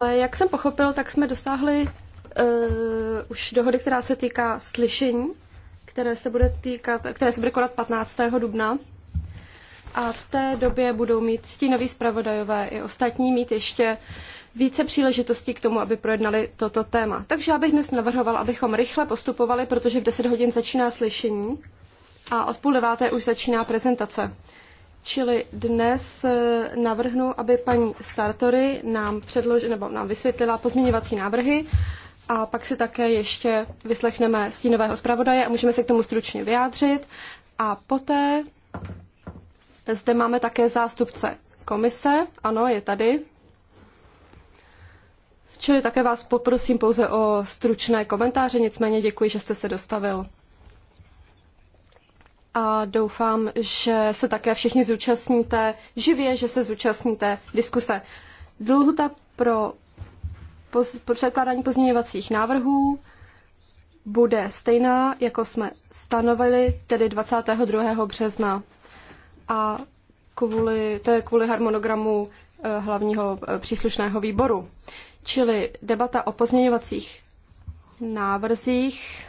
Ale jak jsem pochopil, tak jsme dosáhli uh, už dohody, která se týká slyšení, které se bude, týkat, které se bude konat 15. dubna. A v té době budou mít stínoví zpravodajové i ostatní mít ještě více příležitostí k tomu, aby projednali toto téma. Takže já bych dnes navrhoval, abychom rychle postupovali, protože v 10 hodin začíná slyšení a od půl deváté už začíná prezentace. Čili dnes eh, navrhnu, aby paní Sartori nám, předloži, nebo nám vysvětlila pozměňovací návrhy a pak si také ještě vyslechneme stínového zpravodaje a můžeme se k tomu stručně vyjádřit. A poté zde máme také zástupce komise. Ano, je tady. Čili také vás poprosím pouze o stručné komentáře, nicméně děkuji, že jste se dostavil a doufám, že se také všichni zúčastníte živě, že se zúčastníte diskuse. Dlouhuta pro poz, předkládání pozměňovacích návrhů bude stejná, jako jsme stanovili, tedy 22. března. A kvůli, to je kvůli harmonogramu eh, hlavního eh, příslušného výboru. Čili debata o pozměňovacích návrzích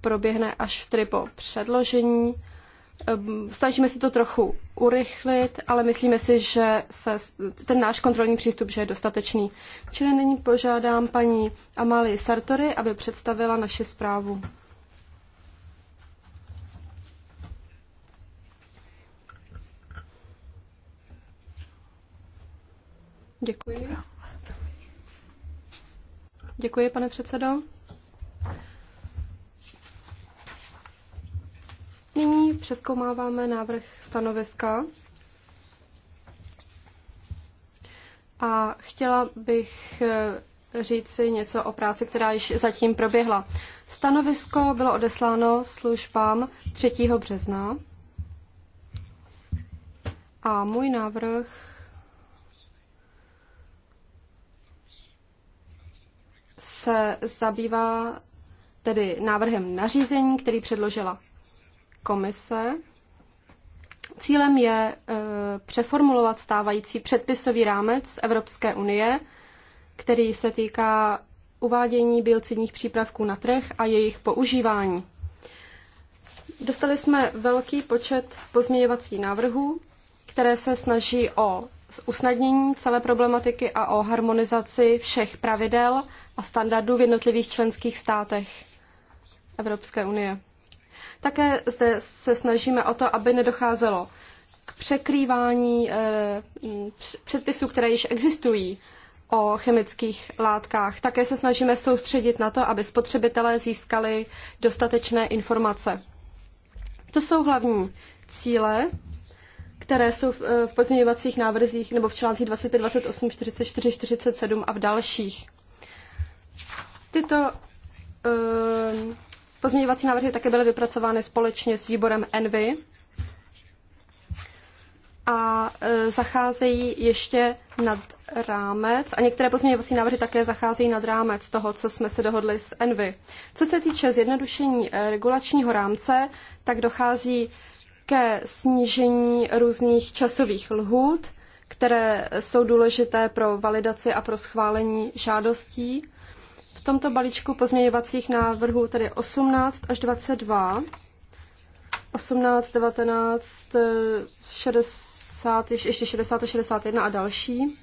proběhne až tedy po předložení. Ehm, snažíme se to trochu urychlit, ale myslíme si, že se ten náš kontrolní přístup že je dostatečný. Čili nyní požádám paní Amálii Sartory, aby představila naši zprávu. Děkuji. Děkuji, pane předsedo. Nyní přeskoumáváme návrh stanoviska. A chtěla bych eh, říct si něco o práci, která již zatím proběhla. Stanovisko bylo odesláno službám 3. března a můj návrh se zabývá tedy návrhem nařízení, který předložila komise. Cílem je eh, přeformulovat stávající předpisový rámec Evropské unie, který se týká uvádění biocidních přípravků na trh a jejich používání. Dostali jsme velký počet pozměňovacích návrhů, které se snaží o usnadnění celé problematiky a o harmonizaci všech pravidel a standardů v jednotlivých členských státech Evropské unie. Také zde se snažíme o to, aby nedocházelo k překrývání eh, předpisů, které již existují o chemických látkách. Také se snažíme soustředit na to, aby spotřebitelé získali dostatečné informace. To jsou hlavní cíle, které jsou v eh, pozměňovacích návrzích nebo v článcích 25, 28, 44, 47 a v dalších. Tyto uh, Pozměňovací návrhy také byly vypracovány společně s výborem Envy a e, zacházejí ještě nad rámec a některé pozměňovací návrhy také zacházejí nad rámec toho, co jsme se dohodli s Envy. Co se týče zjednodušení e, regulačního rámce, tak dochází ke snížení různých časových lhůt, které jsou důležité pro validaci a pro schválení žádostí tomto balíčku pozměňovacích návrhů, tedy 18 až 22, 18, 19, 60, ještě 60 a 61 a další,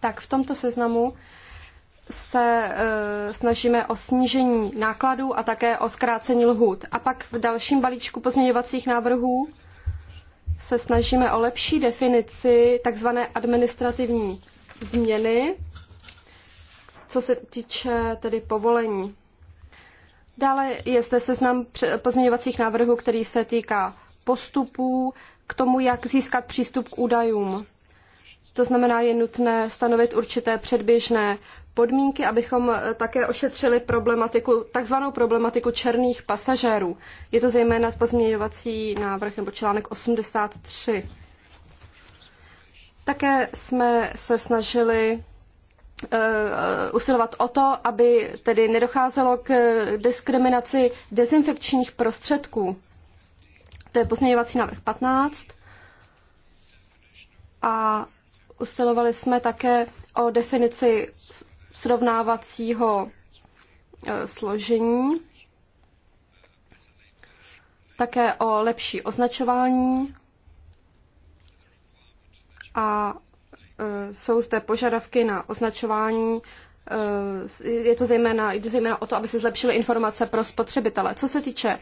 tak v tomto seznamu se e, snažíme o snížení nákladů a také o zkrácení lhůt. A pak v dalším balíčku pozměňovacích návrhů se snažíme o lepší definici takzvané administrativní změny, co se týče tedy povolení. Dále je zde seznam pozměňovacích návrhů, který se týká postupů k tomu, jak získat přístup k údajům. To znamená, je nutné stanovit určité předběžné podmínky, abychom eh, také ošetřili problematiku, takzvanou problematiku černých pasažérů. Je to zejména pozměňovací návrh nebo článek 83. Také jsme se snažili Eh, usilovat o to, aby tedy nedocházelo k diskriminaci dezinfekčních prostředků. To je pozměňovací návrh 15. A usilovali jsme také o definici srovnávacího eh, složení, také o lepší označování a Eh, jsou zde požadavky na označování eh, je to zejména, jde zejména o to, aby se zlepšily informace pro spotřebitele. Co se týče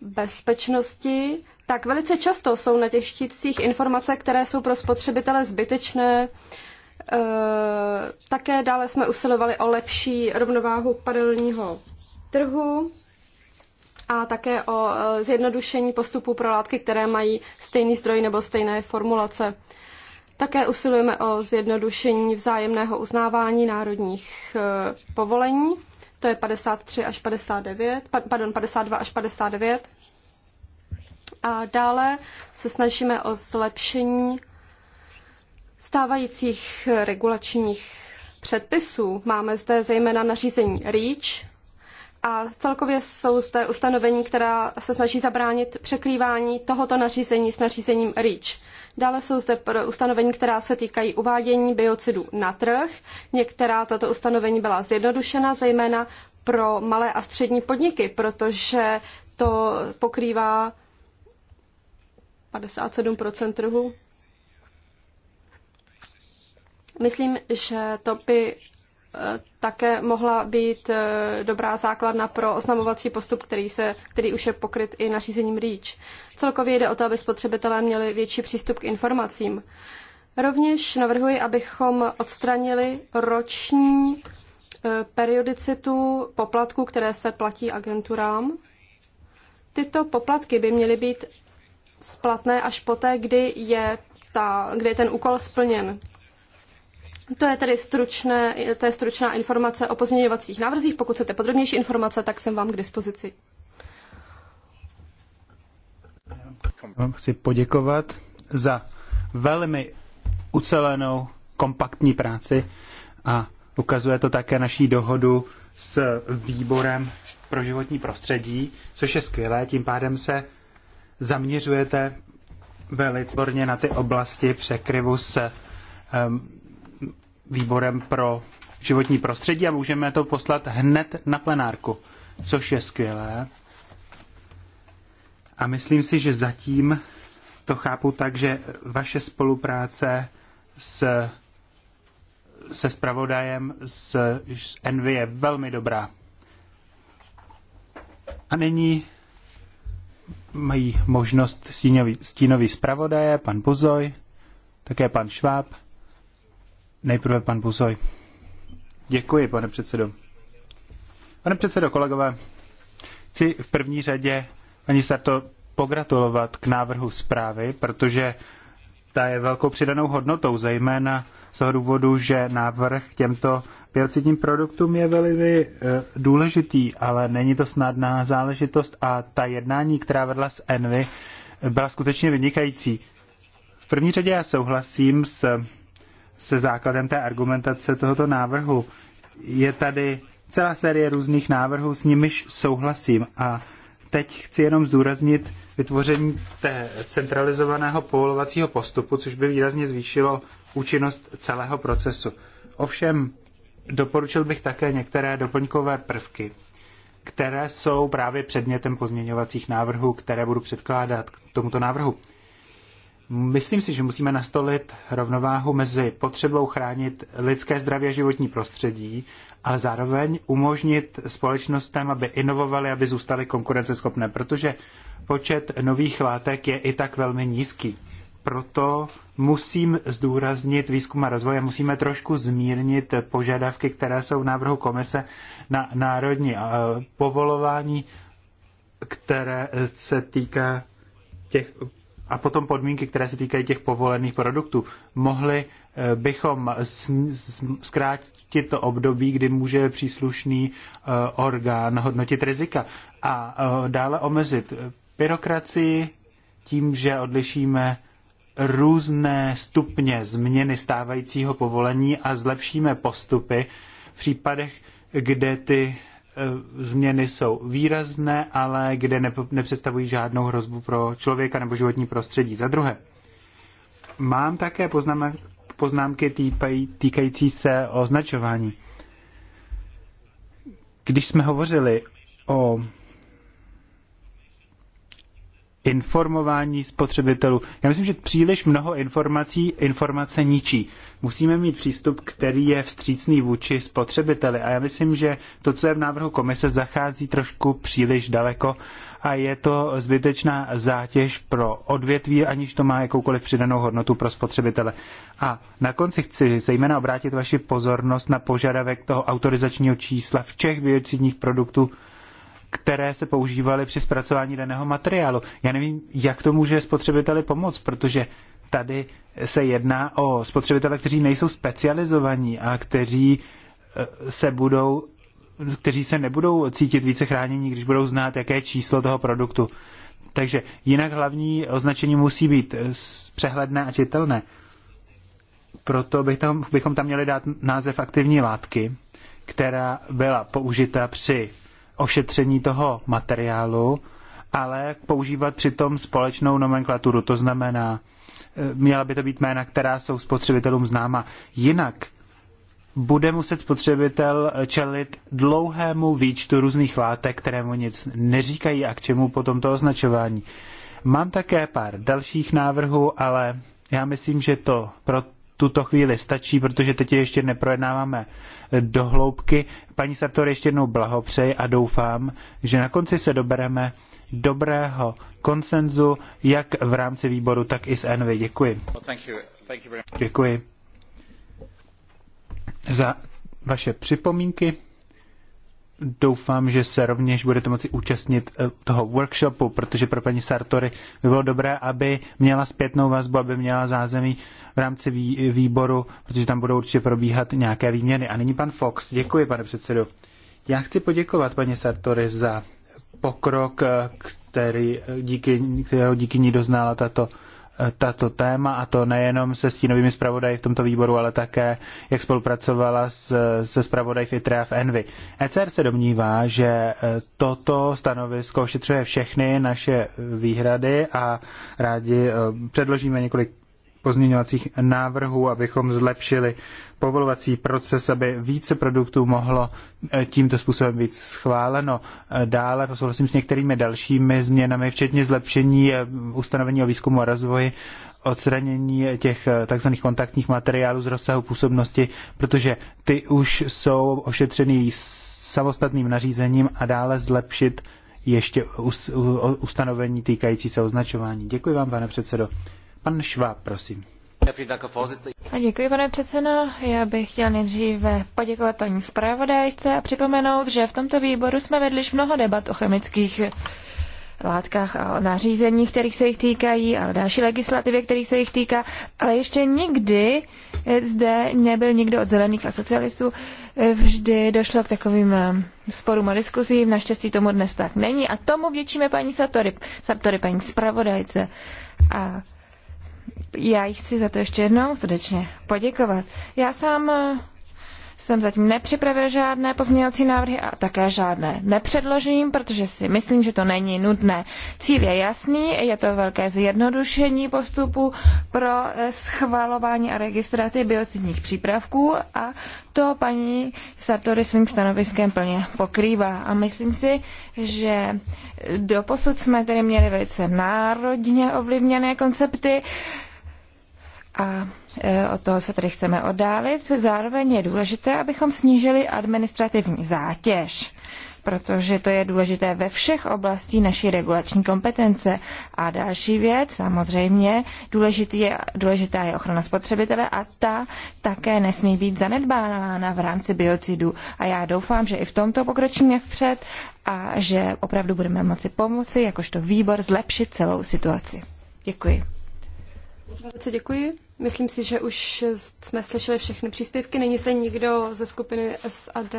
bezpečnosti, tak velice často jsou na těch štítcích informace, které jsou pro spotřebitele zbytečné. Eh, také dále jsme usilovali o lepší rovnováhu padelního trhu a také o zjednodušení postupů pro látky, které mají stejný zdroj nebo stejné formulace. Také usilujeme o zjednodušení vzájemného uznávání národních eh, povolení, to je 53 až 59, pardon, 52 až 59. A dále se snažíme o zlepšení stávajících regulačních předpisů. Máme zde zejména nařízení REACH a celkově jsou zde ustanovení, která se snaží zabránit překrývání tohoto nařízení s nařízením REACH. Dále jsou zde ustanovení, která se týkají uvádění biocidů na trh. Některá tato ustanovení byla zjednodušena, zejména pro malé a střední podniky, protože to pokrývá 57 trhu. Myslím, že to by také mohla být eh, dobrá základna pro oznamovací postup, který, se, který už je pokryt i nařízením REACH. Celkově jde o to, aby spotřebitelé měli větší přístup k informacím. Rovněž navrhuji, abychom odstranili roční eh, periodicitu poplatků, které se platí agenturám. Tyto poplatky by měly být splatné až poté, kdy je, ta, kdy je ten úkol splněn. To je tedy stručné, to je stručná informace o pozměňovacích návrzích. Pokud chcete podrobnější informace, tak jsem vám k dispozici. Vám chci poděkovat za velmi ucelenou, kompaktní práci a ukazuje to také naší dohodu s výborem pro životní prostředí, což je skvělé, tím pádem se zaměřujete velice na ty oblasti překryvu s um, výborem pro životní prostředí a můžeme to poslat hned na plenárku, což je skvělé. A myslím si, že zatím to chápu tak, že vaše spolupráce s, se spravodajem z, s Envy je velmi dobrá. A nyní mají možnost stínový, stínový zpravodaje, pan Buzoj, také pan Šváb. Nejprve pan Buzoj. Děkuji, pane předsedo. Pane předsedo, kolegové, chci v první řadě, paní Starto, pogratulovat k návrhu zprávy, protože ta je velkou přidanou hodnotou, zejména z toho důvodu, že návrh k těmto biocidním produktům je velmi eh, důležitý, ale není to snadná záležitost a ta jednání, která vedla s Envy, byla skutečně vynikající. V první řadě já souhlasím s se základem té argumentace tohoto návrhu. Je tady celá série různých návrhů, s nimiž souhlasím a teď chci jenom zdůraznit vytvoření té centralizovaného povolovacího postupu, což by výrazně zvýšilo účinnost celého procesu. Ovšem, doporučil bych také některé doplňkové prvky, které jsou právě předmětem pozměňovacích návrhů, které budu předkládat k tomuto návrhu. Myslím si, že musíme nastolit rovnováhu mezi potřebou chránit lidské zdraví a životní prostředí, ale zároveň umožnit společnostem, aby inovovaly, aby zůstaly konkurenceschopné, protože počet nových látek je i tak velmi nízký. Proto musím zdůraznit výzkum a rozvoj a musíme trošku zmírnit požadavky, které jsou v návrhu komise na národní povolování, které se týká těch a potom podmínky, které se týkají těch povolených produktů. Mohli eh, bychom zkrátit to období, kdy může příslušný eh, orgán hodnotit rizika a eh, dále omezit byrokracii tím, že odlišíme různé stupně změny stávajícího povolení a zlepšíme postupy v případech, kde ty Eh, změny jsou výrazné, ale kde nepředstavují žádnou hrozbu pro člověka nebo životní prostředí. Za druhé, mám také poznámky týkající se označování. Když jsme hovořili o informování spotřebitelů. Já myslím, že příliš mnoho informací informace ničí. Musíme mít přístup, který je vstřícný vůči spotřebiteli. A já myslím, že to, co je v návrhu komise, zachází trošku příliš daleko a je to zbytečná zátěž pro odvětví, aniž to má jakoukoliv přidanou hodnotu pro spotřebitele. A na konci chci zejména obrátit vaši pozornost na požadavek toho autorizačního čísla v všech biocidních produktů které se používaly při zpracování daného materiálu. Já nevím, jak to může spotřebiteli pomoct, protože tady se jedná o spotřebitele, kteří nejsou specializovaní a kteří eh, se budou kteří se nebudou cítit více chránění, když budou znát, jaké je číslo toho produktu. Takže jinak hlavní označení musí být eh, přehledné a čitelné. Proto bych tam, bychom tam měli dát název aktivní látky, která byla použita při ošetření toho materiálu, ale používat přitom společnou nomenklaturu. To znamená, eh, měla by to být jména, která jsou spotřebitelům známa. Jinak bude muset spotřebitel čelit dlouhému výčtu různých látek, které mu nic neříkají a k čemu potom to označování. Mám také pár dalších návrhů, ale já myslím, že to pro tuto chvíli stačí, protože teď ještě neprojednáváme eh, do hloubky. Paní Sartor, ještě jednou blahopřeji a doufám, že na konci se dobereme dobrého konsenzu, jak v rámci výboru, tak i s NV. Děkuji. Děkuji za vaše připomínky doufám, že se rovněž budete moci účastnit eh, toho workshopu, protože pro paní Sartory by bylo dobré, aby měla zpětnou vazbu, aby měla zázemí v rámci výboru, protože tam budou určitě probíhat nějaké výměny. A nyní pan Fox. Děkuji, pane předsedo. Já chci poděkovat paní Sartory za pokrok, eh, který eh, díky, kterého díky ní doznala tato tato téma, a to nejenom se stínovými zpravodaji v tomto výboru, ale také, jak spolupracovala s, se zpravodaji v ITRE a v ENVY. ECR se domnívá, že eh, toto stanovisko ošetřuje všechny naše výhrady a rádi eh, předložíme několik pozměňovacích návrhů, abychom zlepšili povolovací proces, aby více produktů mohlo eh, tímto způsobem být schváleno. Eh, dále souhlasím s některými dalšími změnami, včetně zlepšení eh, ustanovení o výzkumu a rozvoji, odstranění těch tzv. kontaktních materiálů z rozsahu působnosti, protože ty už jsou ošetřený samostatným nařízením a dále zlepšit ještě ustanovení týkající se označování. Děkuji vám, pane předsedo. Pan Šváb, prosím. A děkuji, pane předsedo. Já bych chtěl nejdříve poděkovat paní zpravodajce a připomenout, že v tomto výboru jsme vedli již mnoho debat o chemických látkách a o nařízeních, kterých se jich týkají, a o další legislativě, kterých se jich týká, ale ještě nikdy zde nebyl nikdo od zelených a socialistů. Vždy došlo k takovým eh, sporům a diskuzím, naštěstí tomu dnes tak není a tomu vděčíme paní Sartori, Sartori paní zpravodajce. A já jí chci za to ještě jednou srdečně poděkovat. Já sám eh, jsem zatím nepřipravil žádné pozměňovací návrhy a také žádné nepředložím, protože si myslím, že to není nutné. Cíl je jasný, je to velké zjednodušení postupu pro eh, schvalování a registraci biocidních přípravků a to paní Sartori svým stanoviskem plně pokrývá. A myslím si, že doposud jsme tedy měli velice národně ovlivněné koncepty, a e, od toho se tedy chceme oddálit. Zároveň je důležité, abychom snížili administrativní zátěž protože to je důležité ve všech oblastí naší regulační kompetence. A další věc, samozřejmě, důležitý je, důležitá je ochrana spotřebitele a ta také nesmí být zanedbána v rámci biocidů. A já doufám, že i v tomto pokročíme vpřed a že opravdu budeme moci pomoci, jakožto výbor, zlepšit celou situaci. Děkuji. Velice děkuji. Myslím si, že už jsme slyšeli všechny příspěvky. Není zde nikdo ze skupiny SAD,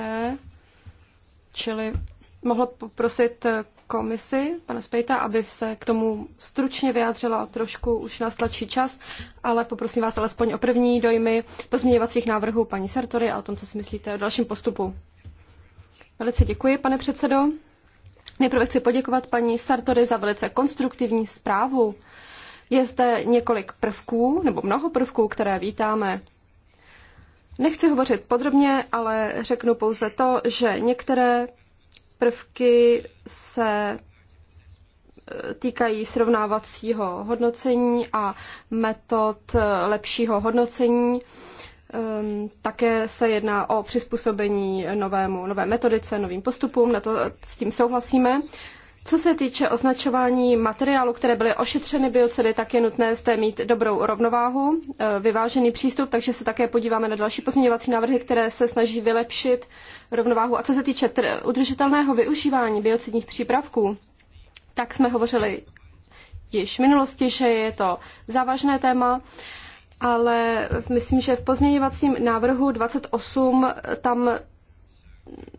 čili mohlo poprosit komisi, pana Spejta, aby se k tomu stručně vyjádřila, trošku už na sladší čas, ale poprosím vás alespoň o první dojmy pozměňovacích návrhů paní Sartory a o tom, co si myslíte o dalším postupu. Velice děkuji, pane předsedo. Nejprve chci poděkovat paní Sartory za velice konstruktivní zprávu je zde několik prvků, nebo mnoho prvků, které vítáme. Nechci hovořit podrobně, ale řeknu pouze to, že některé prvky se e, týkají srovnávacího hodnocení a metod e, lepšího hodnocení. Ehm, také se jedná o přizpůsobení novému, nové metodice, novým postupům, na to s tím souhlasíme. Co se týče označování materiálu, které byly ošetřeny biocidy, tak je nutné zde mít dobrou rovnováhu, e, vyvážený přístup, takže se také podíváme na další pozměňovací návrhy, které se snaží vylepšit rovnováhu. A co se týče udržitelného využívání biocidních přípravků, tak jsme hovořili již v minulosti, že je to závažné téma ale myslím, že v pozměňovacím návrhu 28 tam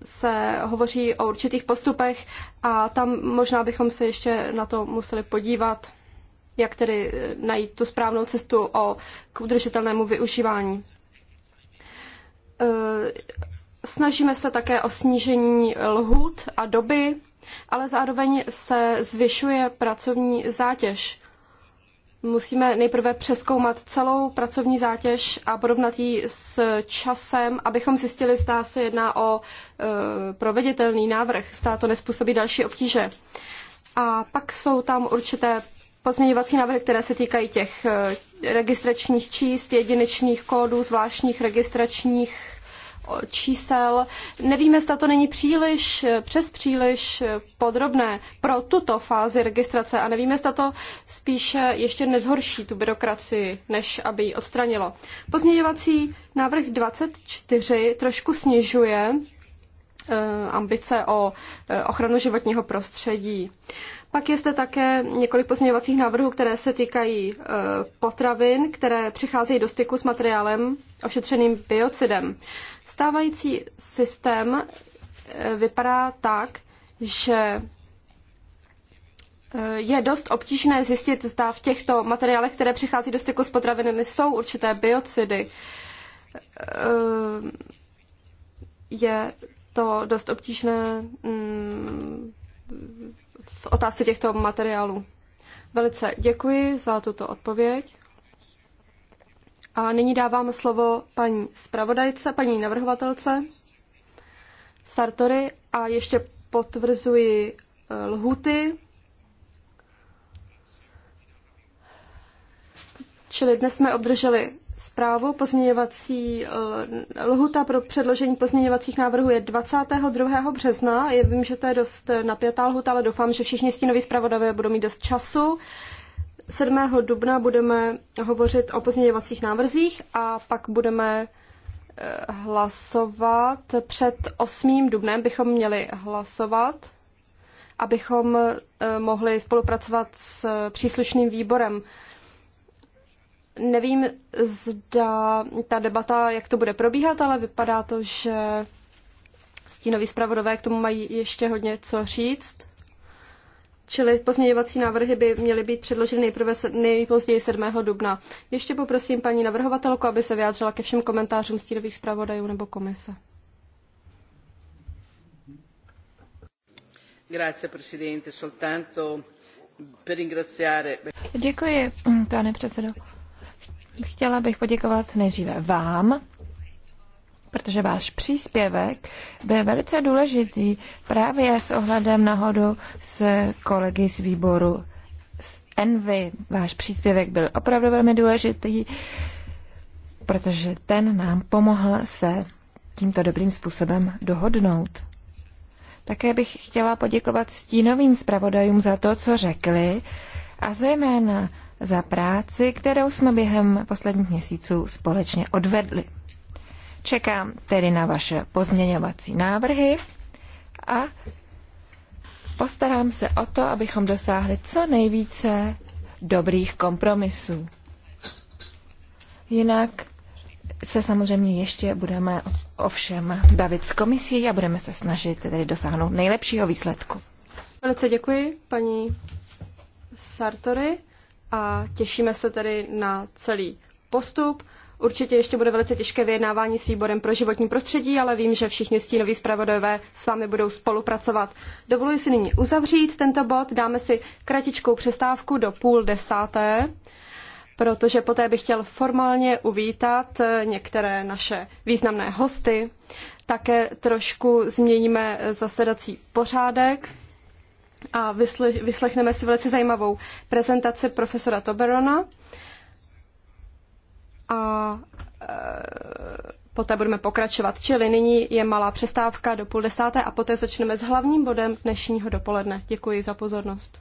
se hovoří o určitých postupech a tam možná bychom se ještě na to museli podívat, jak tedy eh, najít tu správnou cestu o, k udržitelnému využívání. Eh, snažíme se také o snížení lhůt a doby, ale zároveň se zvyšuje pracovní zátěž musíme nejprve přeskoumat celou pracovní zátěž a porovnat ji s časem, abychom zjistili, zda se jedná o e, proveditelný návrh, zda to nespůsobí další obtíže. A pak jsou tam určité pozměňovací návrhy, které se týkají těch e, registračních číst, jedinečných kódů, zvláštních registračních čísel. Nevíme, zda to není příliš, přes příliš podrobné pro tuto fázi registrace a nevíme, zda to spíše ještě nezhorší tu byrokracii, než aby ji odstranilo. Pozměňovací návrh 24 trošku snižuje eh, ambice o eh, ochranu životního prostředí. Pak je zde také několik pozměňovacích návrhů, které se týkají eh, potravin, které přicházejí do styku s materiálem ošetřeným biocidem. Stávající systém eh, vypadá tak, že eh, je dost obtížné zjistit, zda v těchto materiálech, které přichází do styku s potravinami, jsou určité biocidy. Eh, je to dost obtížné mm, v otázce těchto materiálů. Velice děkuji za tuto odpověď. A nyní dávám slovo paní zpravodajce, paní navrhovatelce Sartory a ještě potvrzuji eh, lhuty. Čili dnes jsme obdrželi zprávu. Pozměňovací eh, lhuta pro předložení pozměňovacích návrhů je 22. března. Já vím, že to je dost napjatá lhuta, ale doufám, že všichni stínoví zpravodajové budou mít dost času. 7. dubna budeme hovořit o pozměňovacích návrzích a pak budeme eh, hlasovat. Před 8. dubnem bychom měli hlasovat, abychom eh, mohli spolupracovat s příslušným výborem. Nevím, zda ta debata, jak to bude probíhat, ale vypadá to, že stínoví zpravodové k tomu mají ještě hodně co říct. Čili pozměňovací návrhy by měly být předloženy nejprve nejpozději 7. dubna. Ještě poprosím paní navrhovatelku, aby se vyjádřila ke všem komentářům stínových zpravodajů nebo komise. Děkuji, pane předsedo. Chtěla bych poděkovat nejdříve vám protože váš příspěvek byl velice důležitý právě s ohledem na hodu s kolegy z výboru z Envy. Váš příspěvek byl opravdu velmi důležitý, protože ten nám pomohl se tímto dobrým způsobem dohodnout. Také bych chtěla poděkovat stínovým zpravodajům za to, co řekli, a zejména za práci, kterou jsme během posledních měsíců společně odvedli. Čekám tedy na vaše pozměňovací návrhy a postarám se o to, abychom dosáhli co nejvíce dobrých kompromisů. Jinak se samozřejmě ještě budeme ovšem bavit s komisí a budeme se snažit tedy dosáhnout nejlepšího výsledku. Velice děkuji, paní Sartory, a těšíme se tedy na celý postup. Určitě ještě bude velice těžké vyjednávání s výborem pro životní prostředí, ale vím, že všichni stínoví zpravodajové s vámi budou spolupracovat. Dovoluji si nyní uzavřít tento bod, dáme si kratičkou přestávku do půl desáté, protože poté bych chtěl formálně uvítat eh, některé naše významné hosty. Také trošku změníme eh, zasedací pořádek a vyslechneme si velice zajímavou prezentaci profesora Toberona a e, poté budeme pokračovat. Čili nyní je malá přestávka do půl desáté a poté začneme s hlavním bodem dnešního dopoledne. Děkuji za pozornost.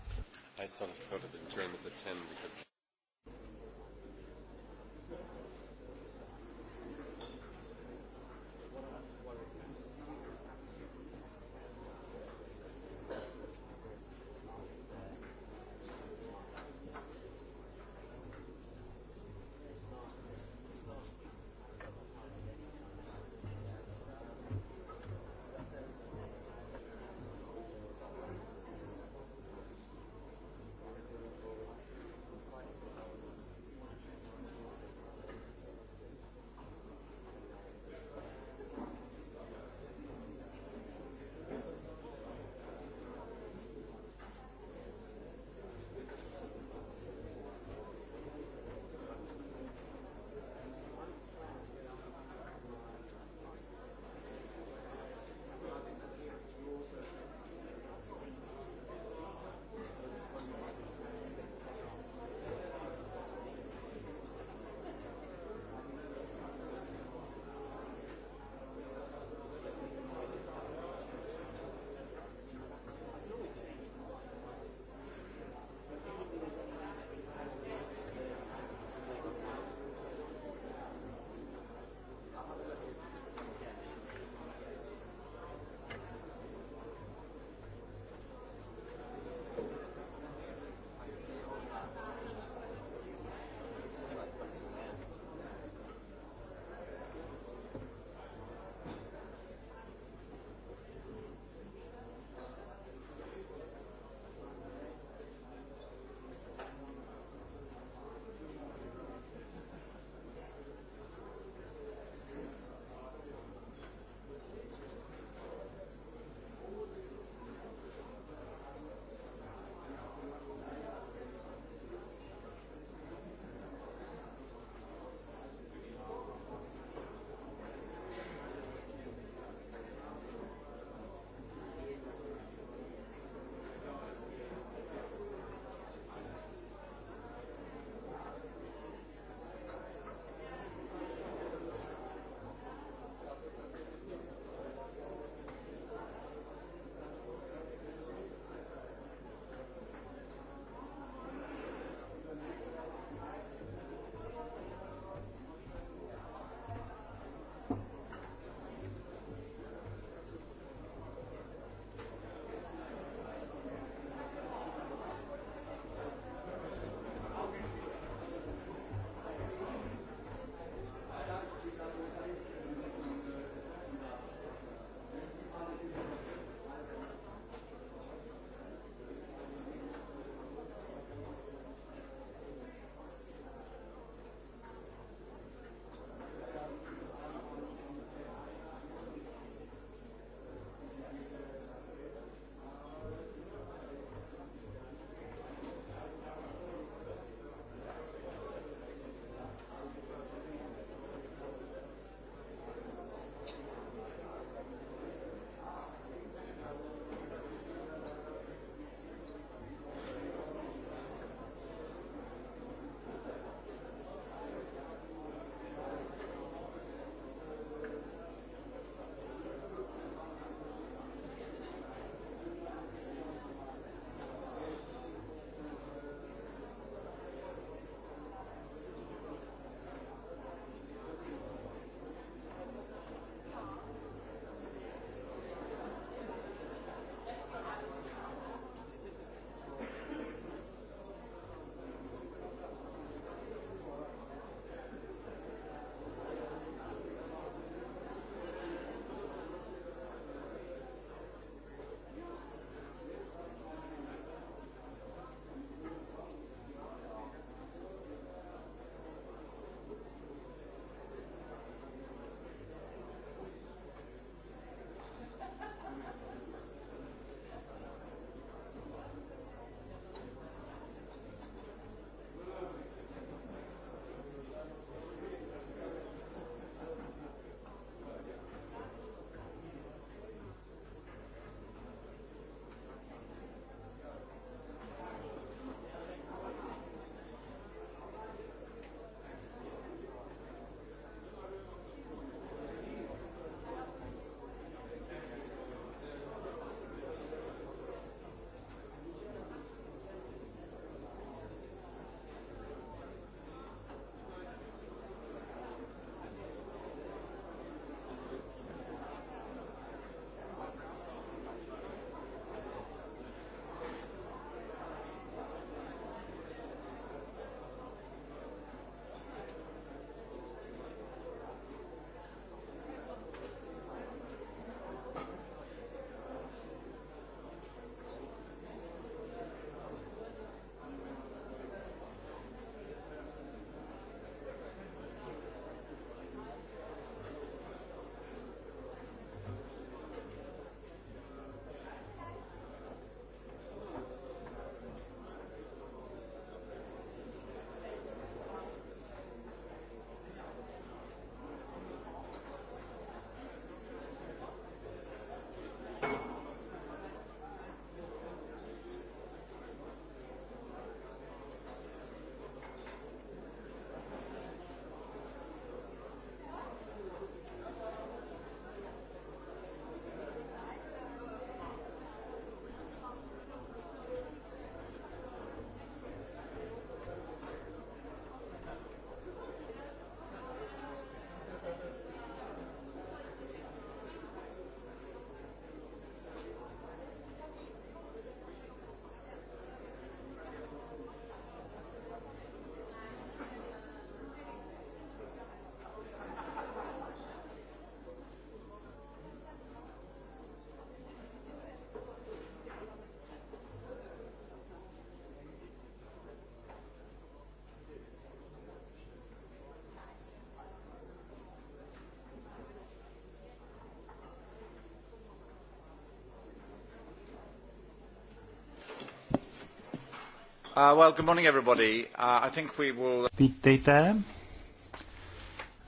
Vítejte.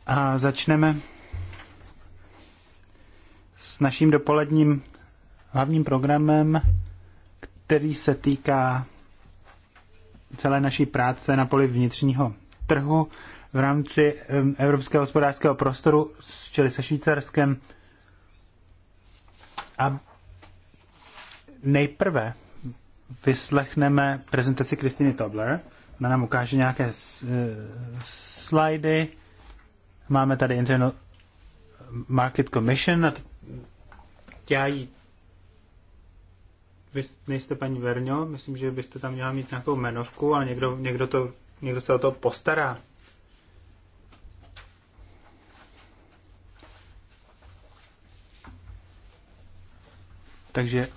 A začneme s naším dopoledním hlavním programem, který se týká celé naší práce na poli vnitřního trhu v rámci um, Evropského hospodářského prostoru, čili se Švýcarskem. A nejprve vyslechneme prezentaci Kristiny Tobler. Ona nám ukáže nějaké e, slajdy. Máme tady Internal Market Commission a já jí vy nejste paní Verňo, myslím, že byste tam měla mít nějakou jmenovku, ale někdo, někdo, to, někdo se o to postará. Takže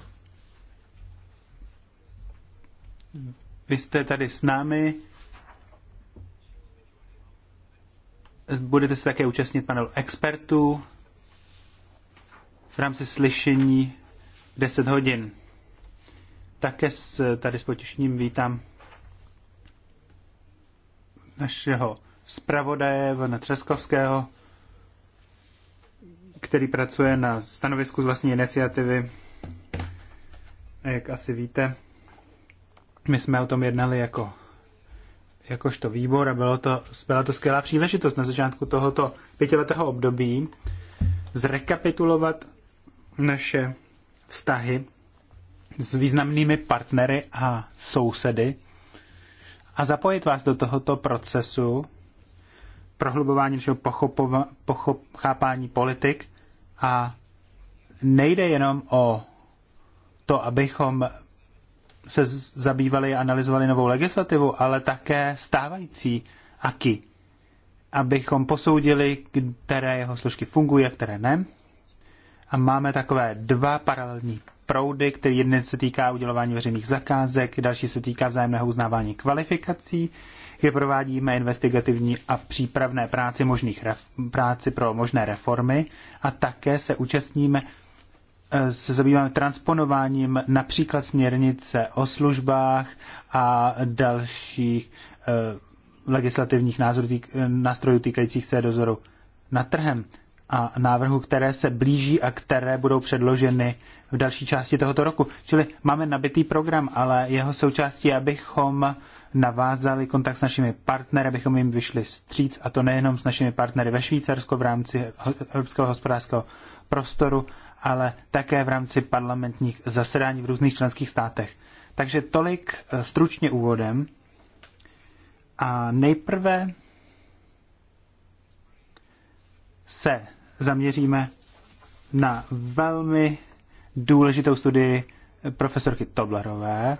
Vy jste tady s námi. Budete se také účastnit panelu expertů v rámci slyšení 10 hodin. Také s, tady s potěšením vítám našeho zpravodaje Vana Třeskovského, který pracuje na stanovisku z vlastní iniciativy. Jak asi víte, my jsme o tom jednali jako jakožto výbor a bylo to, byla to skvělá příležitost na začátku tohoto pětiletého období zrekapitulovat naše vztahy s významnými partnery a sousedy a zapojit vás do tohoto procesu prohlubování našeho pochopova, pochop, chápání politik a nejde jenom o to, abychom se zabývali a analyzovali novou legislativu, ale také stávající aky, abychom posoudili, které jeho složky fungují které ne. A máme takové dva paralelní proudy, který jeden se týká udělování veřejných zakázek, další se týká vzájemného uznávání kvalifikací, kde provádíme investigativní a přípravné práci, možných, práci pro možné reformy a také se účastníme se zabýváme transponováním například směrnice o službách a dalších eh, legislativních nástrojů týkajících se dozoru nad trhem a návrhů, které se blíží a které budou předloženy v další části tohoto roku. Čili máme nabitý program, ale jeho součástí, abychom navázali kontakt s našimi partnery, abychom jim vyšli vstříc, a to nejenom s našimi partnery ve Švýcarsku v rámci Evropského hospodářského prostoru, ale také v rámci parlamentních zasedání v různých členských státech. Takže tolik eh, stručně úvodem. A nejprve se zaměříme na velmi důležitou studii profesorky Toblerové.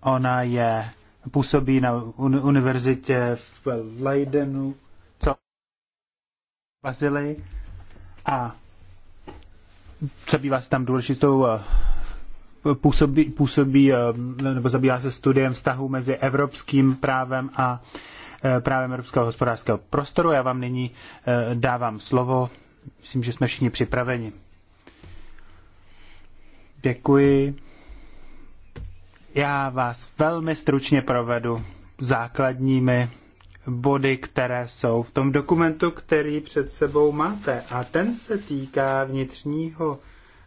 Ona je, působí na univerzitě v Leidenu, co Bazilii. A zabývá se tam důležitou eh, působí, působí eh, nebo zabývá se studiem vztahu mezi evropským právem a eh, právem Evropského hospodářského prostoru. Já vám nyní dávám slovo. Myslím, že jsme všichni připraveni. Děkuji. Já vás velmi stručně provedu základními body, které jsou v tom dokumentu, který před sebou máte. A ten se týká vnitřního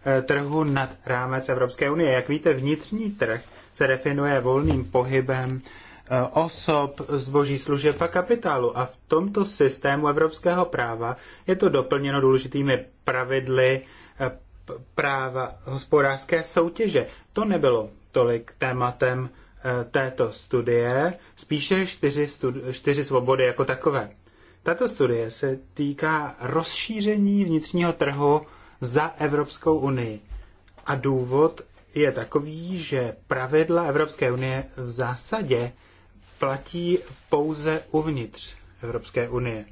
eh, trhu nad rámec Evropské unie. Jak víte, vnitřní trh se definuje volným pohybem eh, osob, zboží, služeb a kapitálu. A v tomto systému evropského práva je to doplněno důležitými pravidly eh, práva hospodářské soutěže. To nebylo tolik tématem Eh, této studie, spíše čtyři, studi- čtyři svobody jako takové. Tato studie se týká rozšíření vnitřního trhu za Evropskou unii. A důvod je takový, že pravidla Evropské unie v zásadě platí pouze uvnitř Evropské unie.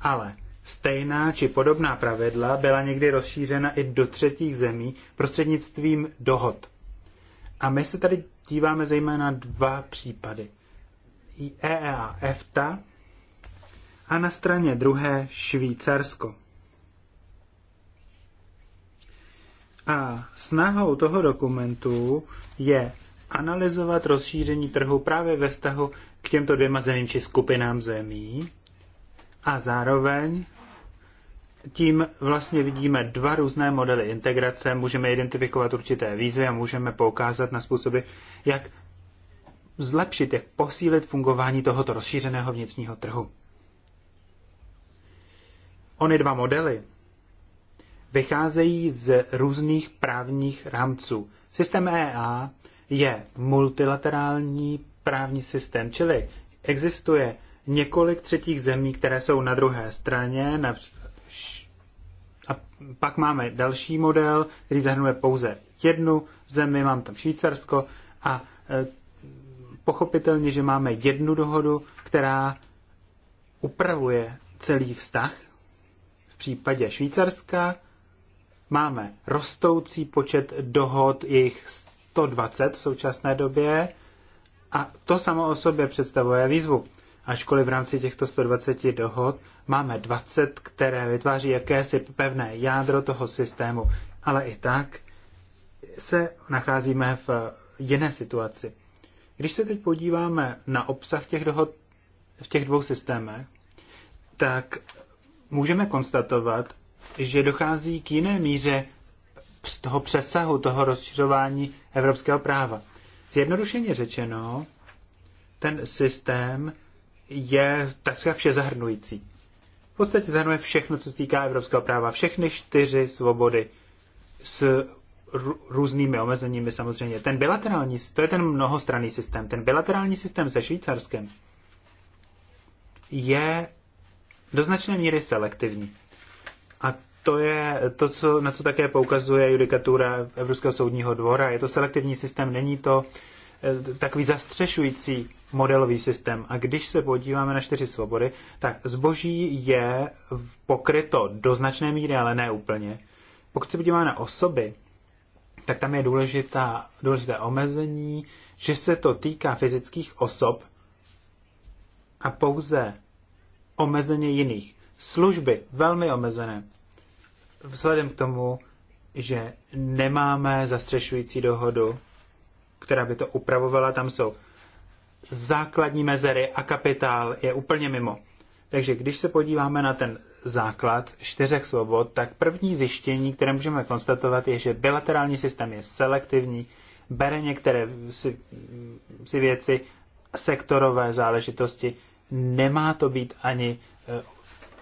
Ale stejná či podobná pravidla byla někdy rozšířena i do třetích zemí prostřednictvím dohod. A my se tady díváme zejména dva případy. EEA EFTA a na straně druhé Švýcarsko. A snahou toho dokumentu je analyzovat rozšíření trhu právě ve vztahu k těmto dvěma zemím či skupinám zemí a zároveň tím vlastně vidíme dva různé modely integrace, můžeme identifikovat určité výzvy a můžeme poukázat na způsoby, jak zlepšit, jak posílit fungování tohoto rozšířeného vnitřního trhu. Ony dva modely vycházejí z různých právních rámců. Systém EA je multilaterální právní systém, čili existuje několik třetích zemí, které jsou na druhé straně, a pak máme další model, který zahrnuje pouze jednu zemi, mám tam Švýcarsko a e, pochopitelně, že máme jednu dohodu, která upravuje celý vztah. V případě Švýcarska máme rostoucí počet dohod, jejich 120 v současné době a to samo o sobě představuje výzvu. Ačkoliv v rámci těchto 120 dohod Máme 20, které vytváří jakési pevné jádro toho systému, ale i tak se nacházíme v jiné situaci. Když se teď podíváme na obsah těch dohod v těch dvou systémech, tak můžeme konstatovat, že dochází k jiné míře z toho přesahu, toho rozšiřování evropského práva. Zjednodušeně řečeno, ten systém je takřka vše zahrnující v podstatě zahrnuje všechno, co se týká evropského práva, všechny čtyři svobody s různými omezeními samozřejmě. Ten bilaterální, to je ten mnohostranný systém. Ten bilaterální systém se Švýcarskem je do značné míry selektivní. A to je to, co, na co také poukazuje judikatura Evropského soudního dvora. Je to selektivní systém, není to Eh, takový zastřešující modelový systém. A když se podíváme na čtyři svobody, tak zboží je pokryto do značné míry, ale ne úplně. Pokud se podíváme na osoby, tak tam je důležitá, důležité omezení, že se to týká fyzických osob a pouze omezeně jiných. Služby velmi omezené. Vzhledem k tomu, že nemáme zastřešující dohodu která by to upravovala, tam jsou základní mezery a kapitál je úplně mimo. Takže když se podíváme na ten základ čtyřech svobod, tak první zjištění, které můžeme konstatovat, je, že bilaterální systém je selektivní, bere některé si, si věci, sektorové záležitosti, nemá to být ani eh,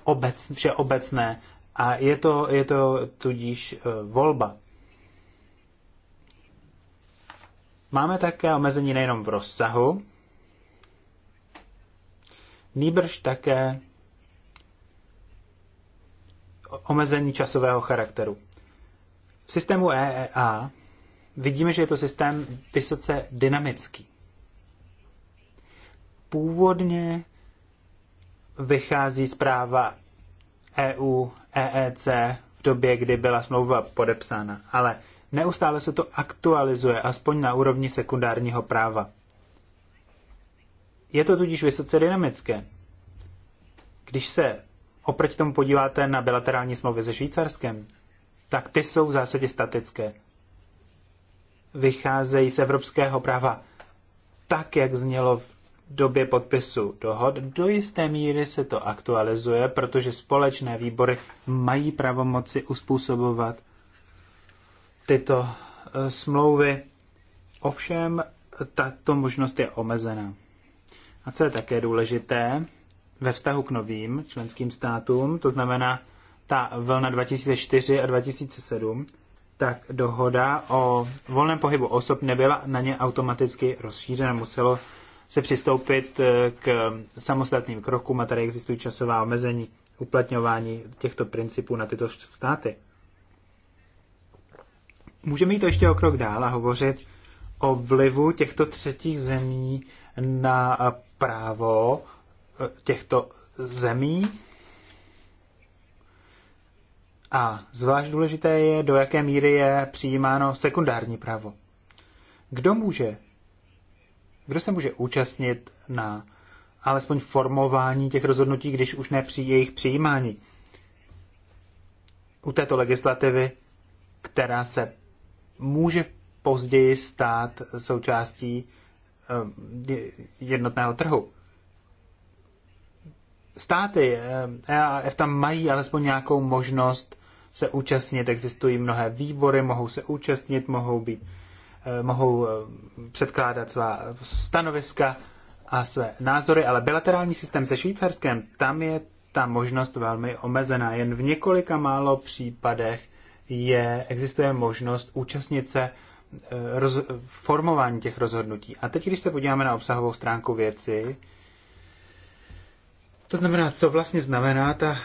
obec, všeobecné a je to, je to tudíž eh, volba. Máme také omezení nejenom v rozsahu, nýbrž také omezení časového charakteru. V systému EEA vidíme, že je to systém vysoce dynamický. Původně vychází zpráva EU EEC v době, kdy byla smlouva podepsána, ale Neustále se to aktualizuje, aspoň na úrovni sekundárního práva. Je to tudíž vysoce dynamické. Když se oproti tomu podíváte na bilaterální smlouvy se Švýcarskem, tak ty jsou v zásadě statické. Vycházejí z evropského práva tak, jak znělo v době podpisu dohod. Do jisté míry se to aktualizuje, protože společné výbory mají pravomoci uspůsobovat tyto eh, smlouvy. Ovšem, tato možnost je omezená. A co je také důležité ve vztahu k novým členským státům, to znamená ta vlna 2004 a 2007, tak dohoda o volném pohybu osob nebyla na ně automaticky rozšířena. Muselo se přistoupit eh, k samostatným krokům a tady existují časová omezení uplatňování těchto principů na tyto státy. Můžeme jít to ještě o krok dál a hovořit o vlivu těchto třetích zemí na právo eh, těchto zemí. A zvlášť důležité je, do jaké míry je přijímáno sekundární právo. Kdo může? Kdo se může účastnit na alespoň formování těch rozhodnutí, když už ne při jejich přijímání? U této legislativy, která se může později stát součástí eh, jednotného trhu. Státy EAF eh, e tam mají alespoň nějakou možnost se účastnit, existují mnohé výbory, mohou se účastnit, mohou být eh, mohou předkládat svá stanoviska a své názory, ale bilaterální systém se Švýcarskem, tam je ta možnost velmi omezená. Jen v několika málo případech je, existuje možnost účastnit se eh, roz, formování těch rozhodnutí. A teď, když se podíváme na obsahovou stránku věci, to znamená, co vlastně znamená ta,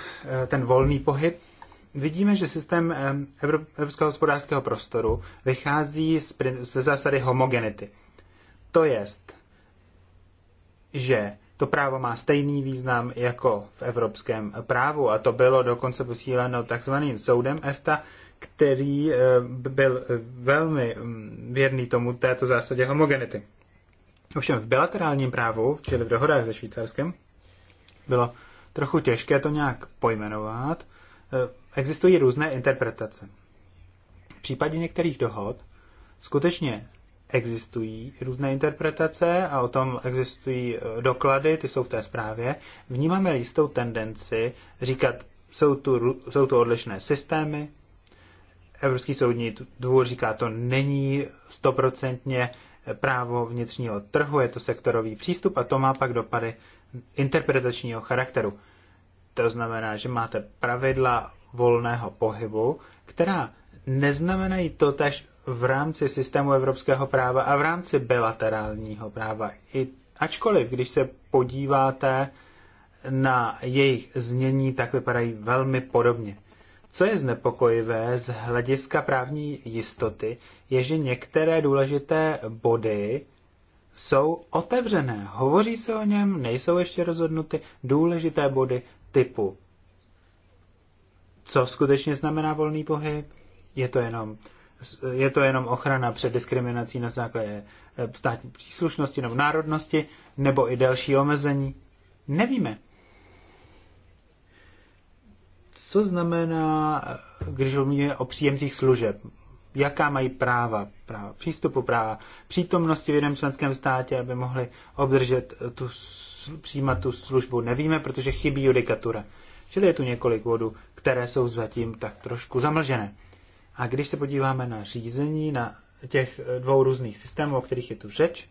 eh, ten volný pohyb, vidíme, že systém eh, Evropského hospodářského prostoru vychází z, ze zásady homogenity. To jest, že to právo má stejný význam jako v evropském právu a to bylo dokonce posíleno takzvaným soudem EFTA, který eh, byl eh, velmi mm, věrný tomu této zásadě homogenity. Ovšem v bilaterálním právu, čili v dohodách se Švýcarskem, bylo trochu těžké to nějak pojmenovat. Eh, existují různé interpretace. V případě některých dohod skutečně existují různé interpretace a o tom existují doklady, ty jsou v té zprávě. Vnímáme jistou tendenci říkat, jsou tu, jsou tu odlišné systémy, Evropský soudní dvůr říká, to není stoprocentně právo vnitřního trhu, je to sektorový přístup a to má pak dopady interpretačního charakteru. To znamená, že máte pravidla volného pohybu, která neznamenají to tež v rámci systému evropského práva a v rámci bilaterálního práva. I ačkoliv, když se podíváte na jejich znění, tak vypadají velmi podobně. Co je znepokojivé z hlediska právní jistoty, je, že některé důležité body jsou otevřené. Hovoří se o něm, nejsou ještě rozhodnuty důležité body typu. Co skutečně znamená volný pohyb? Je to jenom, je to jenom ochrana před diskriminací na základě eh, státní příslušnosti nebo národnosti, nebo i další omezení? Nevíme. Co znamená, když mluvíme o příjemcích služeb? Jaká mají práva, práva přístupu, práva přítomnosti v jednom členském státě, aby mohli obdržet tu, přijímat tu službu? Nevíme, protože chybí judikatura. Čili je tu několik vodů, které jsou zatím tak trošku zamlžené. A když se podíváme na řízení, na těch eh, dvou různých systémů, o kterých je tu řeč,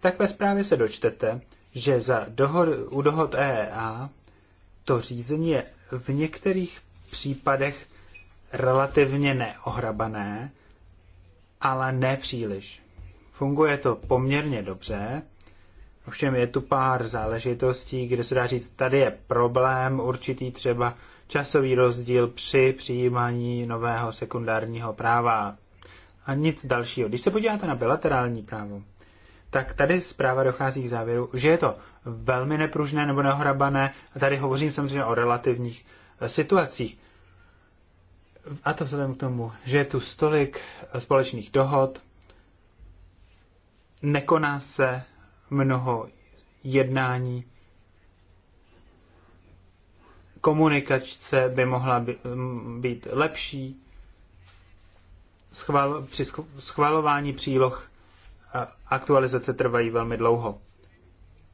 tak ve zprávě se dočtete, že za dohod, u dohod EEA to řízení je v některých případech relativně neohrabané, ale nepříliš. Funguje to poměrně dobře, ovšem je tu pár záležitostí, kde se dá říct, tady je problém určitý třeba časový rozdíl při přijímání nového sekundárního práva a nic dalšího. Když se podíváte na bilaterální právo, tak tady zpráva dochází k závěru, že je to velmi nepružné nebo neohrabané. A tady hovořím samozřejmě o relativních eh, situacích. A to vzhledem k tomu, že je tu stolik eh, společných dohod, nekoná se mnoho jednání, komunikace by mohla eh, být lepší, Schval, při schvalování příloh aktualizace trvají velmi dlouho.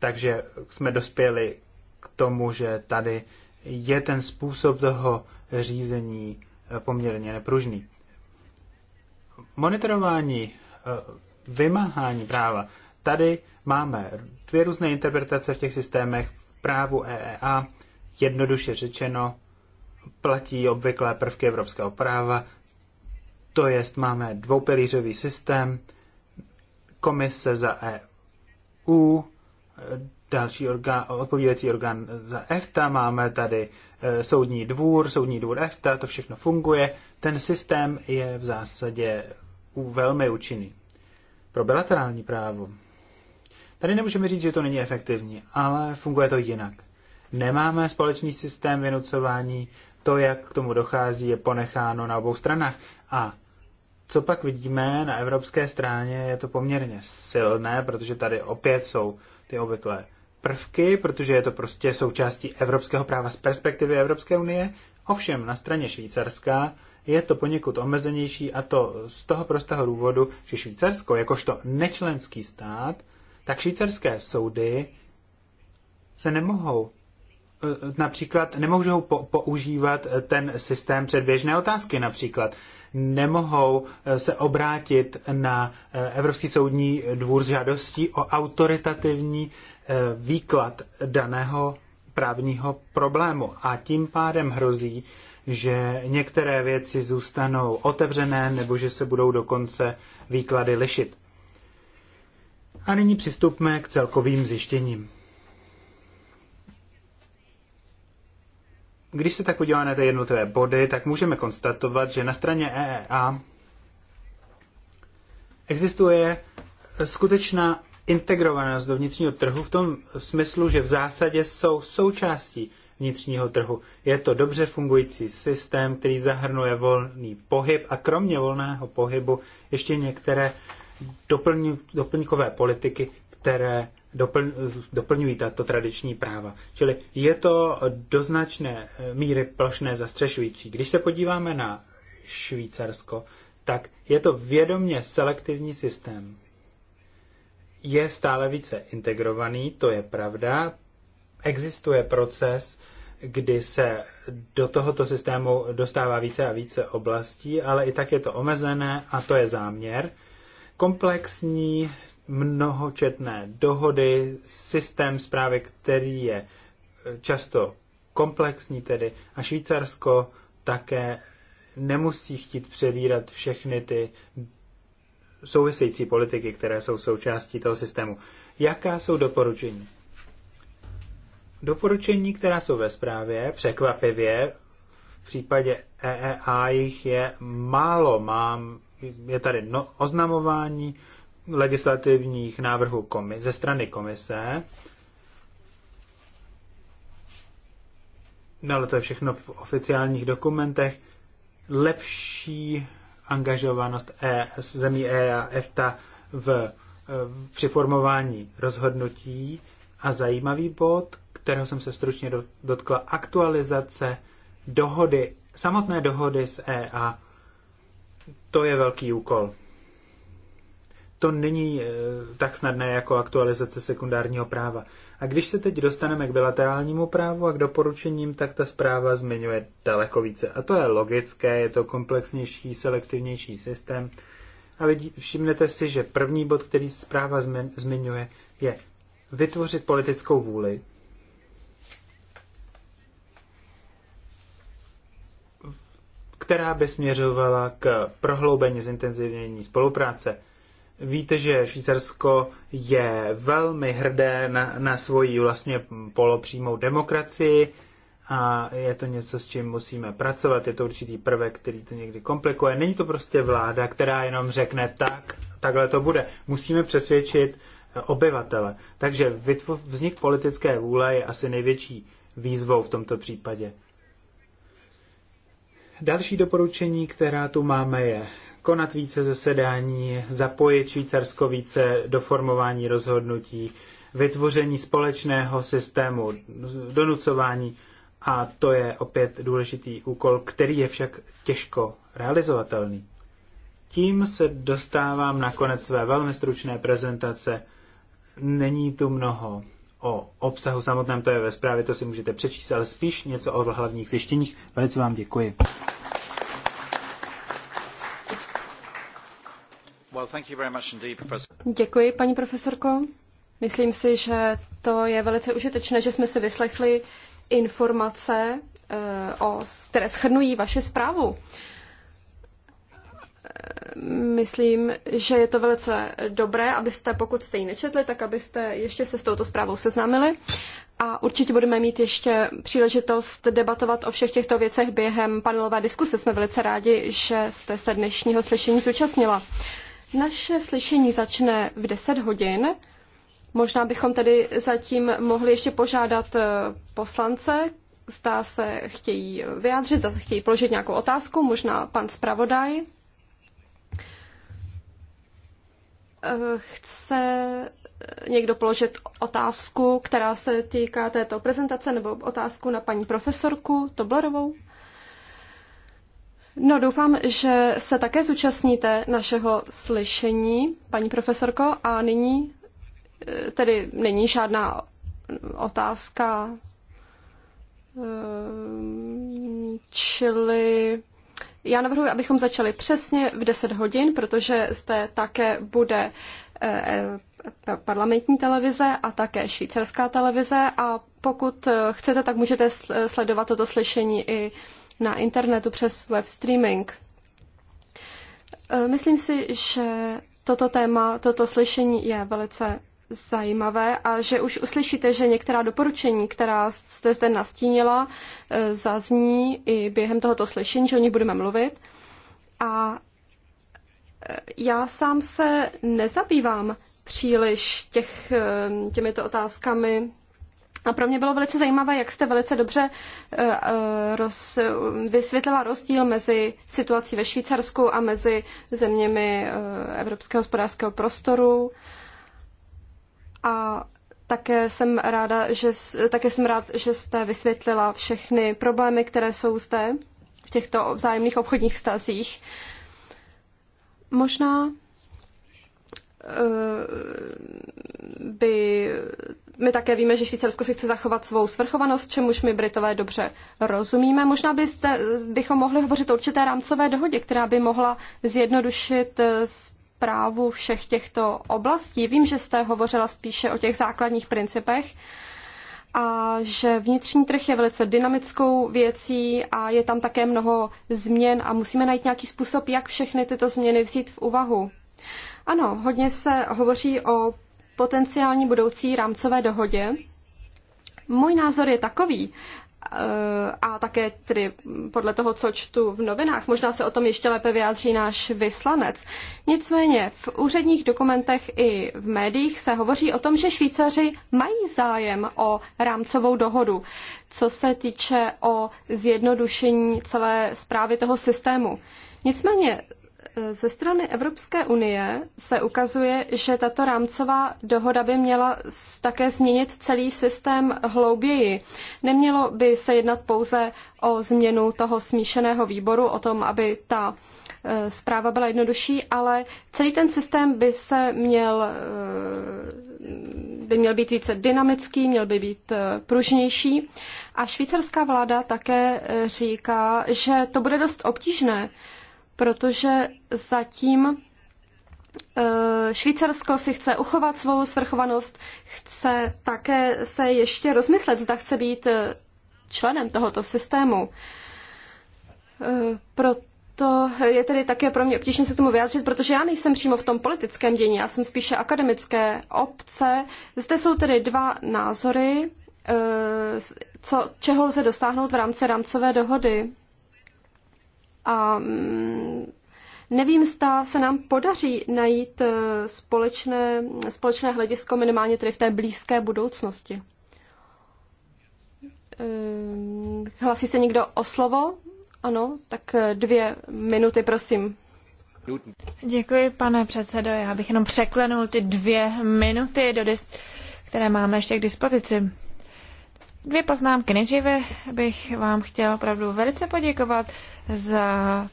Takže jsme dospěli k tomu, že tady je ten způsob toho řízení eh, poměrně nepružný. Monitorování, eh, vymáhání práva. Tady máme dvě různé interpretace v těch systémech. V právu EEA, jednoduše řečeno, platí obvyklé prvky evropského práva, to jest máme dvoupilířový systém, komise za EU, další orgán, odpovídající orgán za EFTA, máme tady eh, soudní dvůr, soudní dvůr EFTA, to všechno funguje. Ten systém je v zásadě velmi účinný. Pro bilaterální právo. Tady nemůžeme říct, že to není efektivní, ale funguje to jinak. Nemáme společný systém vynucování, to, jak k tomu dochází, je ponecháno na obou stranách. A co pak vidíme na evropské straně, je to poměrně silné, protože tady opět jsou ty obvyklé prvky, protože je to prostě součástí evropského práva z perspektivy Evropské unie. Ovšem na straně Švýcarska je to poněkud omezenější a to z toho prostého důvodu, že Švýcarsko jakožto nečlenský stát, tak švýcarské soudy se nemohou eh, například nemůžou používat ten systém předběžné otázky například nemohou eh, se obrátit na eh, Evropský soudní dvůr s žádostí o autoritativní eh, výklad daného právního problému. A tím pádem hrozí, že některé věci zůstanou otevřené nebo že se budou dokonce výklady lišit. A nyní přistupme k celkovým zjištěním. Když se tak podíváme na ty jednotlivé body, tak můžeme konstatovat, že na straně EEA existuje skutečná integrovanost do vnitřního trhu v tom smyslu, že v zásadě jsou součástí vnitřního trhu. Je to dobře fungující systém, který zahrnuje volný pohyb a kromě volného pohybu ještě některé doplň, doplňkové politiky, které dopl, doplňují tato tradiční práva. Čili je to do značné míry plošné zastřešující. Když se podíváme na Švýcarsko, tak je to vědomně selektivní systém. Je stále více integrovaný, to je pravda. Existuje proces, kdy se do tohoto systému dostává více a více oblastí, ale i tak je to omezené a to je záměr. Komplexní mnohočetné dohody, systém zprávy, který je e, často komplexní tedy a Švýcarsko také nemusí chtít převírat všechny ty související politiky, které jsou součástí toho systému. Jaká jsou doporučení? Doporučení, která jsou ve zprávě, překvapivě, v případě EEA jich je málo. Mám, je tady no, oznamování, legislativních návrhů komise ze strany komise. No, ale to je všechno v oficiálních dokumentech. Lepší angažovanost e, zemí E a EFTA v, v e, přiformování rozhodnutí. A zajímavý bod, kterého jsem se stručně dotkla, aktualizace dohody, samotné dohody z EA. To je velký úkol to není eh, tak snadné jako aktualizace sekundárního práva. A když se teď dostaneme k bilaterálnímu právu a k doporučením, tak ta zpráva zmiňuje daleko více. A to je logické, je to komplexnější, selektivnější systém. A vidí, všimnete si, že první bod, který zpráva zmiňuje, je vytvořit politickou vůli. která by směřovala k prohloubení zintenzivnění spolupráce. Víte, že Švýcarsko je velmi hrdé na, na svoji vlastně polopřímou demokracii a je to něco, s čím musíme pracovat. Je to určitý prvek, který to někdy komplikuje. Není to prostě vláda, která jenom řekne tak, takhle to bude. Musíme přesvědčit obyvatele. Takže vznik politické vůle je asi největší výzvou v tomto případě. Další doporučení, která tu máme, je konat více zasedání, zapojit Švýcarsko více do formování rozhodnutí, vytvoření společného systému donucování a to je opět důležitý úkol, který je však těžko realizovatelný. Tím se dostávám na konec své velmi stručné prezentace. Není tu mnoho o obsahu samotném, to je ve zprávě, to si můžete přečíst, ale spíš něco o hlavních zjištěních. Velice vám děkuji. Děkuji, paní profesorko. Myslím si, že to je velice užitečné, že jsme si vyslechli informace, eh, o, které shrnují vaše zprávu. Eh, myslím, že je to velice dobré, abyste, pokud jste ji nečetli, tak abyste ještě se s touto zprávou seznámili. A určitě budeme mít ještě příležitost debatovat o všech těchto věcech během panelové diskuse. Jsme velice rádi, že jste se dnešního slyšení zúčastnila. Naše slyšení začne v 10 hodin. Možná bychom tedy zatím mohli ještě požádat eh, poslance, zda se chtějí vyjádřit, zda se chtějí položit nějakou otázku, možná pan zpravodaj. Eh, chce eh, někdo položit otázku, která se týká této prezentace, nebo otázku na paní profesorku Toblerovou? No, doufám, že se také zúčastníte našeho slyšení, paní profesorko, a nyní eh, tedy není žádná otázka, eh, čili já navrhuji, abychom začali přesně v 10 hodin, protože zde také bude eh, parlamentní televize a také švýcarská televize a pokud chcete, tak můžete sledovat toto slyšení i na internetu přes web streaming. E, myslím si, že toto téma, toto slyšení je velice zajímavé a že už uslyšíte, že některá doporučení, která jste zde nastínila, e, zazní i během tohoto slyšení, že o nich budeme mluvit. A e, já sám se nezabývám příliš těch, těmito otázkami a pro mě bylo velice zajímavé, jak jste velice dobře eh, eh, roz, eh, vysvětlila rozdíl mezi situací ve Švýcarsku a mezi zeměmi Evropského hospodářského prostoru. A také jsem, ráda, že, také jsem rád, že jste vysvětlila všechny problémy, které jsou zde v těchto vzájemných obchodních vztazích. Možná Eh, by... My také víme, že Švýcarsko si chce zachovat svou svrchovanost, čemuž my Britové dobře rozumíme. Možná byste, bychom mohli hovořit o určité rámcové dohodě, která by mohla zjednodušit zprávu eh, všech těchto oblastí. Vím, že jste hovořila spíše o těch základních principech a že vnitřní trh je velice dynamickou věcí a je tam také mnoho změn a musíme najít nějaký způsob, jak všechny tyto změny vzít v úvahu. Ano, hodně se hovoří o potenciální budoucí rámcové dohodě. Můj názor je takový, eh, a také tedy podle toho, co čtu v novinách, možná se o tom ještě lépe vyjádří náš vyslanec. Nicméně v úředních dokumentech i v médiích se hovoří o tom, že Švýcaři mají zájem o rámcovou dohodu, co se týče o zjednodušení celé zprávy toho systému. Nicméně ze strany Evropské unie se ukazuje, že tato rámcová dohoda by měla také změnit celý systém hlouběji. Nemělo by se jednat pouze o změnu toho smíšeného výboru, o tom, aby ta e, zpráva byla jednodušší, ale celý ten systém by se měl, e, by měl být více dynamický, měl by být e, pružnější. A švýcarská vláda také říká, že to bude dost obtížné, protože zatím eh, Švýcarsko si chce uchovat svou svrchovanost, chce také se ještě rozmyslet, zda chce být eh, členem tohoto systému. Eh, proto je tedy také pro mě obtížné se k tomu vyjádřit, protože já nejsem přímo v tom politickém dění, já jsem spíše akademické obce. Zde jsou tedy dva názory, co, čeho lze dosáhnout v rámci rámcové dohody a mm, Nevím, zda se nám podaří najít eh, společné, společné hledisko minimálně tedy v té blízké budoucnosti. Eh, hlasí se někdo o slovo? Ano, tak eh, dvě minuty, prosím. Děkuji, pane předsedo. Já bych jenom překlenul ty dvě minuty, do dis- které máme ještě k dispozici. Dvě poznámky. Nejdříve bych vám chtěla opravdu velice poděkovat za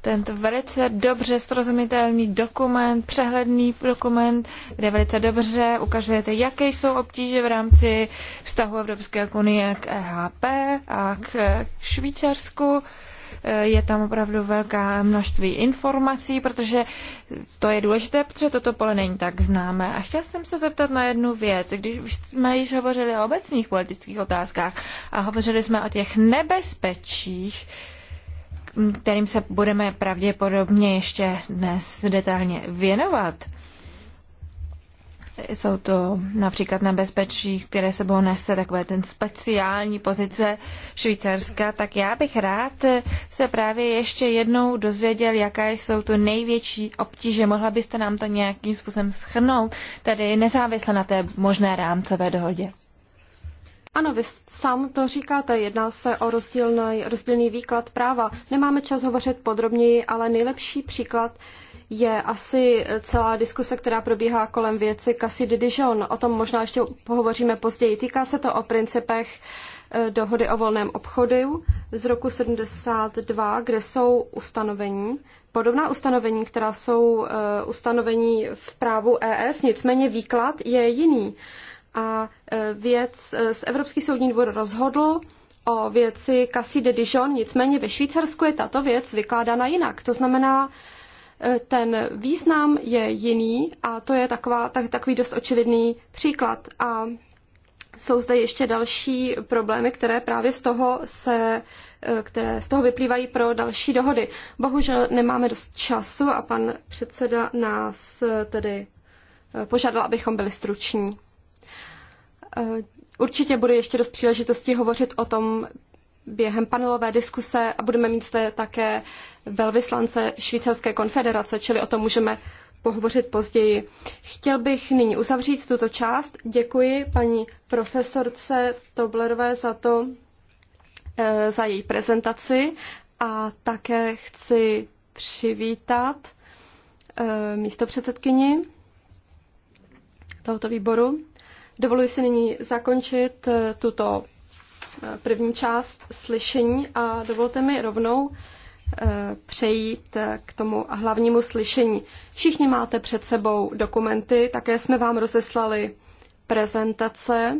tento velice dobře srozumitelný dokument, přehledný dokument, kde velice dobře ukazujete, jaké jsou obtíže v rámci vztahu Evropské unie k EHP a k Švýcarsku. Eh, je tam opravdu velká množství informací, protože to je důležité, protože toto pole není tak známé. A chtěl jsem se zeptat na jednu věc. Když jsme již hovořili o obecných politických otázkách a hovořili jsme o těch nebezpečích, kterým se budeme pravděpodobně ještě dnes detailně věnovat. Jsou to například na bezpečí, které sebou nese takové ten speciální pozice Švýcarska, tak já bych rád se právě ještě jednou dozvěděl, jaké jsou tu největší obtíže. Mohla byste nám to nějakým způsobem schrnout, tedy nezávisle na té možné rámcové dohodě. Ano, vy sám to říkáte, jedná se o rozdílný, rozdílný výklad práva. Nemáme čas hovořit podrobněji, ale nejlepší příklad je asi celá diskuse, která probíhá kolem věci Cassie de Dijon. O tom možná ještě pohovoříme později. Týká se to o principech eh, dohody o volném obchodu z roku 72, kde jsou ustanovení, podobná ustanovení, která jsou eh, ustanovení v právu ES, nicméně výklad je jiný a e, věc e, z Evropský soudní dvor rozhodl o věci Cassie de Dijon, nicméně ve Švýcarsku je tato věc vykládána jinak. To znamená, e, ten význam je jiný a to je taková, tak, takový dost očividný příklad. A jsou zde ještě další problémy, které právě z toho, se, které z toho vyplývají pro další dohody. Bohužel nemáme dost času a pan předseda nás tedy požádal, abychom byli struční. Eh, určitě bude ještě dost příležitosti hovořit o tom během panelové diskuse a budeme mít zde také velvyslance Švýcarské konfederace, čili o tom můžeme pohovořit později. Chtěl bych nyní uzavřít tuto část. Děkuji paní profesorce Toblerové za to, eh, za její prezentaci a také chci přivítat eh, místo předsedkyni tohoto výboru. Dovoluji si nyní zakončit eh, tuto eh, první část slyšení a dovolte mi rovnou eh, přejít k tomu hlavnímu slyšení. Všichni máte před sebou dokumenty, také jsme vám rozeslali prezentace.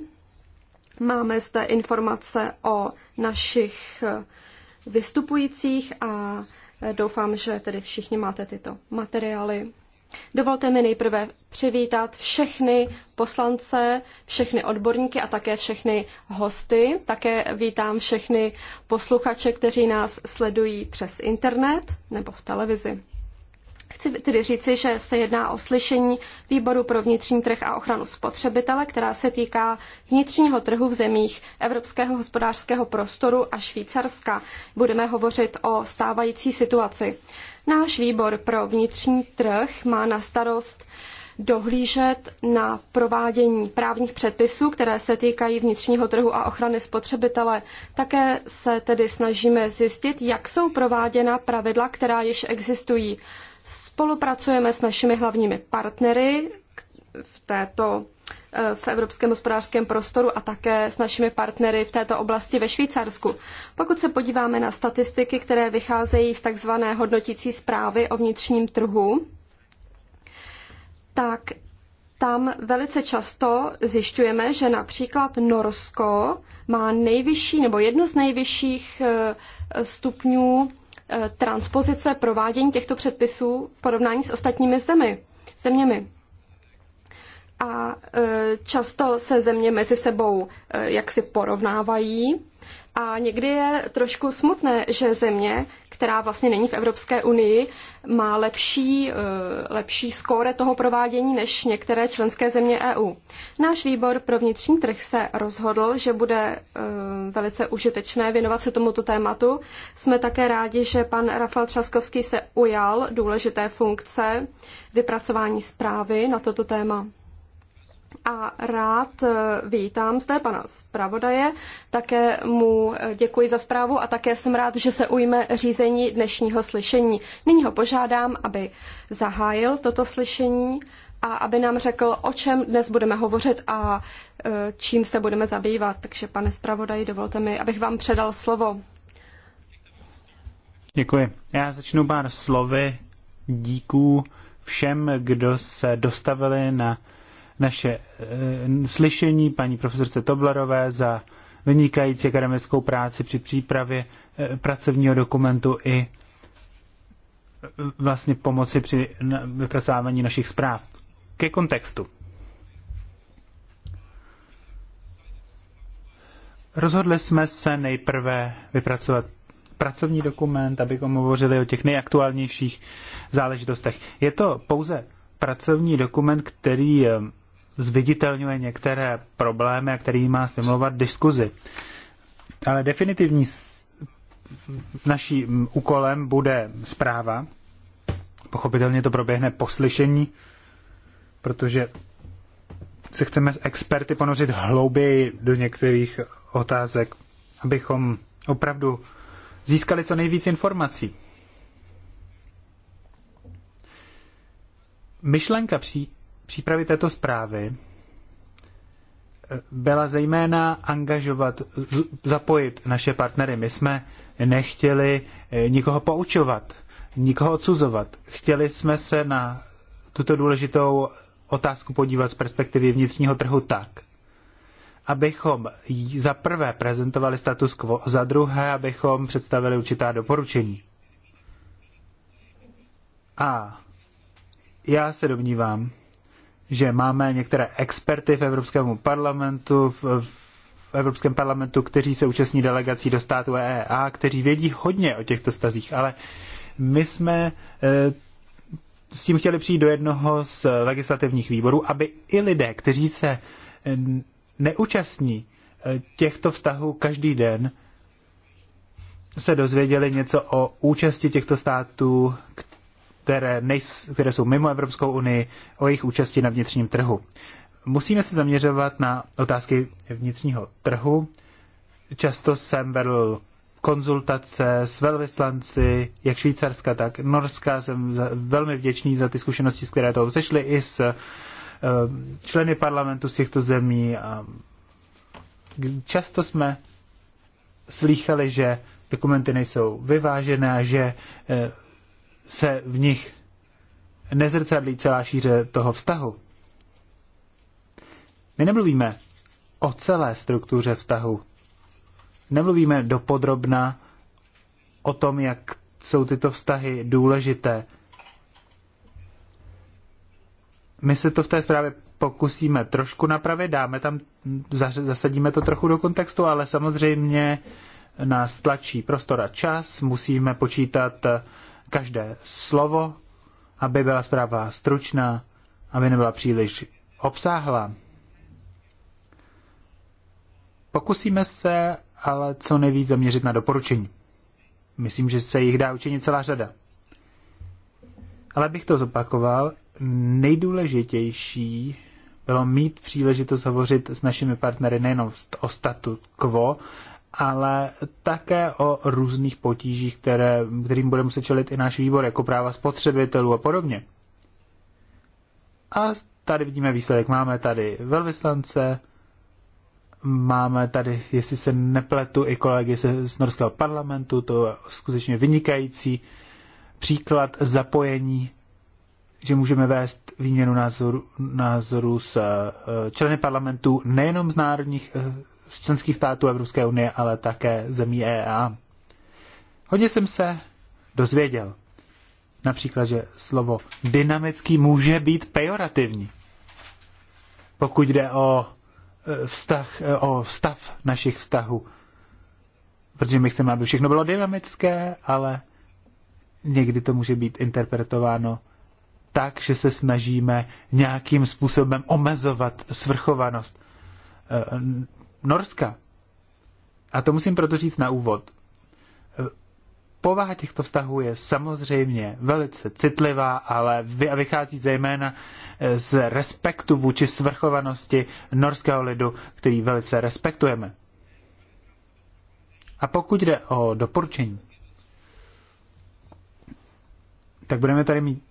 Máme zde informace o našich vystupujících a doufám, že tedy všichni máte tyto materiály Dovolte mi nejprve přivítat všechny poslance, všechny odborníky a také všechny hosty. Také vítám všechny posluchače, kteří nás sledují přes internet nebo v televizi. Chci tedy říci, že se jedná o slyšení výboru pro vnitřní trh a ochranu spotřebitele, která se týká vnitřního trhu v zemích Evropského hospodářského prostoru a Švýcarska. Budeme hovořit o stávající situaci. Náš výbor pro vnitřní trh má na starost dohlížet na provádění právních předpisů, které se týkají vnitřního trhu a ochrany spotřebitele. Také se tedy snažíme zjistit, jak jsou prováděna pravidla, která již existují. Spolupracujeme s našimi hlavními partnery v této Eh, v evropském hospodářském prostoru a také s našimi partnery v této oblasti ve Švýcarsku. Pokud se podíváme na statistiky, které vycházejí z tzv. hodnotící zprávy o vnitřním trhu, tak tam velice často zjišťujeme, že například Norsko má nejvyšší nebo jednu z nejvyšších eh, stupňů eh, transpozice provádění těchto předpisů v porovnání s ostatními zemi, zeměmi a e, často se země mezi sebou e, jaksi porovnávají. A někdy je trošku smutné, že země, která vlastně není v Evropské unii, má lepší, e, lepší skóre toho provádění než některé členské země EU. Náš výbor pro vnitřní trh se rozhodl, že bude velice užitečné věnovat se tomuto tématu. Jsme také rádi, že pan Rafal Třaskovský se ujal důležité funkce vypracování zprávy na toto téma a rád eh, vítám zde pana zpravodaje. Také mu eh, děkuji za zprávu a také jsem rád, že se ujme řízení dnešního slyšení. Nyní ho požádám, aby zahájil toto slyšení a aby nám řekl, o čem dnes budeme hovořit a eh, čím se budeme zabývat. Takže pane zpravodaji, dovolte mi, abych vám předal slovo. Děkuji. Já začnu pár slovy díků všem, kdo se dostavili na naše eh, slyšení paní profesorce Toblerové za vynikající akademickou práci při přípravě eh, pracovního dokumentu i eh, vlastně pomoci při vypracování našich zpráv. Ke kontextu. Rozhodli jsme se nejprve vypracovat pracovní dokument, abychom hovořili o těch nejaktuálnějších záležitostech. Je to pouze pracovní dokument, který zviditelňuje některé problémy, a který má stimulovat diskuzi. Ale definitivní naším úkolem bude zpráva. Pochopitelně to proběhne poslyšení, protože se chceme s experty ponořit hlouběji do některých otázek, abychom opravdu získali co nejvíc informací. Myšlenka pří, přípravy této zprávy eh, byla zejména angažovat, zapojit naše partnery. My jsme nechtěli eh, nikoho poučovat, nikoho odsuzovat. Chtěli jsme se na tuto důležitou otázku podívat z perspektivy vnitřního trhu tak, abychom za prvé prezentovali status quo, za druhé, abychom představili určitá doporučení. A já se domnívám, že máme některé experty v Evropském parlamentu, v, v Evropském parlamentu, kteří se účastní delegací do státu EEA, kteří vědí hodně o těchto stazích, ale my jsme eh, s tím chtěli přijít do jednoho z legislativních výborů, aby i lidé, kteří se eh, neúčastní eh, těchto vztahů každý den, se dozvěděli něco o účasti těchto států, které, nejs, které jsou mimo Evropskou unii, o jejich účasti na vnitřním trhu. Musíme se zaměřovat na otázky vnitřního trhu. Často jsem vedl konzultace s velvyslanci, jak Švýcarska, tak Norska. Jsem velmi vděčný za ty zkušenosti, z které toho vzešly, i s eh, členy parlamentu z těchto zemí. A často jsme slýchali, že dokumenty nejsou vyvážené a že eh, se v nich nezrcadlí celá šíře toho vztahu. My nemluvíme o celé struktuře vztahu. Nemluvíme dopodrobna o tom, jak jsou tyto vztahy důležité. My se to v té zprávě pokusíme trošku napravit, dáme tam, zasadíme to trochu do kontextu, ale samozřejmě nás tlačí prostor a čas, musíme počítat každé slovo, aby byla zpráva stručná, aby nebyla příliš obsáhlá. Pokusíme se ale co nejvíc zaměřit na doporučení. Myslím, že se jich dá učinit celá řada. Ale bych to zopakoval, nejdůležitější bylo mít příležitost hovořit s našimi partnery nejenom o statu quo, ale také o různých potížích, které, kterým bude muset čelit i náš výbor, jako práva spotřebitelů a podobně. A tady vidíme výsledek. Máme tady velvyslance, máme tady, jestli se nepletu, i kolegy z norského parlamentu, to je skutečně vynikající příklad zapojení, že můžeme vést výměnu názoru, názoru s eh, členy parlamentu nejenom z národních eh, z členských států Evropské unie, ale také zemí EEA. Hodně jsem se dozvěděl. Například, že slovo dynamický může být pejorativní, pokud jde o, e, vztah, e, o stav našich vztahů. Protože my chceme, aby všechno bylo dynamické, ale někdy to může být interpretováno tak, že se snažíme nějakým způsobem omezovat svrchovanost e, Norska, a to musím proto říct na úvod, povaha těchto vztahů je samozřejmě velice citlivá, ale vychází zejména eh, z respektu vůči svrchovanosti norského lidu, který velice respektujeme. A pokud jde o doporučení, tak budeme tady mít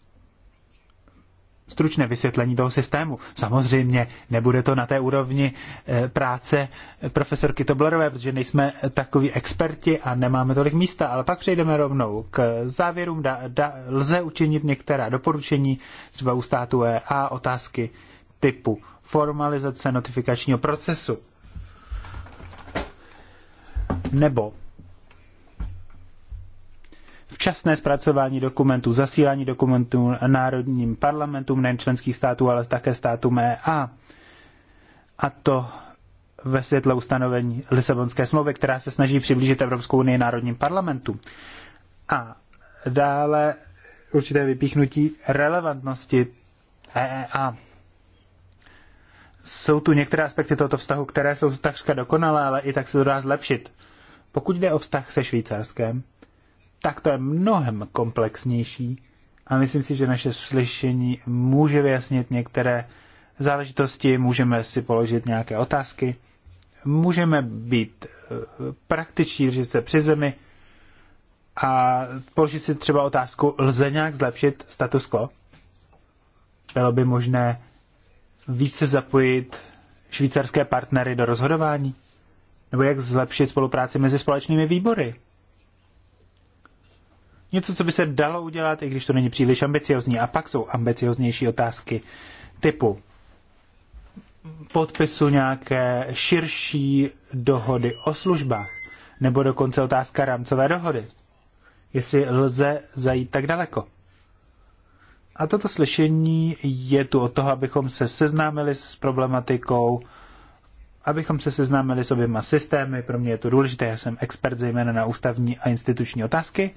stručné vysvětlení toho systému. Samozřejmě nebude to na té úrovni eh, práce profesorky Toblerové, protože nejsme takoví experti a nemáme tolik místa, ale pak přejdeme rovnou k závěrům. Da, da, lze učinit některá doporučení, třeba u státu EA otázky typu formalizace notifikačního procesu nebo včasné zpracování dokumentů, zasílání dokumentů národním parlamentům, nejen členských států, ale také státům EA. A to ve světle ustanovení Lisabonské smlouvy, která se snaží přiblížit Evropskou unii národním parlamentům. A dále určité vypíchnutí relevantnosti EEA. Jsou tu některé aspekty tohoto vztahu, které jsou takřka dokonalé, ale i tak se to dá zlepšit. Pokud jde o vztah se Švýcarskem, tak to je mnohem komplexnější a myslím si, že naše slyšení může vyjasnit některé záležitosti, můžeme si položit nějaké otázky, můžeme být eh, praktičtí, že se při zemi a položit si třeba otázku, lze nějak zlepšit status quo? Bylo by možné více zapojit švýcarské partnery do rozhodování? Nebo jak zlepšit spolupráci mezi společnými výbory? Něco, co by se dalo udělat, i když to není příliš ambiciozní. A pak jsou ambicioznější otázky typu podpisu nějaké širší dohody o službách, nebo dokonce otázka rámcové dohody. Jestli lze zajít tak daleko. A toto slyšení je tu od toho, abychom se seznámili s problematikou, abychom se seznámili s oběma systémy. Pro mě je to důležité, já jsem expert zejména na ústavní a instituční otázky.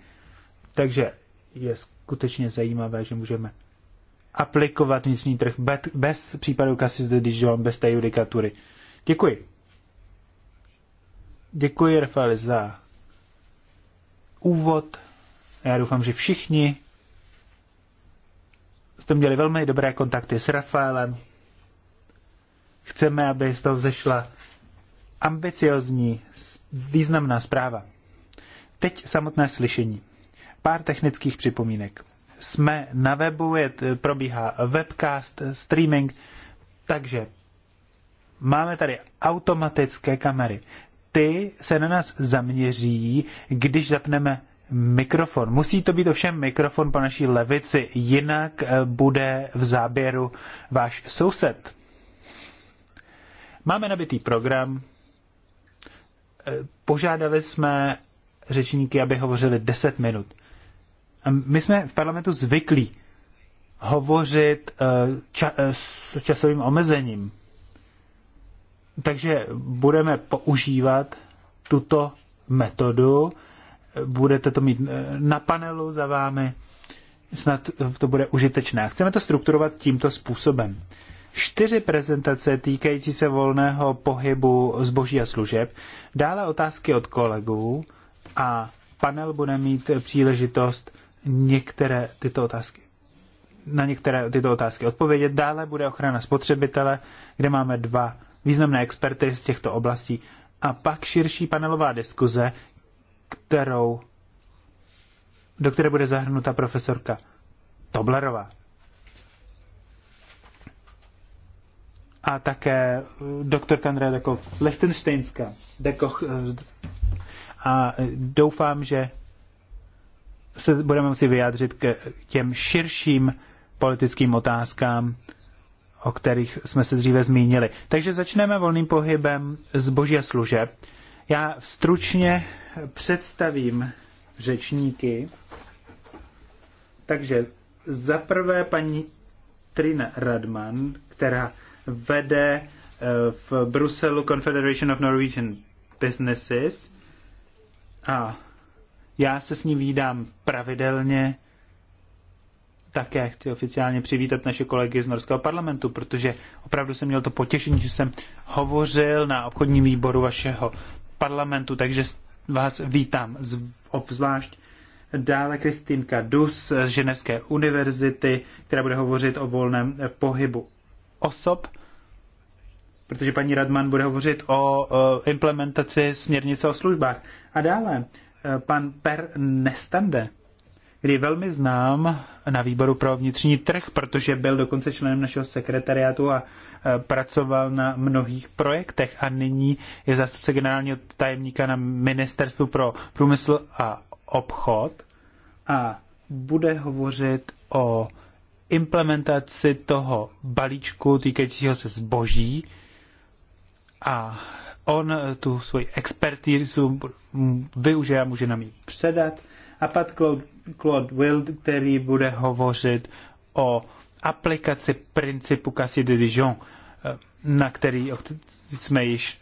Takže je skutečně zajímavé, že můžeme aplikovat vnitřní trh bez případu Cassis de Dijon, bez té judikatury. Děkuji. Děkuji, Rafael, za úvod. Já doufám, že všichni jste měli velmi dobré kontakty s Rafaelem. Chceme, aby z toho zešla ambiciozní, významná zpráva. Teď samotné slyšení. Pár technických připomínek. Jsme na webu, je, probíhá webcast, streaming, takže máme tady automatické kamery. Ty se na nás zaměří, když zapneme mikrofon. Musí to být ovšem mikrofon po naší levici, jinak eh, bude v záběru váš soused. Máme nabitý program. Eh, požádali jsme řečníky, aby hovořili 10 minut. My jsme v parlamentu zvyklí hovořit eh, ča- eh, s časovým omezením. Takže budeme používat tuto metodu. Budete to mít eh, na panelu za vámi. Snad to bude užitečné. Chceme to strukturovat tímto způsobem. Čtyři prezentace týkající se volného pohybu zboží a služeb, dále otázky od kolegů a panel bude mít příležitost některé tyto otázky na některé tyto otázky odpovědět. Dále bude ochrana spotřebitele, kde máme dva významné experty z těchto oblastí. A pak širší panelová diskuze, kterou, do které bude zahrnuta profesorka Toblerová. A také eh, doktorka Andrea Deko Lechtensteinská. Deko, eh, a eh, doufám, že se budeme muset vyjádřit k těm širším politickým otázkám, o kterých jsme se dříve zmínili. Takže začneme volným pohybem zboží a služeb. Já stručně představím řečníky. Takže za prvé paní Trina Radman, která vede eh, v Bruselu Confederation of Norwegian Businesses a já se s ní výdám pravidelně. Také chci oficiálně přivítat naše kolegy z Norského parlamentu, protože opravdu jsem měl to potěšení, že jsem hovořil na obchodním výboru vašeho parlamentu, takže vás vítám obzvlášť. Dále Kristýnka Dus z Ženevské univerzity, která bude hovořit o volném pohybu osob, protože paní Radman bude hovořit o implementaci směrnice o službách. A dále Eh, pan Per Nestande, který velmi znám na výboru pro vnitřní trh, protože byl dokonce členem našeho sekretariátu a eh, pracoval na mnohých projektech a nyní je zástupce generálního tajemníka na Ministerstvu pro průmysl a obchod a bude hovořit o implementaci toho balíčku týkajícího se zboží a on tu svoji expertízu využije a může nám ji předat. A pak Claude, Claude Wild, který bude hovořit o aplikaci principu Cassie de Dijon, eh, na který jsme již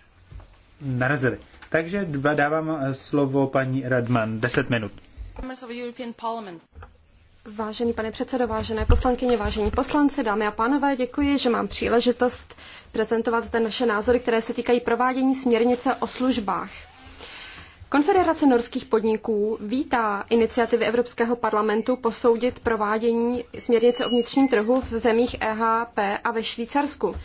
narazili. Takže dávám eh, slovo paní Radman, 10 minut. Vážený pane předsedo, vážené poslankyně, vážení poslanci, dámy a pánové, děkuji, že mám příležitost prezentovat zde naše názory, které se týkají provádění směrnice o službách. Konfederace norských podniků vítá iniciativy Evropského parlamentu posoudit provádění směrnice o vnitřním trhu v zemích EHP a ve Švýcarsku.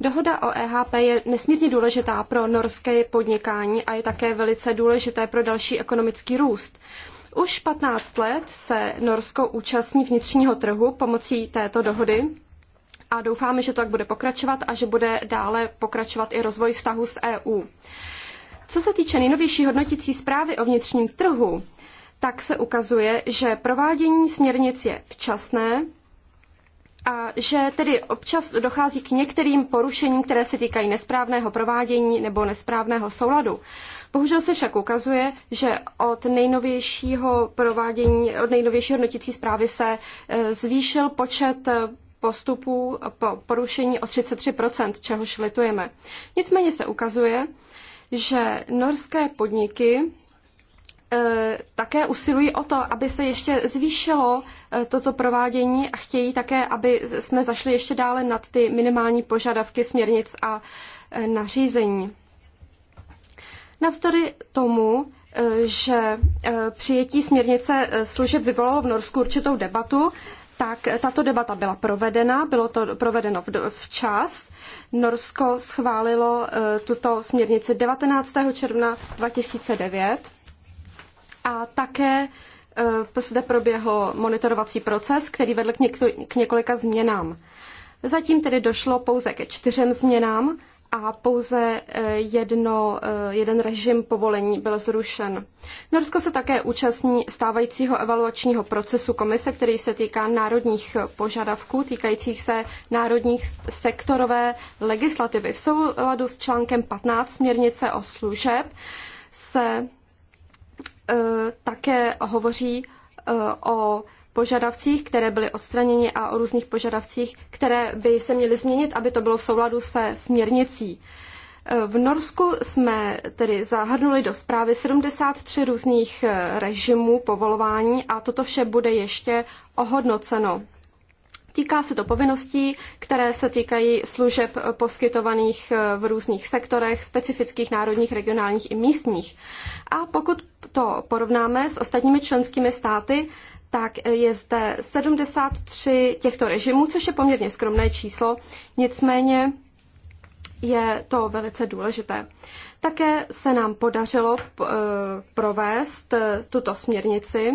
Dohoda o EHP je nesmírně důležitá pro norské podnikání a je také velice důležité pro další ekonomický růst. Už 15 let se Norsko účastní vnitřního trhu pomocí této dohody a doufáme, že to tak bude pokračovat a že bude dále pokračovat i rozvoj vztahu s EU. Co se týče nejnovější hodnotící zprávy o vnitřním trhu, tak se ukazuje, že provádění směrnic je včasné a že tedy občas dochází k některým porušením, které se týkají nesprávného provádění nebo nesprávného souladu. Bohužel se však ukazuje, že od nejnovějšího provádění, od nejnovější hodnotící zprávy se eh, zvýšil počet eh, postupů po porušení o 33%, čehož litujeme. Nicméně se ukazuje, že norské podniky eh, také usilují o to, aby se ještě zvýšilo toto provádění a chtějí také, aby jsme zašli ještě dále nad ty minimální požadavky směrnic a nařízení. Navzdory tomu, eh, že eh, přijetí směrnice eh, služeb vyvolalo v Norsku určitou debatu, tak tato debata byla provedena, bylo to provedeno včas. Norsko schválilo tuto směrnici 19. června 2009 a také zde proběhl monitorovací proces, který vedl k, několika změnám. Zatím tedy došlo pouze ke čtyřem změnám a pouze eh, jedno, eh, jeden režim povolení byl zrušen. Norsko se také účastní stávajícího evaluačního procesu komise, který se týká národních požadavků týkajících se národních sektorové legislativy. V souladu s článkem 15 směrnice o služeb se eh, také hovoří o požadavcích, které byly odstraněny a o různých požadavcích, které by se měly změnit, aby to bylo v souladu se směrnicí. E, v Norsku jsme tedy zahrnuli do zprávy 73 různých e, režimů povolování a toto vše bude ještě ohodnoceno. Týká se to povinností, které se týkají služeb poskytovaných e, v různých sektorech, specifických národních, regionálních i místních. A pokud to porovnáme s ostatními členskými státy, tak je zde 73 těchto režimů, což je poměrně skromné číslo, nicméně je to velice důležité. Také se nám podařilo eh, provést eh, tuto směrnici.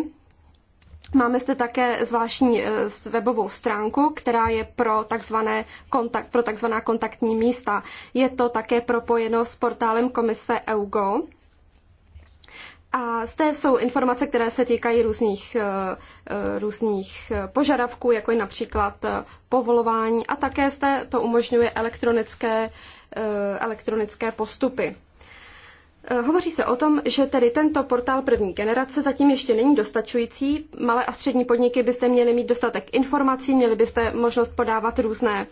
Máme zde také zvláštní eh, webovou stránku, která je pro, takzvané kontakt, pro takzvaná kontaktní místa. Je to také propojeno s portálem komise EUGO a zde jsou informace, které se týkají různých, eh, eh, různých požadavků, jako je například eh, povolování a také zde to umožňuje elektronické, elektronické postupy. Eh, hovoří se o tom, že tedy tento portál první generace zatím ještě není dostačující. Malé a střední podniky byste měly mít dostatek informací, měli byste možnost podávat různé,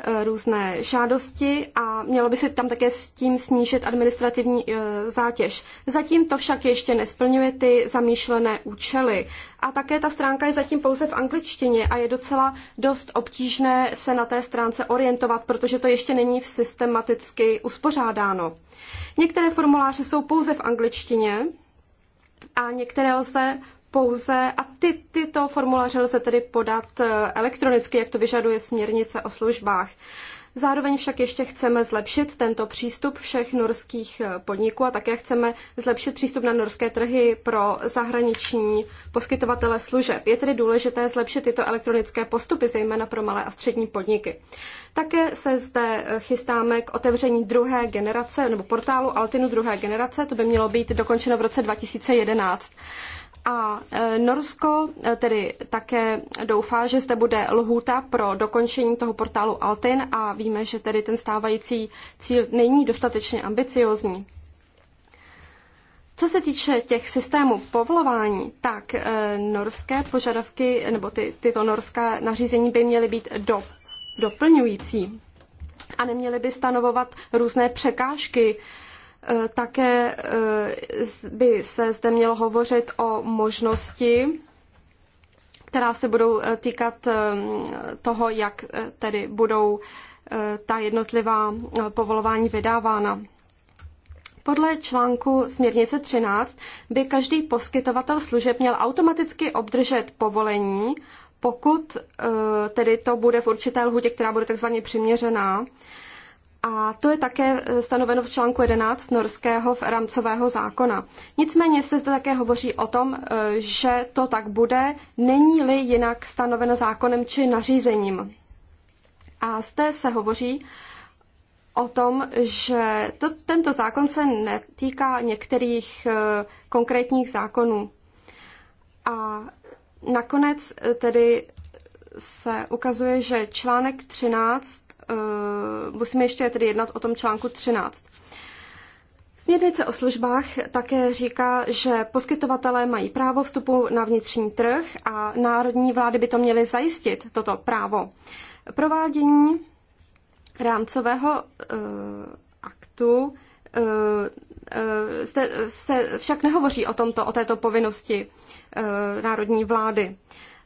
eh, různé žádosti a mělo by se tam také s tím snížit administrativní eh, zátěž. Zatím to však ještě nesplňuje ty zamýšlené účely. A také ta stránka je zatím pouze v angličtině a je docela dost obtížné se na té stránce orientovat, protože to ještě není v systematicky uspořádáno. Některé formuláře jsou pouze v angličtině a některé lze pouze a ty, tyto formuláře lze tedy podat eh, elektronicky, jak to vyžaduje směrnice o službách. Zároveň však ještě chceme zlepšit tento přístup všech norských eh, podniků a také chceme zlepšit přístup na norské trhy pro zahraniční poskytovatele služeb. Je tedy důležité zlepšit tyto elektronické postupy, zejména pro malé a střední podniky. Také se zde eh, chystáme k otevření druhé generace nebo portálu Altinu druhé generace. To by mělo být dokončeno v roce 2011. A e, Norsko e, tedy také doufá, že zde bude lhůta pro dokončení toho portálu Altin a víme, že tedy ten stávající cíl není dostatečně ambiciozní. Co se týče těch systémů povolování, tak e, norské požadavky nebo ty, tyto norská nařízení by měly být do, doplňující a neměly by stanovovat různé překážky, Eh, také eh, by se zde mělo hovořit o možnosti, která se budou eh, týkat toho, jak tedy budou ta jednotlivá povolování vydávána. Podle článku směrnice 13 by každý poskytovatel služeb měl automaticky obdržet povolení, pokud tedy to bude v určité lhutě, která bude takzvaně přiměřená. A to je také eh, stanoveno v článku 11 norského rámcového zákona. Nicméně se zde také hovoří o tom, eh, že to tak bude, není-li jinak stanoveno zákonem či nařízením. A zde se hovoří o tom, že to, tento zákon se netýká některých eh, konkrétních zákonů. A nakonec tedy se ukazuje, že článek 13 Eh, musíme ještě tedy jednat o tom článku 13. Směrnice o službách také říká, že poskytovatelé mají právo vstupu na vnitřní trh a národní vlády by to měly zajistit, toto právo. Provádění rámcového eh, aktu eh, se, však nehovoří o, tomto, o této povinnosti národní vlády.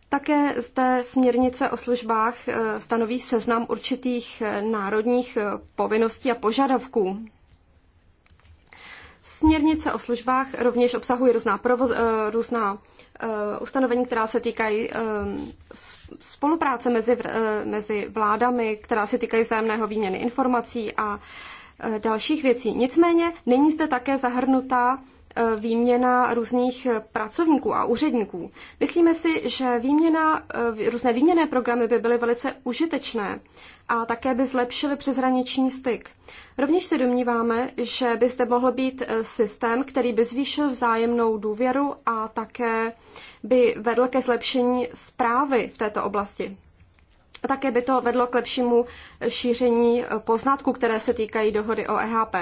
Také zde směrnice o službách eh, stanoví seznam určitých eh, národních eh, povinností a požadavků. Směrnice o službách rovněž obsahuje různá, provoz, různá ustanovení, která se týkají spolupráce mezi, mezi vládami, která se týkají vzájemného výměny informací a dalších věcí. Nicméně není zde také zahrnutá Eh, výměna různých pracovníků a úředníků. Myslíme si, že výměna, eh, různé výměné programy by byly velice užitečné a také by zlepšily přeshraniční styk. Rovněž se domníváme, že by zde mohl být eh, systém, který by zvýšil vzájemnou důvěru a také by vedl ke zlepšení zprávy v této oblasti. A také by to vedlo k lepšímu šíření poznatků, které se týkají dohody o EHP.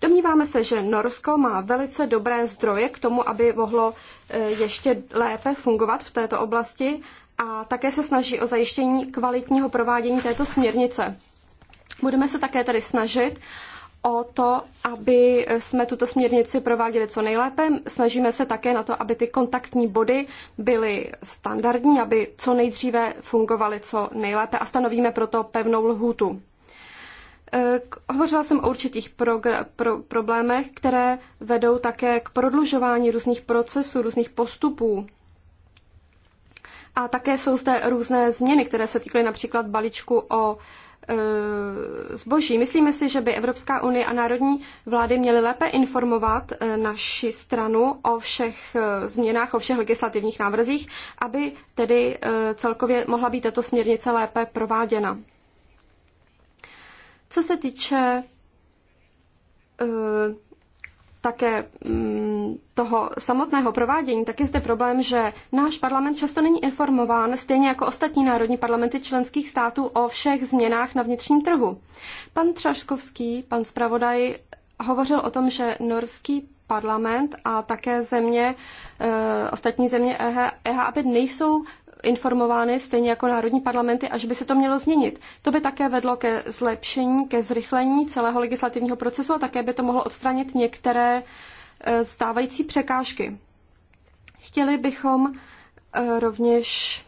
Domníváme se, že Norsko má velice dobré zdroje k tomu, aby mohlo e, ještě lépe fungovat v této oblasti a také se snaží o zajištění kvalitního provádění této směrnice. Budeme se také tady snažit o to, aby jsme tuto směrnici prováděli co nejlépe. Snažíme se také na to, aby ty kontaktní body byly standardní, aby co nejdříve fungovaly co nejlépe a stanovíme proto pevnou lhůtu. E, hovořila jsem o určitých pro, pro, problémech, které vedou také k prodlužování různých procesů, různých postupů. A také jsou zde různé změny, které se týkaly například balíčku o Eh, zboží. Myslíme si, že by Evropská unie a národní vlády měly lépe informovat eh, naši stranu o všech eh, změnách, o všech legislativních návrzích, aby tedy celkově mohla být tato směrnice lépe prováděna. Co se týče také mm, toho samotného provádění, tak je zde problém, že náš parlament často není informován, stejně jako ostatní národní parlamenty členských států, o všech změnách na vnitřním trhu. Pan Třaškovský, pan zpravodaj, hovořil o tom, že norský parlament a také země, eh, ostatní země EHA, EHA nejsou informovány, stejně jako národní parlamenty, až by se to mělo změnit. To by také vedlo ke zlepšení, ke zrychlení celého legislativního procesu a také by to mohlo odstranit některé e, stávající překážky. Chtěli bychom e, rovněž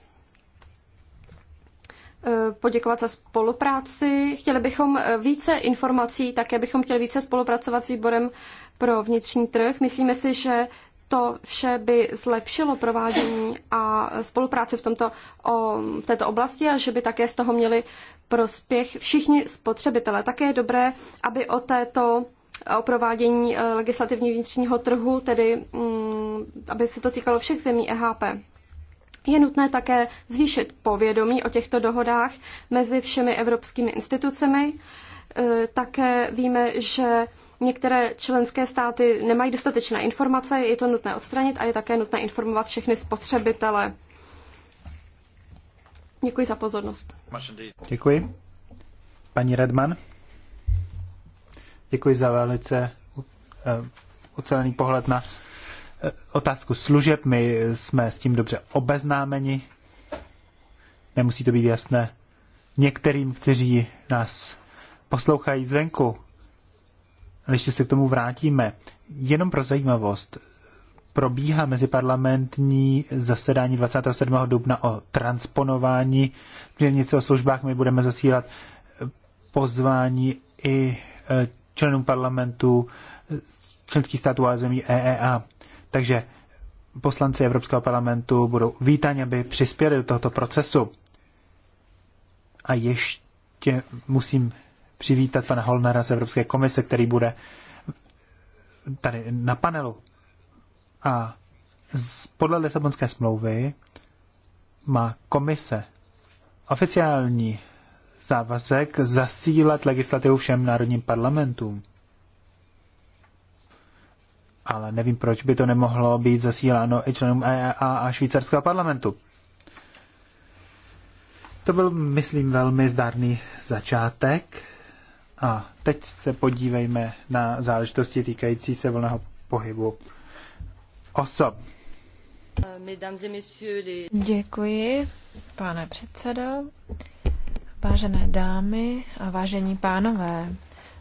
e, poděkovat za spolupráci. Chtěli bychom více informací, také bychom chtěli více spolupracovat s výborem pro vnitřní trh. Myslíme si, že to vše by zlepšilo provádění a spolupráci v tomto, o, této oblasti a že by také z toho měli prospěch všichni spotřebitelé. Také je dobré, aby o této o provádění e, legislativní vnitřního trhu, tedy mm, aby se to týkalo všech zemí EHP. Je nutné také zvýšit povědomí o těchto dohodách mezi všemi evropskými institucemi. Eh, také víme, že některé členské státy nemají dostatečné informace, je to nutné odstranit a je také nutné informovat všechny spotřebitele. Děkuji za pozornost. Děkuji. Paní Redman. Děkuji za velice eh, ucelený pohled na eh, otázku služeb. My jsme s tím dobře obeznámeni. Nemusí to být jasné některým, kteří nás poslouchají zvenku. A ještě se k tomu vrátíme. Jenom pro zajímavost, probíhá meziparlamentní zasedání 27. dubna o transponování směrnice o službách. My budeme zasílat pozvání i e, členům parlamentu členských států a zemí EEA. Takže poslanci Evropského parlamentu budou vítáni, aby přispěli do tohoto procesu. A ještě musím přivítat pana Holnera z Evropské komise, který bude tady na panelu. A podle Lisabonské smlouvy má komise oficiální závazek zasílat legislativu všem národním parlamentům. Ale nevím, proč by to nemohlo být zasíláno i členům EEA a švýcarského parlamentu. To byl, myslím, velmi zdárný začátek. A teď se podívejme na záležitosti týkající se volného pohybu osob. Děkuji, pane předsedo. Vážené dámy a vážení pánové,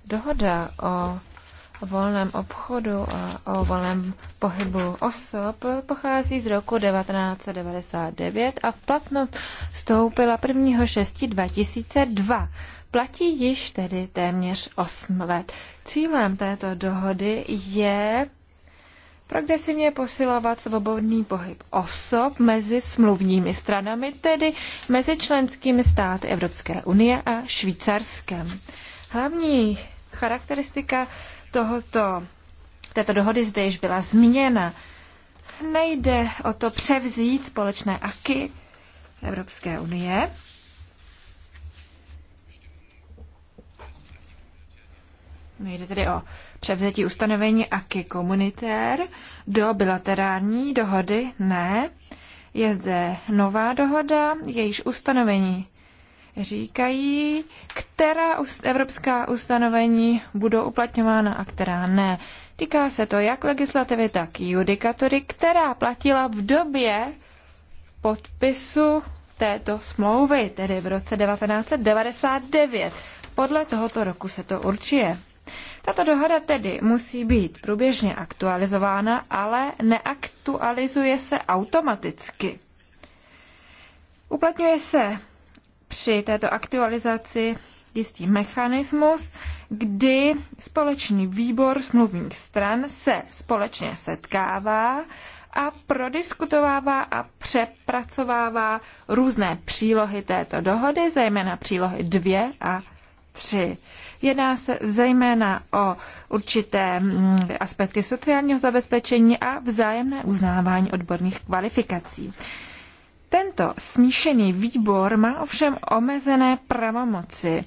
dohoda o volném obchodu a o volném pohybu osob pochází z roku 1999 a v platnost vstoupila 1. 6. 2002. Platí již tedy téměř 8 let. Cílem této dohody je progresivně posilovat svobodný pohyb osob mezi smluvními stranami, tedy mezi členskými státy Evropské unie a Švýcarskem. Hlavní charakteristika tohoto, této dohody zde již byla zmíněna. Nejde o to převzít společné aky Evropské unie, Nejde tedy o převzetí ustanovení aky komunitér do bilaterální dohody? Ne. Je zde nová dohoda, jejíž ustanovení říkají, která evropská ustanovení budou uplatňována a která ne. Týká se to jak legislativy, tak i judikatury, která platila v době podpisu této smlouvy, tedy v roce 1999. Podle tohoto roku se to určuje. Tato dohoda tedy musí být průběžně aktualizována, ale neaktualizuje se automaticky. Uplatňuje se při této aktualizaci jistý mechanismus, kdy společný výbor smluvních stran se společně setkává a prodiskutovává a přepracovává různé přílohy této dohody, zejména přílohy 2 a 3. Jedná se zejména o určité mm, aspekty sociálního zabezpečení a vzájemné uznávání odborných kvalifikací. Tento smíšený výbor má ovšem omezené pravomoci,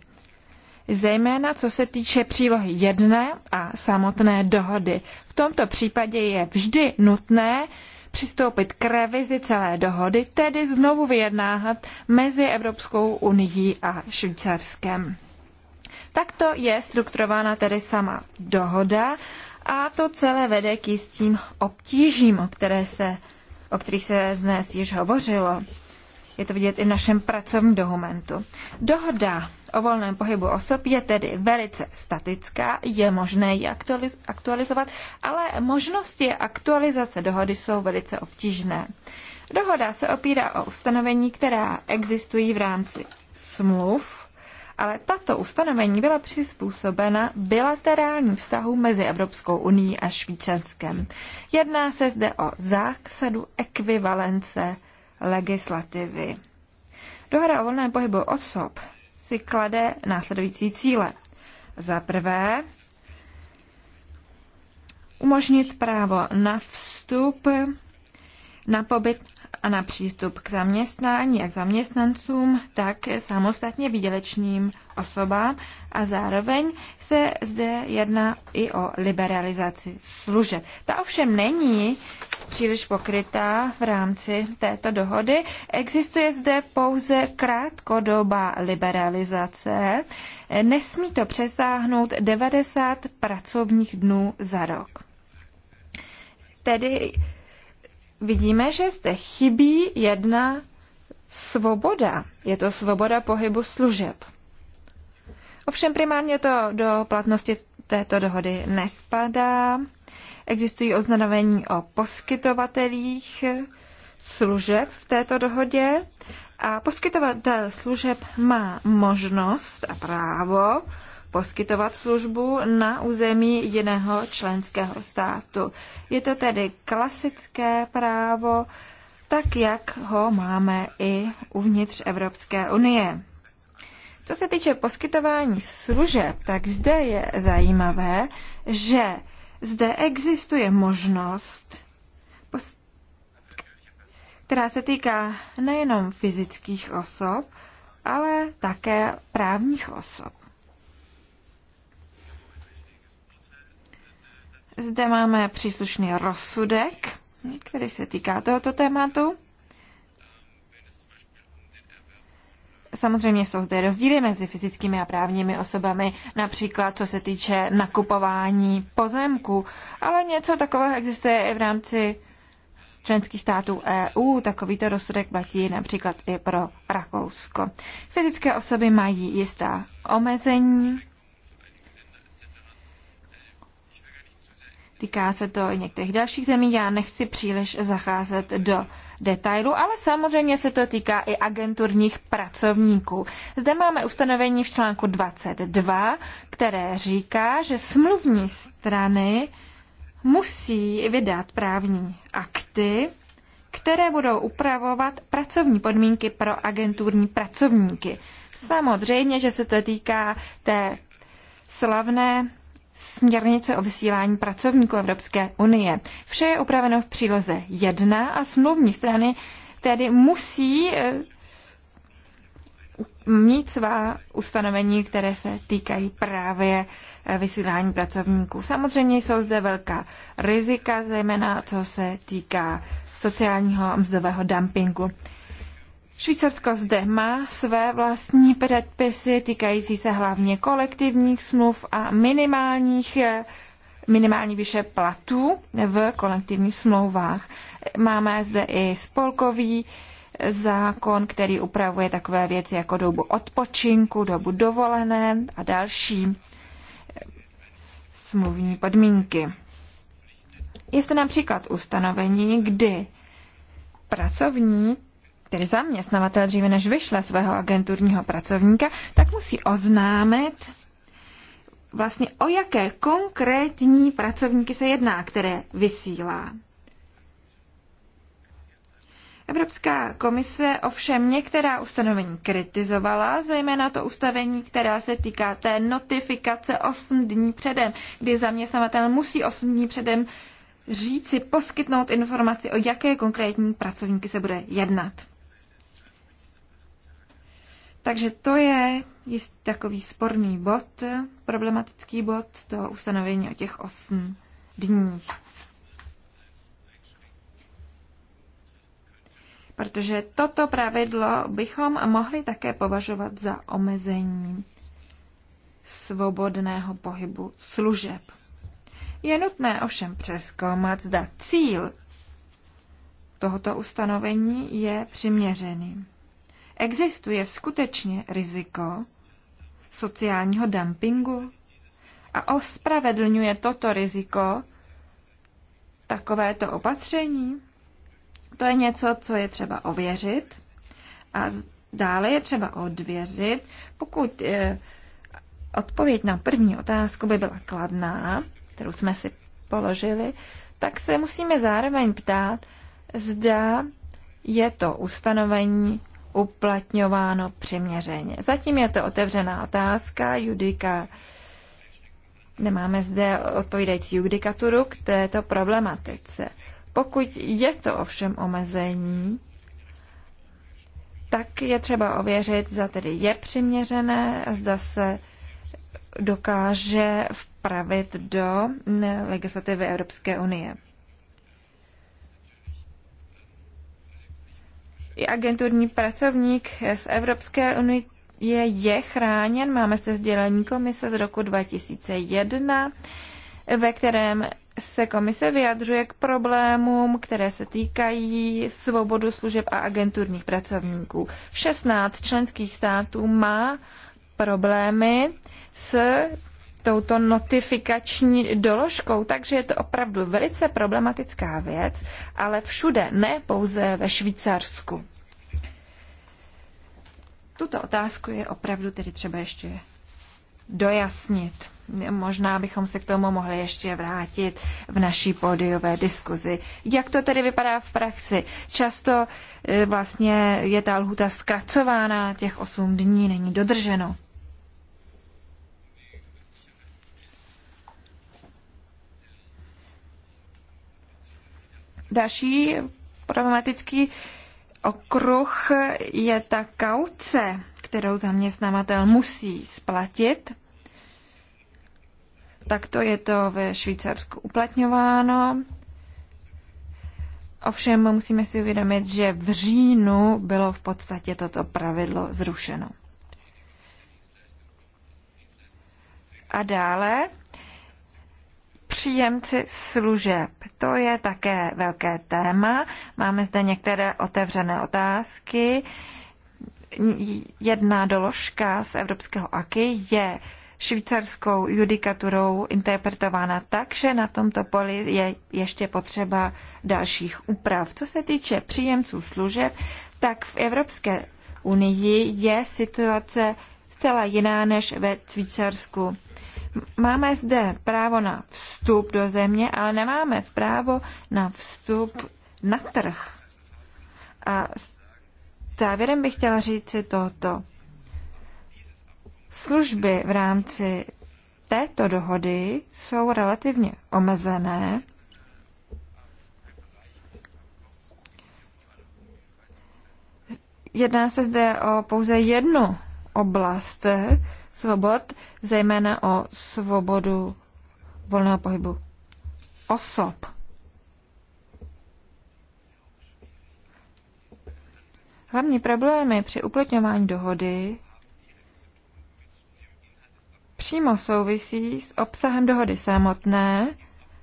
zejména co se týče přílohy jedné a samotné dohody. V tomto případě je vždy nutné přistoupit k revizi celé dohody, tedy znovu vyjednáhat mezi Evropskou unii a Švýcarskem. Takto je strukturována tedy sama dohoda a to celé vede k jistým obtížím, o které se o kterých se dnes již hovořilo. Je to vidět i v našem pracovním dokumentu. Dohoda o volném pohybu osob je tedy velice statická, je možné ji aktualizovat, ale možnosti aktualizace dohody jsou velice obtížné. Dohoda se opírá o ustanovení, která existují v rámci smluv ale tato ustanovení byla přizpůsobena bilaterálním vztahu mezi Evropskou unii a Švýcarskem. Jedná se zde o zásadu ekvivalence legislativy. Dohoda o volném pohybu osob si klade následující cíle. Za prvé, umožnit právo na vstup na pobyt a na přístup k zaměstnání, jak zaměstnancům, tak samostatně výdělečným osobám a zároveň se zde jedná i o liberalizaci služeb. Ta ovšem není příliš pokrytá v rámci této dohody. Existuje zde pouze krátkodobá liberalizace. Nesmí to přesáhnout 90 pracovních dnů za rok. Tedy vidíme, že zde chybí jedna svoboda. Je to svoboda pohybu služeb. Ovšem primárně to do platnosti této dohody nespadá. Existují oznamovení o poskytovatelích služeb v této dohodě a poskytovatel služeb má možnost a právo poskytovat službu na území jiného členského státu. Je to tedy klasické právo, tak jak ho máme i uvnitř Evropské unie. Co se týče poskytování služeb, tak zde je zajímavé, že zde existuje možnost, která se týká nejenom fyzických osob, ale také právních osob. Zde máme příslušný rozsudek, který se týká tohoto tématu. Samozřejmě jsou zde rozdíly mezi fyzickými a právními osobami, například co se týče nakupování pozemků, ale něco takového existuje i v rámci členských států EU. Takovýto rozsudek platí například i pro Rakousko. Fyzické osoby mají jistá omezení, Týká se to i některých dalších zemí, já nechci příliš zacházet do detailu, ale samozřejmě se to týká i agenturních pracovníků. Zde máme ustanovení v článku 22, které říká, že smluvní strany musí vydat právní akty, které budou upravovat pracovní podmínky pro agenturní pracovníky. Samozřejmě, že se to týká té slavné směrnice o vysílání pracovníků Evropské unie. Vše je upraveno v příloze 1 a smluvní strany tedy musí eh, mít svá ustanovení, které se týkají právě eh, vysílání pracovníků. Samozřejmě jsou zde velká rizika, zejména co se týká sociálního a mzdového dumpingu. Švýcarsko zde má své vlastní předpisy týkající se hlavně kolektivních smluv a minimálních eh, minimální výše platů v kolektivních smlouvách. Máme zde i spolkový eh, zákon, který upravuje takové věci jako dobu odpočinku, dobu dovolené a další eh, smluvní podmínky. Je to například ustanovení, kdy pracovník tedy zaměstnavatel dříve než vyšle svého agenturního pracovníka, tak musí oznámit vlastně o jaké konkrétní pracovníky se jedná, které vysílá. Evropská komise ovšem některá ustanovení kritizovala, zejména to ustavení, která se týká té notifikace 8 dní předem, kdy zaměstnavatel musí 8 dní předem říci, poskytnout informaci, o jaké konkrétní pracovníky se bude jednat. Takže to je jistý takový sporný bod, problematický bod toho ustanovení o těch osm dních. Protože toto pravidlo bychom mohli také považovat za omezení svobodného pohybu služeb. Je nutné ovšem přeskoumat, zda cíl tohoto ustanovení je přiměřený. Existuje skutečně riziko sociálního dumpingu a ospravedlňuje toto riziko takovéto opatření? To je něco, co je třeba ověřit a dále je třeba odvěřit, pokud eh, odpověď na první otázku by byla kladná, kterou jsme si položili, tak se musíme zároveň ptát, zda je to ustanovení uplatňováno přiměřeně. Zatím je to otevřená otázka, judika nemáme zde odpovídající judikaturu k této problematice. Pokud je to ovšem omezení, tak je třeba ověřit, zda tedy je přiměřené, zda se dokáže vpravit do legislativy Evropské unie. i agenturní pracovník z Evropské unie je, je chráněn. Máme se sdělení komise z roku 2001, ve kterém se komise vyjadřuje k problémům, které se týkají svobodu služeb a agenturních pracovníků. 16 členských států má problémy s touto notifikační doložkou, takže je to opravdu velice problematická věc, ale všude, ne pouze ve Švýcarsku. Tuto otázku je opravdu tedy třeba ještě dojasnit. Možná bychom se k tomu mohli ještě vrátit v naší pódiové diskuzi. Jak to tedy vypadá v praxi? Často eh, vlastně je ta lhuta zkracována, těch 8 dní není dodrženo. Další problematický okruh je ta kauce, kterou zaměstnavatel musí splatit. Takto je to ve Švýcarsku uplatňováno. Ovšem musíme si uvědomit, že v říjnu bylo v podstatě toto pravidlo zrušeno. A dále příjemci služeb. To je také velké téma. Máme zde některé otevřené otázky. Jedna doložka z Evropského AKY je švýcarskou judikaturou interpretována tak, že na tomto poli je ještě potřeba dalších úprav. Co se týče příjemců služeb, tak v Evropské unii je situace zcela jiná než ve Švýcarsku máme zde právo na vstup do země, ale nemáme právo na vstup na trh. A závěrem bych chtěla říct si toto. Služby v rámci této dohody jsou relativně omezené. Jedná se zde o pouze jednu oblast, svobod, zejména o svobodu volného pohybu osob. Hlavní problémy při uplatňování dohody přímo souvisí s obsahem dohody samotné,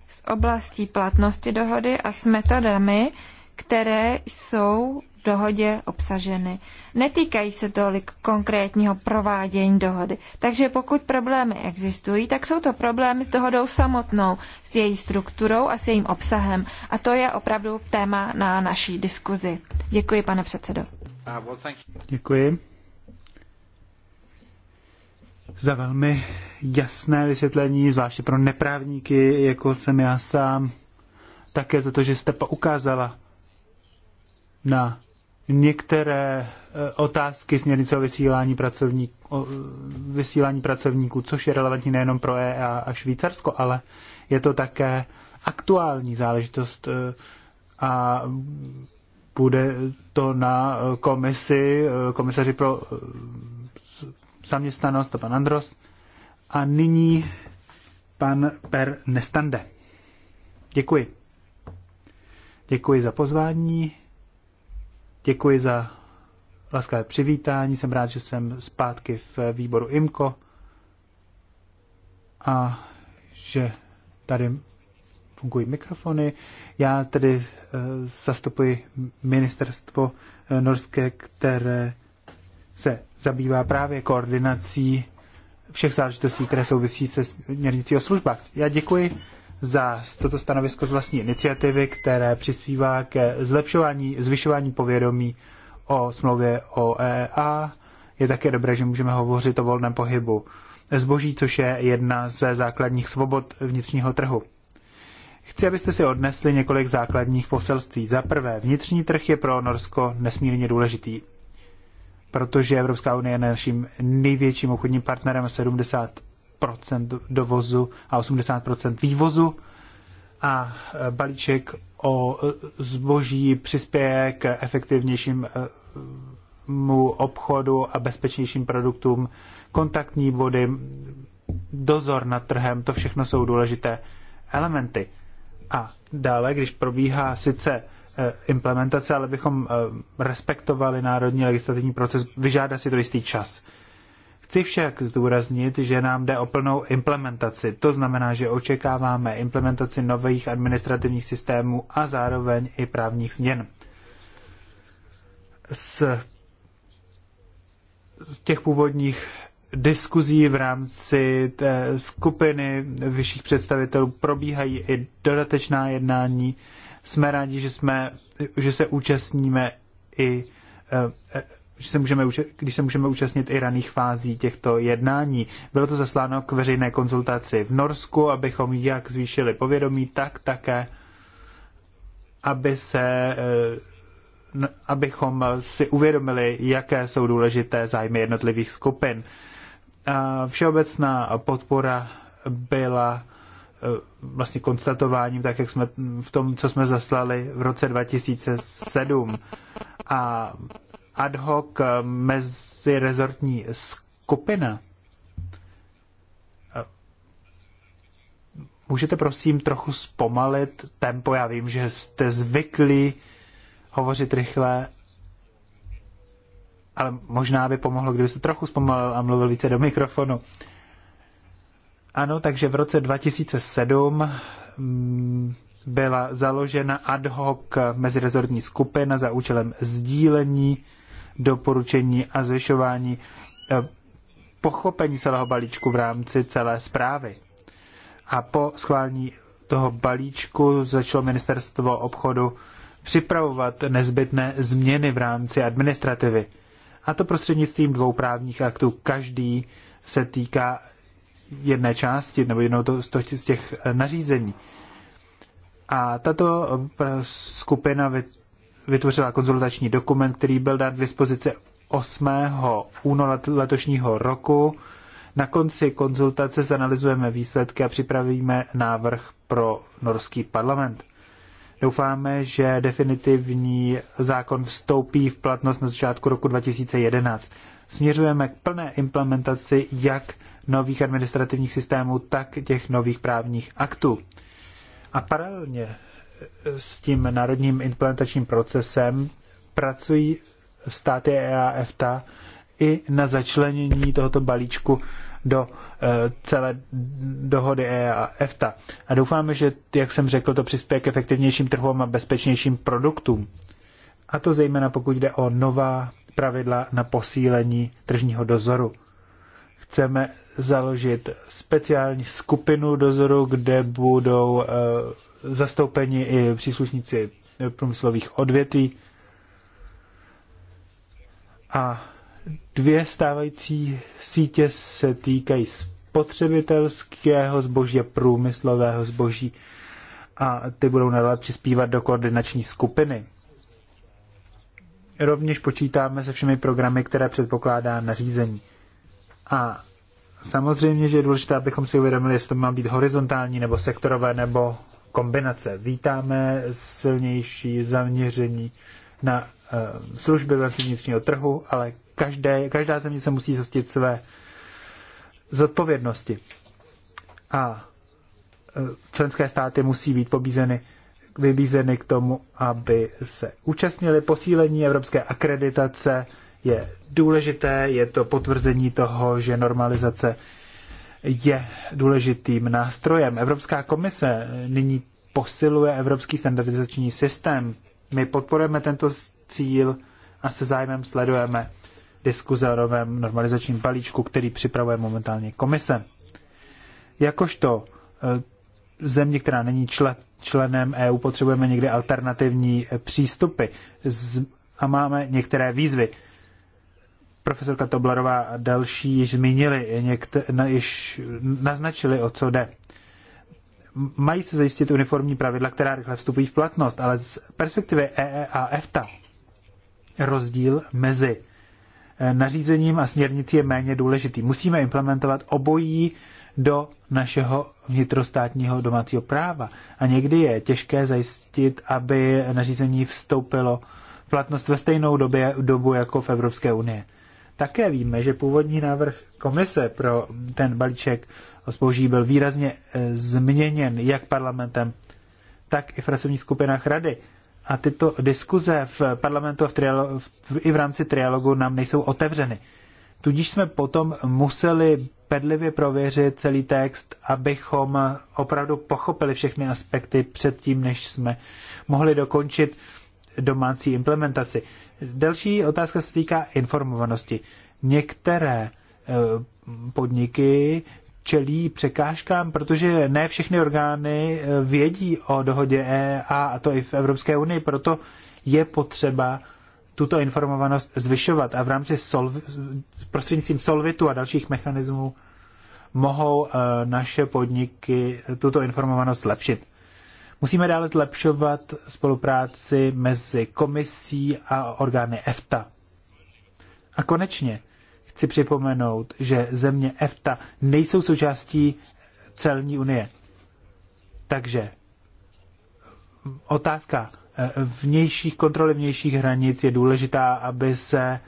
s oblastí platnosti dohody a s metodami, které jsou dohodě obsaženy. Netýkají se tolik konkrétního provádění dohody. Takže pokud problémy existují, tak jsou to problémy s dohodou samotnou, s její strukturou a s jejím obsahem. A to je opravdu téma na naší diskuzi. Děkuji, pane předsedo. Uh, Děkuji za velmi jasné vysvětlení, zvláště pro neprávníky, jako jsem já sám, také za to, že jste poukázala na některé eh, otázky směrnice o vysílání, pracovník, o vysílání pracovníků, což je relevantní nejenom pro EA a Švýcarsko, ale je to také aktuální záležitost eh, a bude to na komisi, eh, komisaři pro zaměstnanost, pan Andros. A nyní pan Per Nestande. Děkuji. Děkuji za pozvání Děkuji za laskavé přivítání. Jsem rád, že jsem zpátky v výboru IMKO a že tady fungují mikrofony. Já tedy eh, zastupuji ministerstvo eh, norské, které se zabývá právě koordinací všech záležitostí, které souvisí se směrnicí o službách. Já děkuji za toto stanovisko z vlastní iniciativy, které přispívá ke zlepšování, zvyšování povědomí o smlouvě o EEA. Je také dobré, že můžeme hovořit o volném pohybu zboží, což je jedna ze základních svobod vnitřního trhu. Chci, abyste si odnesli několik základních poselství. Za prvé, vnitřní trh je pro Norsko nesmírně důležitý, protože Evropská unie je naším největším obchodním partnerem 70 dovozu a 80 vývozu. A e, balíček o e, zboží přispěje k efektivnějším e, mu obchodu a bezpečnějším produktům, kontaktní body, dozor nad trhem, to všechno jsou důležité elementy. A dále, když probíhá sice implementace, ale bychom respektovali národní legislativní proces, vyžádá si to jistý čas. Chci však zdůraznit, že nám jde o plnou implementaci. To znamená, že očekáváme implementaci nových administrativních systémů a zároveň i právních změn. Z těch původních diskuzí v rámci té skupiny vyšších představitelů probíhají i dodatečná jednání. Jsme rádi, že, jsme, že se účastníme i eh, když se můžeme, když se můžeme účastnit i raných fází těchto jednání. Bylo to zasláno k veřejné konzultaci v Norsku, abychom jak zvýšili povědomí, tak také, aby se eh, abychom si uvědomili, jaké jsou důležité zájmy jednotlivých skupin. Všeobecná podpora byla eh, vlastně konstatováním, tak jak jsme v tom, co jsme zaslali v roce 2007. A ad hoc eh, mezirezortní skupina. Eh, můžete prosím trochu zpomalit tempo? Já vím, že jste zvyklí hovořit rychle, ale možná by pomohlo, kdybyste trochu zpomalil a mluvil více do mikrofonu. Ano, takže v roce 2007 mm, byla založena ad hoc mezirezortní skupina za účelem sdílení doporučení a zvyšování eh, pochopení celého balíčku v rámci celé zprávy. A po schválení toho balíčku začalo ministerstvo obchodu připravovat nezbytné změny v rámci administrativy. A to prostřednictvím dvou právních aktů. Každý se týká jedné části nebo jednou to, z těch eh, nařízení. A tato eh, skupina vytvořila konzultační dokument, který byl dán k dispozici 8. února letošního roku. Na konci konzultace zanalizujeme výsledky a připravíme návrh pro norský parlament. Doufáme, že definitivní zákon vstoupí v platnost na začátku roku 2011. Směřujeme k plné implementaci jak nových administrativních systémů, tak těch nových právních aktů. A paralelně s tím národním implementačním procesem pracují státy EAFTA i na začlenění tohoto balíčku do e, celé dohody EAFTA. A doufáme, že, jak jsem řekl, to přispěje k efektivnějším trhům a bezpečnějším produktům. A to zejména pokud jde o nová pravidla na posílení tržního dozoru. Chceme založit speciální skupinu dozoru, kde budou e, zastoupeni i příslušníci průmyslových odvětví. A dvě stávající sítě se týkají spotřebitelského zboží a průmyslového zboží a ty budou nadále přispívat do koordinační skupiny. Rovněž počítáme se všemi programy, které předpokládá nařízení. A samozřejmě, že je důležité, abychom si uvědomili, jestli to má být horizontální nebo sektorové nebo kombinace. Vítáme silnější zaměření na eh, služby v vnitřního trhu, ale každé, každá země se musí zhostit své zodpovědnosti. A eh, členské státy musí být pobízeny, vybízeny k tomu, aby se účastnili posílení evropské akreditace. Je důležité, je to potvrzení toho, že normalizace je důležitým nástrojem. Evropská komise nyní posiluje evropský standardizační systém. My podporujeme tento cíl a se zájmem sledujeme diskuze o novém normalizačním balíčku, který připravuje momentálně komise. Jakožto eh, země, která není člen, členem EU, potřebujeme někdy alternativní eh, přístupy a máme některé výzvy profesorka Toblarová a další již zmínili, někte, na, již naznačili, o co jde. Mají se zajistit uniformní pravidla, která rychle vstupují v platnost, ale z perspektivy EE e a EFTA rozdíl mezi eh, nařízením a směrnicí je méně důležitý. Musíme implementovat obojí do našeho vnitrostátního domácího práva. A někdy je těžké zajistit, aby nařízení vstoupilo v platnost ve stejnou době, dobu jako v Evropské unii. Také víme, že původní návrh komise pro ten balíček o zboží byl výrazně eh, změněn jak parlamentem, tak i v pracovních skupinách rady. A tyto diskuze v parlamentu a v trialo- v, i v rámci trialogu nám nejsou otevřeny. Tudíž jsme potom museli pedlivě prověřit celý text, abychom opravdu pochopili všechny aspekty předtím, než jsme mohli dokončit domácí implementaci. Další otázka se týká informovanosti. Některé eh, podniky čelí překážkám, protože ne všechny orgány eh, vědí o dohodě EA, a to i v Evropské unii, proto je potřeba tuto informovanost zvyšovat a v rámci solv- prostřednictvím solvitu a dalších mechanismů mohou eh, naše podniky tuto informovanost zlepšit. Musíme dále zlepšovat spolupráci mezi komisí a orgány EFTA. A konečně chci připomenout, že země EFTA nejsou součástí celní unie. Takže otázka eh, vnějších kontroly vnějších hranic je důležitá, aby se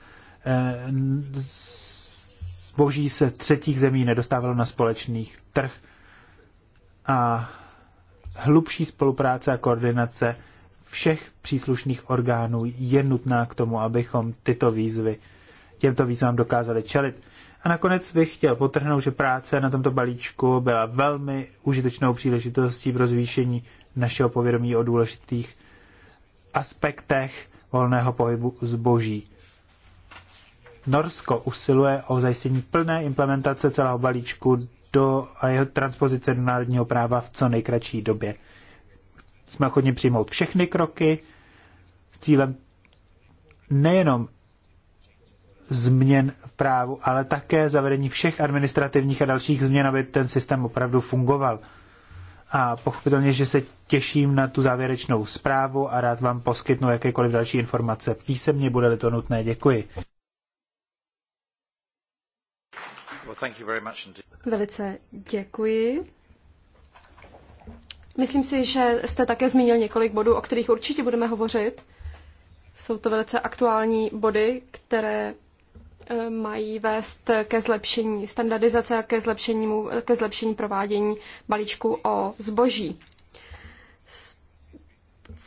eh, zboží se třetích zemí nedostávalo na společný trh. A hlubší spolupráce a koordinace všech příslušných orgánů je nutná k tomu, abychom tyto výzvy, těmto výzvám dokázali čelit. A nakonec bych chtěl potrhnout, že práce na tomto balíčku byla velmi užitečnou příležitostí pro zvýšení našeho povědomí o důležitých aspektech volného pohybu zboží. Norsko usiluje o zajištění plné implementace celého balíčku do a jeho transpozice do národního práva v co nejkratší době. Jsme ochotni přijmout všechny kroky s cílem nejenom změn v právu, ale také zavedení všech administrativních a dalších změn, aby ten systém opravdu fungoval. A pochopitelně, že se těším na tu závěrečnou zprávu a rád vám poskytnu jakékoliv další informace písemně, bude-li to nutné. Děkuji. Velice děkuji. Myslím si, že jste také zmínil několik bodů, o kterých určitě budeme hovořit. Jsou to velice aktuální body, které eh, mají vést ke zlepšení standardizace a ke, zlepšení, ke zlepšení provádění balíčku o zboží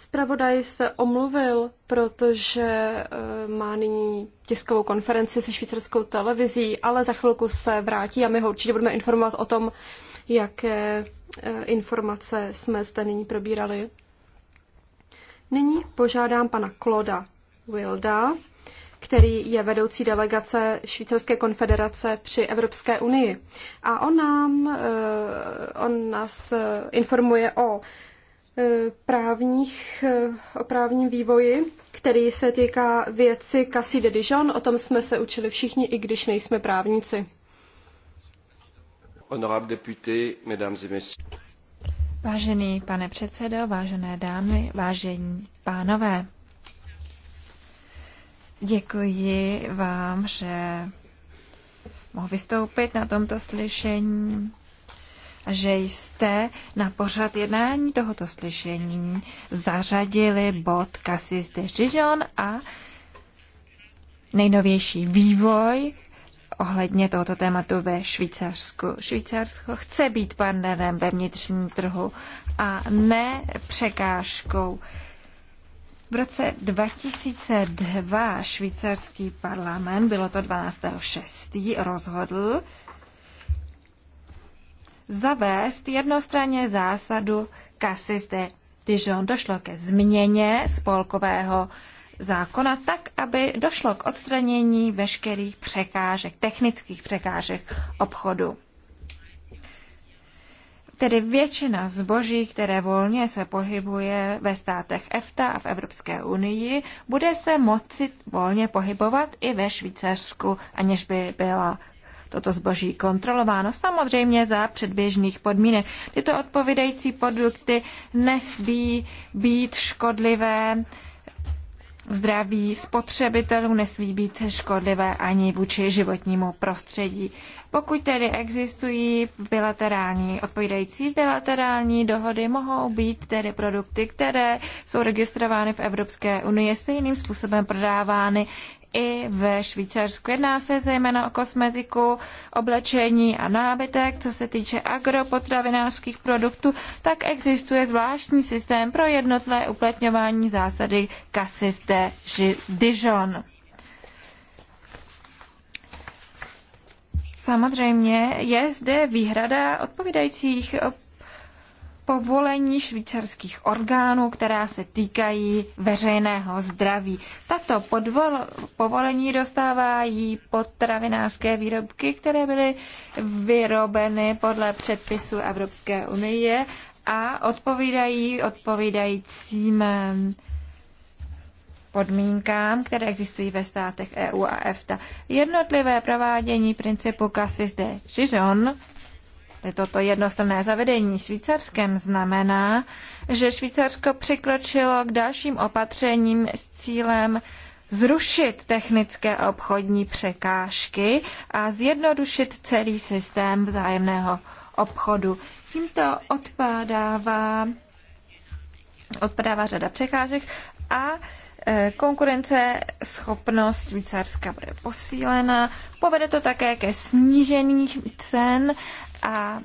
zpravodaj se omluvil, protože eh, má nyní tiskovou konferenci se švýcarskou televizí, ale za chvilku se vrátí a my ho určitě budeme informovat o tom, jaké eh, informace jsme zde nyní probírali. Nyní požádám pana Kloda Wilda, který je vedoucí delegace Švýcarské konfederace při Evropské unii. A on, nám, eh, on nás informuje o Eh, právních, eh, o právním vývoji, který se týká věci Cassie de Dijon. O tom jsme se učili všichni, i když nejsme právníci. Honorable député, mesdames et messieurs. Vážený pane předsedo, vážené dámy, vážení pánové, děkuji vám, že mohu vystoupit na tomto slyšení že jste na pořad jednání tohoto slyšení zařadili bod Cassis de Gijon a nejnovější vývoj ohledně tohoto tématu ve Švýcarsku. Švýcarsko chce být partnerem ve vnitřním trhu a ne překážkou. V roce 2002 švýcarský parlament, bylo to 12.6., rozhodl, zavést jednostranně zásadu Cassis de Dijon. Došlo ke změně spolkového zákona tak, aby došlo k odstranění veškerých překážek, technických překážek obchodu. Tedy většina zboží, které volně se pohybuje ve státech EFTA a v Evropské unii, bude se moci volně pohybovat i ve Švýcarsku, aniž by byla toto zboží kontrolováno, samozřejmě za předběžných podmínek. Tyto odpovídající produkty nesmí být škodlivé zdraví spotřebitelů nesmí být škodlivé ani vůči životnímu prostředí. Pokud tedy existují bilaterální, odpovídající bilaterální dohody, mohou být tedy produkty, které jsou registrovány v Evropské unii, stejným způsobem prodávány i ve Švýcarsku. Jedná se zejména o kosmetiku, oblečení a nábytek. Co se týče agropotravinářských produktů, tak existuje zvláštní systém pro jednotné uplatňování zásady Cassis de Dijon. Samozřejmě je zde výhrada odpovídajících povolení švýcarských orgánů, která se týkají veřejného zdraví. Tato podvol, povolení dostávají potravinářské výrobky, které byly vyrobeny podle předpisu Evropské unie a odpovídají odpovídajícím ehm, podmínkám, které existují ve státech EU a EFTA. Jednotlivé provádění principu Cassis de Gijón Toto jednostranné zavedení Švýcarskem znamená, že Švýcarsko přikročilo k dalším opatřením s cílem zrušit technické a obchodní překážky a zjednodušit celý systém vzájemného obchodu. Tímto odpadává, odpadává řada překážek a e, konkurence schopnost Švýcarska bude posílena. Povede to také ke snížení cen a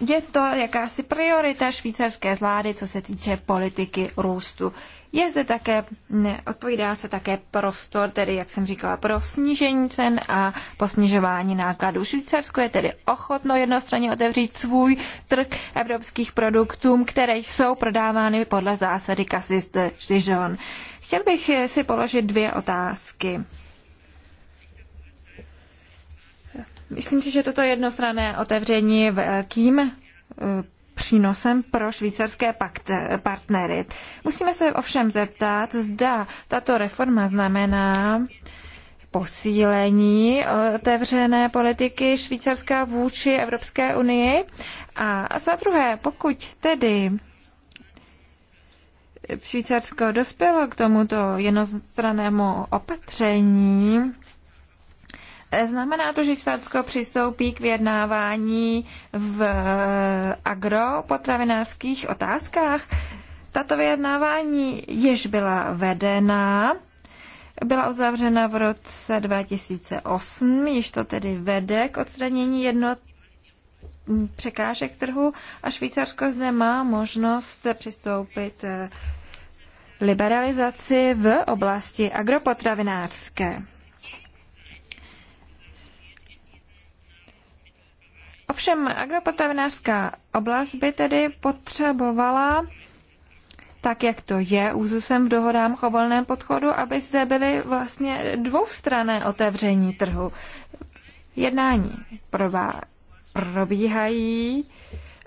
je to jakási priorita švýcarské vlády, co se týče politiky růstu. Je zde také, ne, odpovídá se také prostor, tedy jak jsem říkala, pro snížení cen a posnižování nákladů. Švýcarsko je tedy ochotno jednostranně otevřít svůj trh evropských produktům, které jsou prodávány podle zásady Cassis de Dijon. Chtěl bych si položit dvě otázky. Myslím si, že toto jednostranné otevření je velkým eh, přínosem pro švýcarské pakt, eh, partnery. Musíme se ovšem zeptat, zda tato reforma znamená posílení otevřené politiky Švýcarska vůči Evropské unii. A za druhé, pokud tedy Švýcarsko dospělo k tomuto jednostrannému opatření, Znamená to, že Švédsko přistoupí k vyjednávání v eh, agropotravinářských otázkách. Tato vyjednávání již byla vedena, byla uzavřena v roce 2008, již to tedy vede k odstranění jednot překážek trhu a Švýcarsko zde má možnost přistoupit eh, liberalizaci v oblasti agropotravinářské. Ovšem agropotravinářská oblast by tedy potřebovala tak, jak to je úzusem v dohodám o volném podchodu, aby zde byly vlastně dvoustrané otevření trhu. Jednání probá, probíhají.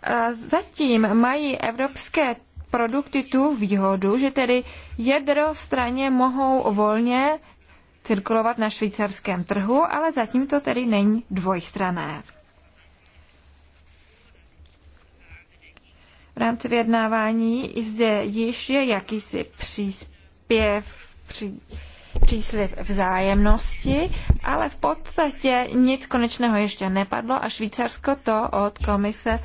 A zatím mají evropské produkty tu výhodu, že tedy jedro straně mohou volně cirkulovat na švýcarském trhu, ale zatím to tedy není dvojstrané. rámci vyjednávání zde již je jakýsi příspěv, pří, příslip vzájemnosti, ale v podstatě nic konečného ještě nepadlo a Švýcarsko to od komise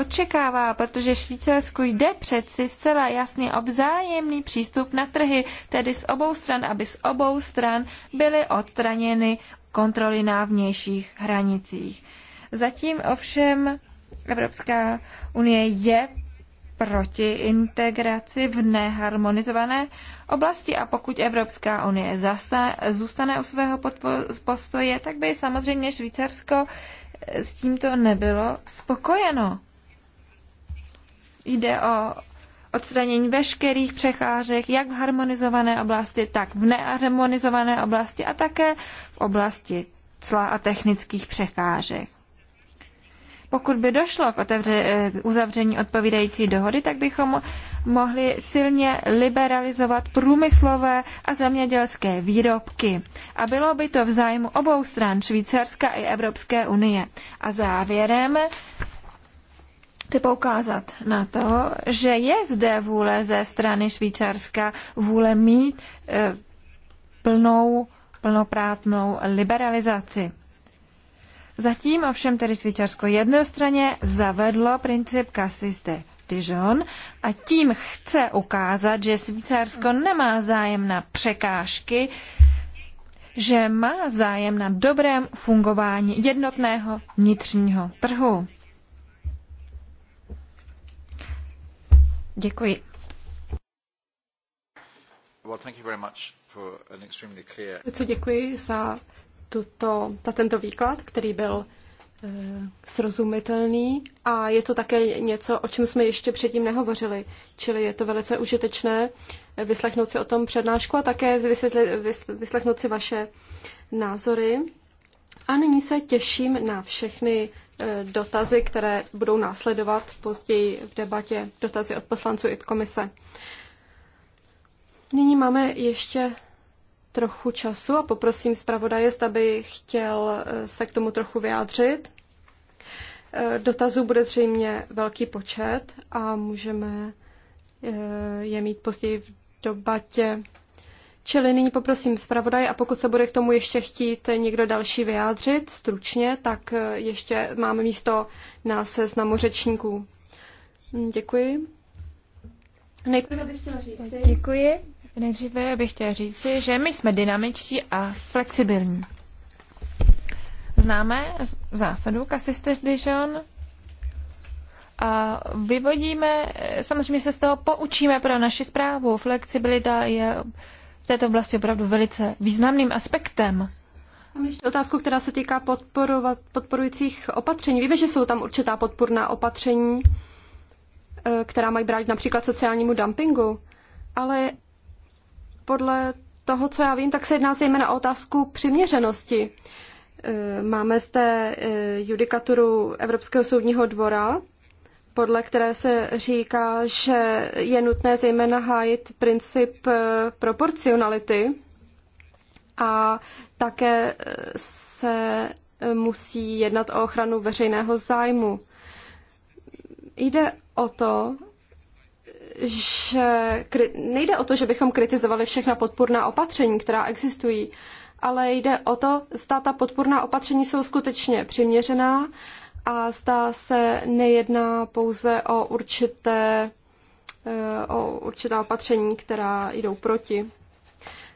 očekává, protože Švýcarsku jde přeci zcela jasný obzájemný přístup na trhy, tedy z obou stran, aby z obou stran byly odstraněny kontroly na vnějších hranicích. Zatím ovšem Evropská unie je proti integraci v neharmonizované oblasti a pokud Evropská unie zasta, zůstane u svého postoje, tak by samozřejmě Švýcarsko s tímto nebylo spokojeno. Jde o odstranění veškerých přecházek, jak v harmonizované oblasti, tak v neharmonizované oblasti a také v oblasti cla a technických překážek. Pokud by došlo k otevře, eh, uzavření odpovídající dohody, tak bychom mohli silně liberalizovat průmyslové a zemědělské výrobky. A bylo by to v zájmu obou stran, Švýcarska i Evropské unie. A závěrem chci poukázat na to, že je zde vůle ze strany Švýcarska vůle mít e, plnou plnoprátnou liberalizaci. Zatím ovšem tedy Švýcarsko jednostranně zavedlo princip Cassis de Dijon a tím chce ukázat, že Švýcarsko nemá zájem na překážky, že má zájem na dobrém fungování jednotného vnitřního trhu. Děkuji. Well, thank you very much for an extremely clear... Děkuji za tuto, ta, tento výklad, který byl e, srozumitelný a je to také něco, o čem jsme ještě předtím nehovořili, čili je to velice užitečné eh, vyslechnout si o tom přednášku a také vysvětli, vys, vyslechnout si vaše názory. A nyní se těším na všechny eh, dotazy, které budou následovat později v debatě, dotazy od poslanců i od komise. Nyní máme ještě trochu času a poprosím zpravodaje, aby chtěl eh, se k tomu trochu vyjádřit. Eh, dotazů bude zřejmě velký počet a můžeme eh, je mít později v debatě. Čili nyní poprosím zpravodaj a pokud se bude k tomu ještě chtít někdo další vyjádřit stručně, tak ještě máme místo na seznamu řečníků. Děkuji. Nejprve bych chtěla říct. Děkuji. Nejdříve bych chtěla říci, že my jsme dynamičtí a flexibilní. Známe zásadu Cassis Dijon a vyvodíme, samozřejmě se z toho poučíme pro naši zprávu. Flexibilita je v této oblasti opravdu velice významným aspektem. Mám ještě otázku, která se týká podporovat, podporujících opatření. Víme, že jsou tam určitá podporná opatření, eh, která mají brát například sociálnímu dumpingu, ale podle toho, co já vím, tak se jedná zejména o otázku přiměřenosti. E, máme zde e, judikaturu Evropského soudního dvora, podle které se říká, že je nutné zejména hájit princip e, proporcionality a také se musí jednat o ochranu veřejného zájmu. Jde o to, že nejde o to, že bychom kritizovali všechna podpůrná opatření, která existují, ale jde o to, zda ta podpůrná opatření jsou skutečně přiměřená a zda se nejedná pouze o určité eh, o určitá opatření, která jdou proti.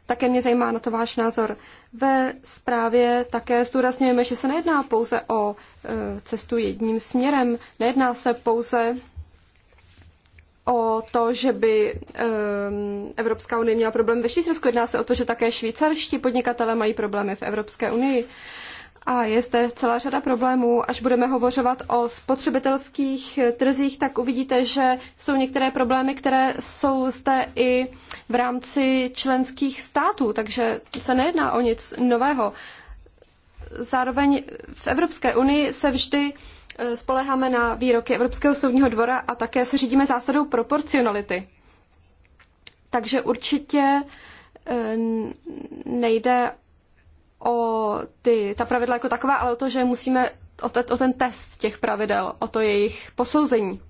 Také mě zajímá na to váš názor. Ve zprávě také zdůrazňujeme, že se nejedná pouze o eh, cestu jedním směrem, nejedná se pouze o to, že by ehm, Evropská unie měla problém ve Švýcarsku. Jedná se o to, že také švýcarští podnikatele mají problémy v Evropské unii. A je zde celá řada problémů. Až budeme hovořovat o spotřebitelských trzích, tak uvidíte, že jsou některé problémy, které jsou zde i v rámci členských států, takže se nejedná o nic nového. Zároveň v Evropské unii se vždy Eh, spoleháme na výroky Evropského soudního dvora a také se řídíme zásadou proporcionality. Takže určitě eh, nejde o ty, ta pravidla jako taková, ale o to, že musíme o, te, o ten test těch pravidel, o to jejich posouzení.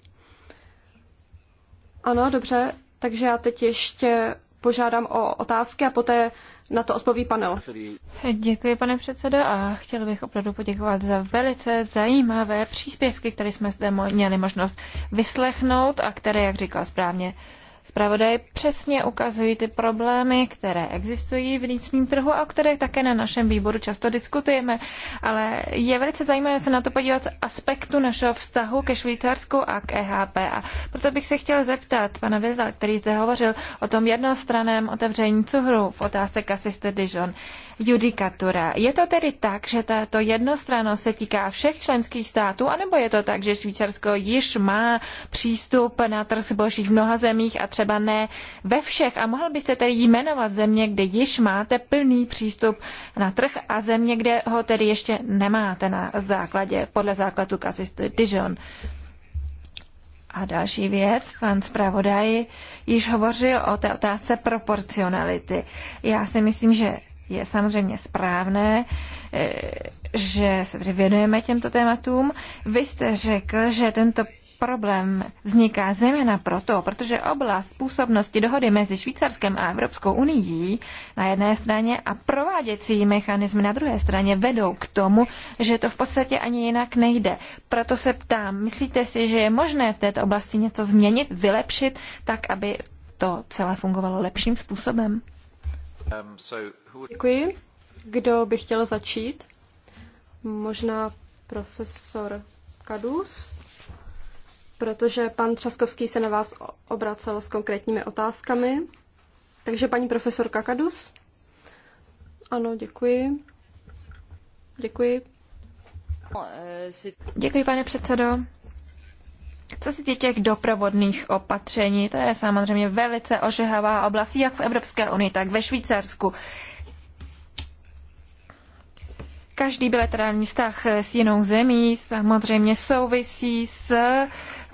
Ano, dobře, takže já teď ještě požádám o otázky a poté na to odpoví panel. Děkuji, pane předsedo, a chtěl bych opravdu poděkovat za velice zajímavé příspěvky, které jsme zde měli možnost vyslechnout a které, jak říkal správně Zpravodaj přesně ukazují ty problémy, které existují v vnitřním trhu a o kterých také na našem výboru často diskutujeme. Ale je velice zajímavé se na to podívat z aspektu našeho vztahu ke Švýcarsku a k EHP. A proto bych se chtěl zeptat pana Vilda, který zde hovořil o tom jednostraném otevření cuhru v otázce Casiste Dijon judikatura. Je to tedy tak, že tato jednostrannost se týká všech členských států, anebo je to tak, že Švýcarsko již má přístup na trh zboží v mnoha zemích a třeba ne ve všech. A mohl byste tedy jmenovat země, kde již máte plný přístup na trh a země, kde ho tedy ještě nemáte na základě, podle základu Cassis Dijon. A další věc, pan zpravodaj již hovořil o té otázce proporcionality. Já si myslím, že je samozřejmě správné, eh, že se věnujeme těmto tématům. Vy jste řekl, že tento problém vzniká zejména proto, protože oblast působnosti dohody mezi Švýcarskem a Evropskou unii na jedné straně a prováděcí mechanismy na druhé straně vedou k tomu, že to v podstatě ani jinak nejde. Proto se ptám, myslíte si, že je možné v této oblasti něco změnit, vylepšit, tak aby to celé fungovalo lepším způsobem? Um, so Děkuji. Kdo by chtěl začít? Možná profesor Kadus? protože pan Třaskovský se na vás obracel s konkrétními otázkami. Takže paní profesorka Kadus. Ano, děkuji. Děkuji. Děkuji, pane předsedo. Co se týče těch doprovodných opatření, to je samozřejmě velice ožehavá oblast, jak v Evropské unii, tak ve Švýcarsku. Každý bilaterální vztah s jinou zemí samozřejmě souvisí s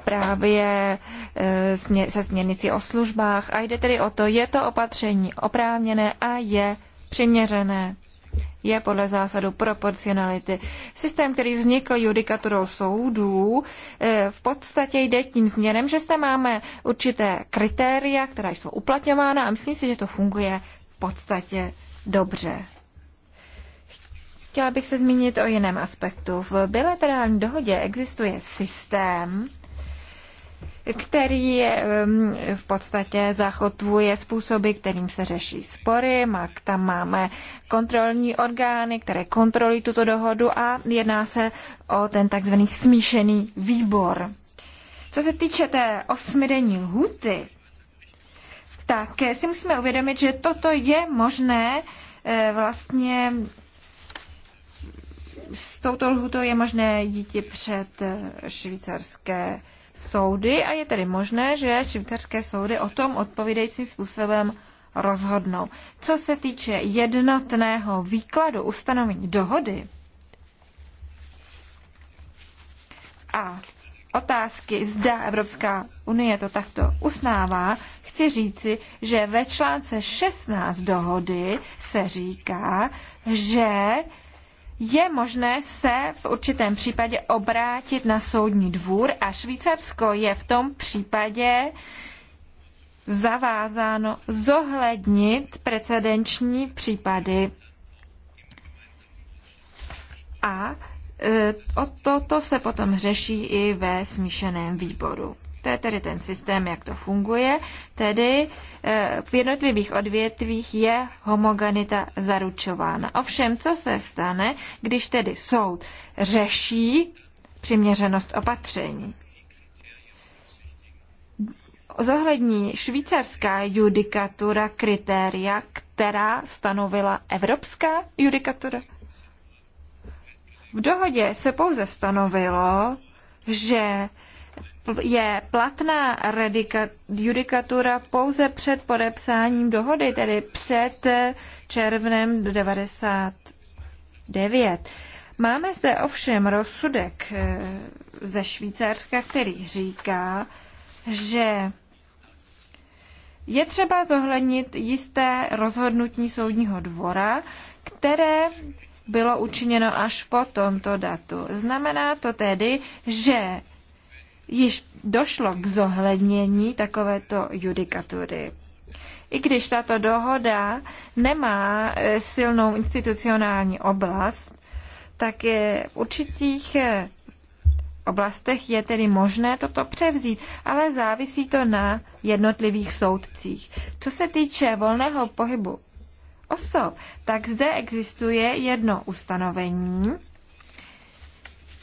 právě e, se směrnicí o službách. A jde tedy o to, je to opatření oprávněné a je přiměřené. Je podle zásadu proporcionality. Systém, který vznikl judikaturou soudů, e, v podstatě jde tím změrem, že se máme určité kritéria, která jsou uplatňována a myslím si, že to funguje v podstatě dobře. Chtěla bych se zmínit o jiném aspektu. V bilaterální dohodě existuje systém, který v podstatě zachotvuje způsoby, kterým se řeší spory. Tam máme kontrolní orgány, které kontrolují tuto dohodu a jedná se o ten takzvaný smíšený výbor. Co se týče té osmidenní huty, tak si musíme uvědomit, že toto je možné eh, vlastně s touto lhutou je možné jít před eh, švýcarské soudy a je tedy možné, že švýcarské soudy o tom odpovídajícím způsobem rozhodnou. Co se týče jednotného výkladu ustanovení dohody a otázky, zda Evropská unie to takto usnává, chci říci, že ve článce 16 dohody se říká, že je možné se v určitém případě obrátit na soudní dvůr a Švýcarsko je v tom případě zavázáno zohlednit precedenční případy. A e, o toto se potom řeší i ve smíšeném výboru. To je tedy ten systém, jak to funguje. Tedy eh, v jednotlivých odvětvích je homogenita zaručována. Ovšem, co se stane, když tedy soud řeší přiměřenost opatření? zohlední švýcarská judikatura kritéria, která stanovila evropská judikatura? V dohodě se pouze stanovilo, že je platná judikatura pouze před podepsáním dohody, tedy před červnem 99. Máme zde ovšem rozsudek eh, ze Švýcarska, který říká, že je třeba zohlednit jisté rozhodnutí soudního dvora, které bylo učiněno až po tomto datu. Znamená to tedy, že již došlo k zohlednění takovéto judikatury. I když tato dohoda nemá e, silnou institucionální oblast, tak je v určitých e, oblastech je tedy možné toto převzít, ale závisí to na jednotlivých soudcích. Co se týče volného pohybu osob, tak zde existuje jedno ustanovení,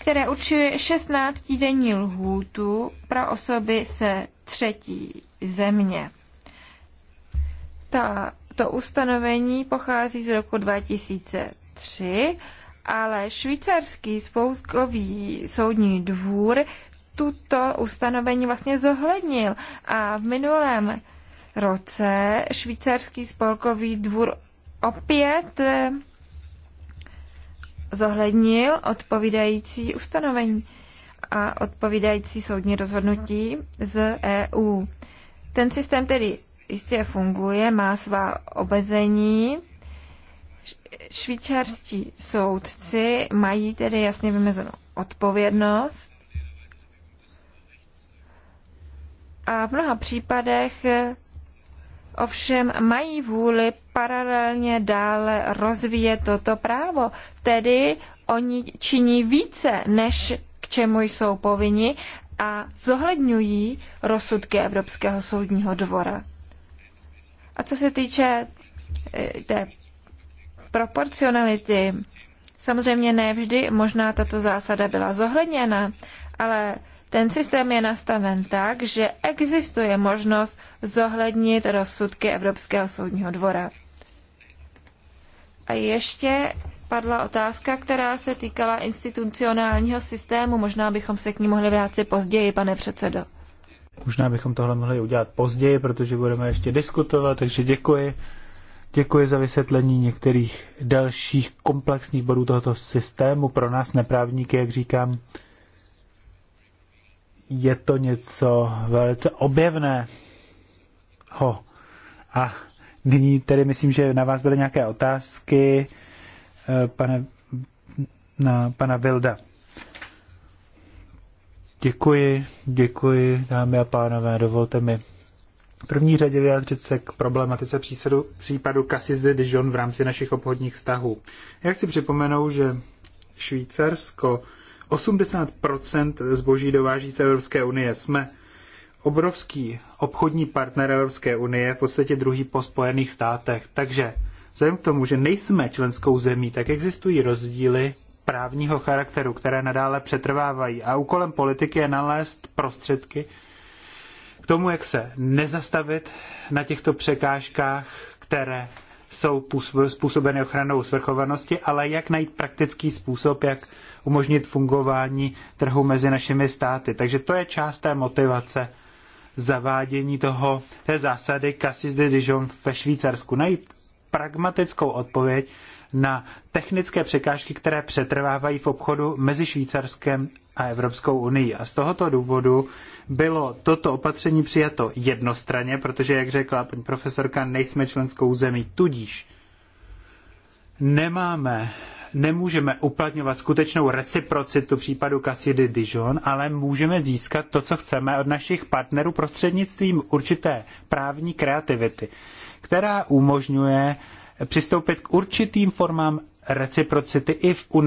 které určuje 16-denní lhůtu pro osoby se třetí země. Ta, to ustanovení pochází z roku 2003, ale švýcarský spoutkový soudní dvůr tuto ustanovení vlastně zohlednil a v minulém roce švýcarský spolkový dvůr opět eh, zohlednil odpovídající ustanovení a odpovídající soudní rozhodnutí z EU. Ten systém tedy jistě funguje, má svá obezení. Švýcarští soudci mají tedy jasně vymezenou odpovědnost a v mnoha případech ovšem mají vůli paralelně dále rozvíjet toto právo. Tedy oni činí více, než k čemu jsou povinni a zohledňují rozsudky Evropského soudního dvora. A co se týče eh, té proporcionality, samozřejmě ne vždy možná tato zásada byla zohledněna, ale ten systém je nastaven tak, že existuje možnost zohlednit rozsudky Evropského soudního dvora. A ještě padla otázka, která se týkala institucionálního systému. Možná bychom se k ní mohli vrátit později, pane předsedo. Možná bychom tohle mohli udělat později, protože budeme ještě diskutovat, takže děkuji. Děkuji za vysvětlení některých dalších komplexních bodů tohoto systému. Pro nás neprávníky, jak říkám, je to něco velice objevného. A nyní tedy myslím, že na vás byly nějaké otázky eh, pane, na pana Vilda. Děkuji, děkuji, dámy a pánové, dovolte mi v první řadě vyjádřit se k problematice přísadu, případu Cassis de Dijon v rámci našich obchodních vztahů. Já chci připomenout, že Švýcarsko 80 zboží dováží z Evropské unie. Jsme obrovský obchodní partner Evropské unie, v podstatě druhý po Spojených státech. Takže vzhledem k tomu, že nejsme členskou zemí, tak existují rozdíly právního charakteru, které nadále přetrvávají. A úkolem politiky je nalézt prostředky k tomu, jak se nezastavit na těchto překážkách, které jsou způsobeny ochranou svrchovanosti, ale jak najít praktický způsob, jak umožnit fungování trhu mezi našimi státy. Takže to je část té motivace zavádění toho, té zásady Cassis de Dijon ve Švýcarsku. Najít pragmatickou odpověď na technické překážky, které přetrvávají v obchodu mezi Švýcarskem a Evropskou unii. A z tohoto důvodu bylo toto opatření přijato jednostranně, protože, jak řekla paní profesorka, nejsme členskou zemí, tudíž nemáme, nemůžeme uplatňovat skutečnou reciprocitu případu Cassidy Dijon, ale můžeme získat to, co chceme od našich partnerů prostřednictvím určité právní kreativity, která umožňuje přistoupit k určitým formám reciprocity i v u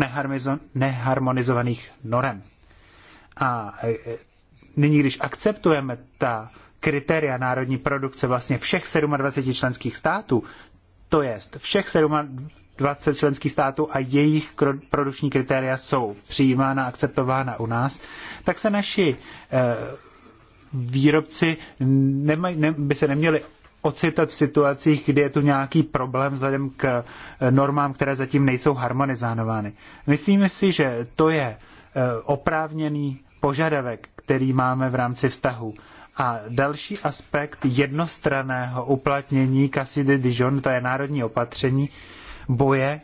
neharmonizovaných norem. A e, nyní, když akceptujeme ta kritéria národní produkce vlastně všech 27 členských států, to jest všech 27 členských států a jejich produkční kritéria jsou přijímána, akceptována u nás, tak se naši eh, výrobci nemaj, ne, by se neměli ocitat v situacích, kdy je tu nějaký problém vzhledem k eh, normám, které zatím nejsou harmonizovány. Myslíme si, že to je eh, oprávněný požadavek, který máme v rámci vztahu. A další aspekt jednostraného uplatnění Cassidy Dijon, to je národní opatření boje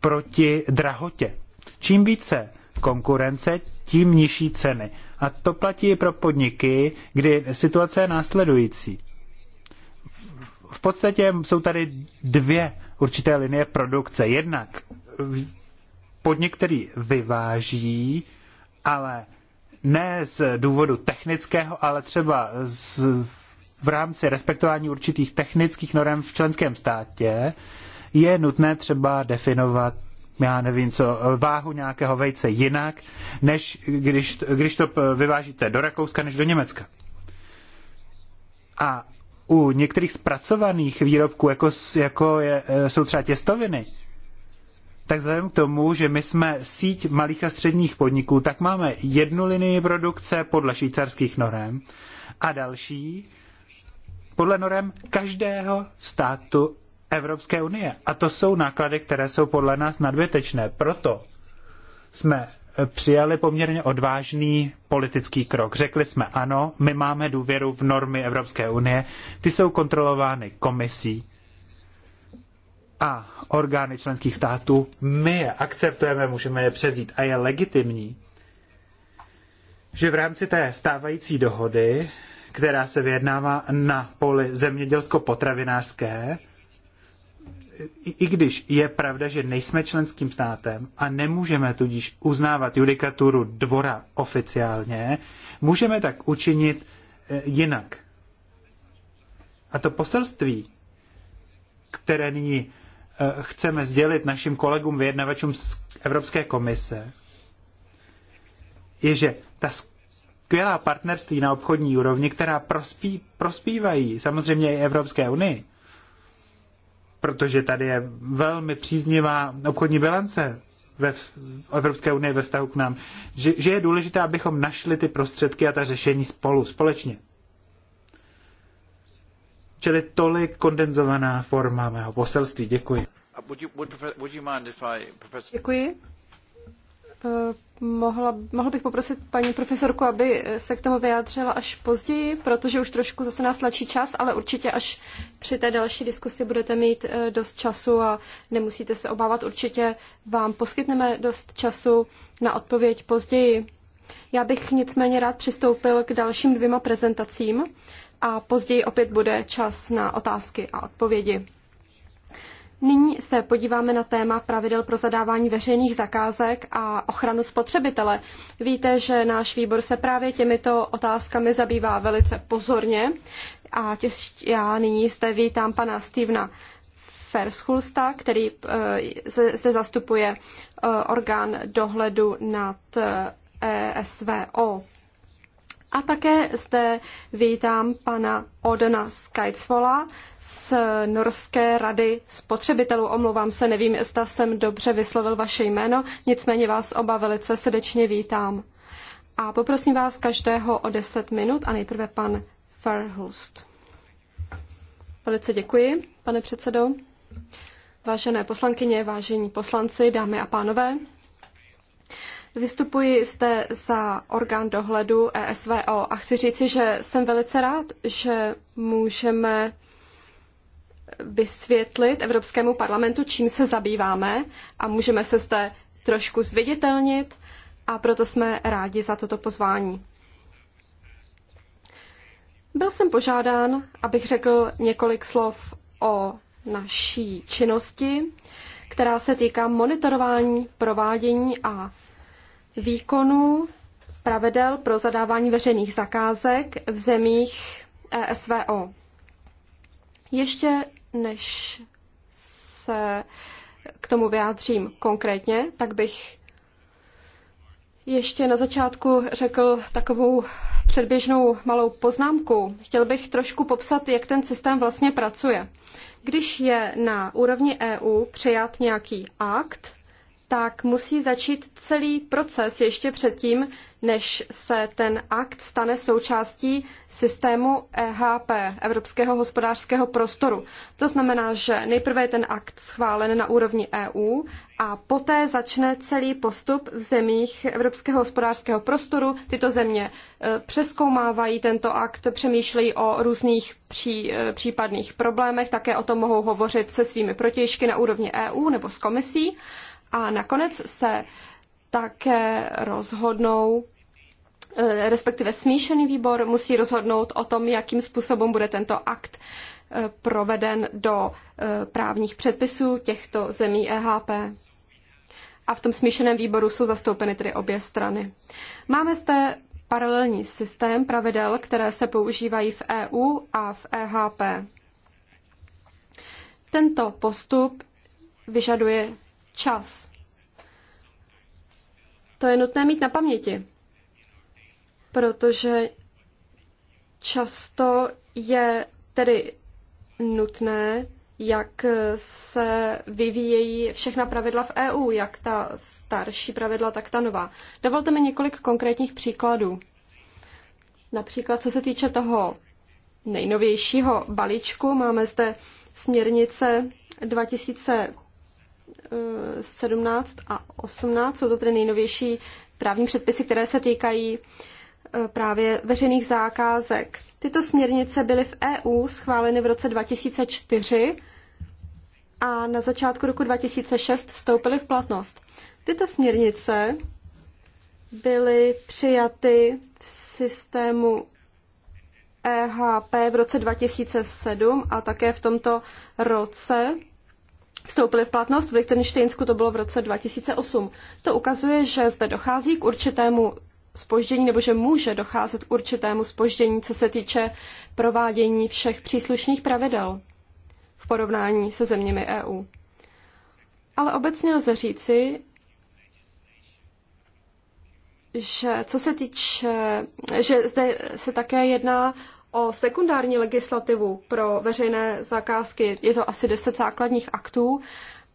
proti drahotě. Čím více konkurence, tím nižší ceny. A to platí i pro podniky, kdy situace je následující. V podstatě jsou tady dvě určité linie produkce. Jednak podnik, který vyváží, ale ne z důvodu technického, ale třeba z, v rámci respektování určitých technických norm v členském státě, je nutné třeba definovat já nevím co, váhu nějakého vejce jinak, než když, když to vyvážíte do Rakouska, než do Německa. A u některých zpracovaných výrobků, jako, jako je, jsou třeba těstoviny, tak vzhledem k tomu, že my jsme síť malých a středních podniků, tak máme jednu linii produkce podle švýcarských norem a další podle norem každého státu Evropské unie. A to jsou náklady, které jsou podle nás nadbytečné. Proto jsme přijali poměrně odvážný politický krok. Řekli jsme ano, my máme důvěru v normy Evropské unie, ty jsou kontrolovány komisí a orgány členských států, my je akceptujeme, můžeme je převzít a je legitimní, že v rámci té stávající dohody, která se vyjednává na poli zemědělsko-potravinářské, i když je pravda, že nejsme členským státem a nemůžeme tudíž uznávat judikaturu dvora oficiálně, můžeme tak učinit e, jinak. A to poselství, které nyní Eh, chceme sdělit našim kolegům vyjednavačům z Evropské komise, je, že ta skvělá partnerství na obchodní úrovni, která prospí, prospívají samozřejmě i Evropské unii, protože tady je velmi příznivá obchodní bilance ve Evropské unii ve vztahu k nám, že, že je důležité, abychom našli ty prostředky a ta řešení spolu, společně. Čili tolik kondenzovaná forma mého poselství. Děkuji. Uh, Děkuji. Uh, mohla, mohl bych poprosit paní profesorku, aby eh, se k tomu vyjádřila až později, protože už trošku zase nás tlačí čas, ale určitě až při té další diskusi budete mít eh, dost času a nemusíte se obávat. Určitě vám poskytneme dost času na odpověď později. Já bych nicméně rád přistoupil k dalším dvěma prezentacím a později opět bude čas na otázky a odpovědi. Nyní se podíváme na téma pravidel pro zadávání veřejných zakázek a ochranu spotřebitele. Víte, že náš výbor se právě těmito otázkami zabývá velice pozorně a těž, já nyní zde vítám pana Stevena Ferschulsta, který eh, zde zastupuje eh, orgán dohledu nad ESVO. Eh, a také zde vítám pana Odena Skajcvola z Norské rady spotřebitelů. Omlouvám se, nevím, zda jsem dobře vyslovil vaše jméno, nicméně vás oba velice srdečně vítám. A poprosím vás každého o 10 minut a nejprve pan Farhust. Velice děkuji, pane předsedo. Vážené poslankyně, vážení poslanci, dámy a pánové, Vystupuji zde za orgán dohledu ESVO a chci říci, že jsem velice rád, že můžeme vysvětlit Evropskému parlamentu, čím se zabýváme a můžeme se zde trošku zviditelnit a proto jsme rádi za toto pozvání. Byl jsem požádán, abych řekl několik slov o naší činnosti, která se týká monitorování, provádění a výkonů pravidel pro zadávání veřejných zakázek v zemích ESVO. Eh, ještě než se k tomu vyjádřím konkrétně, tak bych ještě na začátku řekl takovou předběžnou malou poznámku. Chtěl bych trošku popsat, jak ten systém vlastně pracuje. Když je na úrovni EU přijat nějaký akt, tak musí začít celý proces ještě předtím, než se ten akt stane součástí systému EHP, Evropského hospodářského prostoru. To znamená, že nejprve je ten akt schválen na úrovni EU a poté začne celý postup v zemích Evropského hospodářského prostoru. Tyto země e, přeskoumávají tento akt, přemýšlejí o různých pří, e, případných problémech, také o tom mohou hovořit se svými protějšky na úrovni EU nebo s komisí a nakonec se také rozhodnou eh, respektive smíšený výbor musí rozhodnout o tom, jakým způsobem bude tento akt eh, proveden do eh, právních předpisů těchto zemí EHP. A v tom smíšeném výboru jsou zastoupeny tedy obě strany. Máme zde paralelní systém pravidel, které se používají v EU a v EHP. Tento postup vyžaduje čas. To je nutné mít na paměti, protože často je tedy nutné, jak se vyvíjejí všechna pravidla v EU, jak ta starší pravidla, tak ta nová. Dovolte mi několik konkrétních příkladů. Například co se týče toho nejnovějšího balíčku, máme zde směrnice 17 a 18. Jsou to tedy nejnovější právní předpisy, které se týkají e, právě veřejných zákázek. Tyto směrnice byly v EU schváleny v roce 2004 a na začátku roku 2006 vstoupily v platnost. Tyto směrnice byly přijaty v systému EHP v roce 2007 a také v tomto roce vstoupily v platnost. V Lichtensteinsku to bylo v roce 2008. To ukazuje, že zde dochází k určitému spoždění, nebo že může docházet k určitému spoždění, co se týče provádění všech příslušných pravidel v porovnání se zeměmi EU. Ale obecně lze říci, že co se týče, že zde se také jedná o sekundární legislativu pro veřejné zakázky. Je to asi 10 základních aktů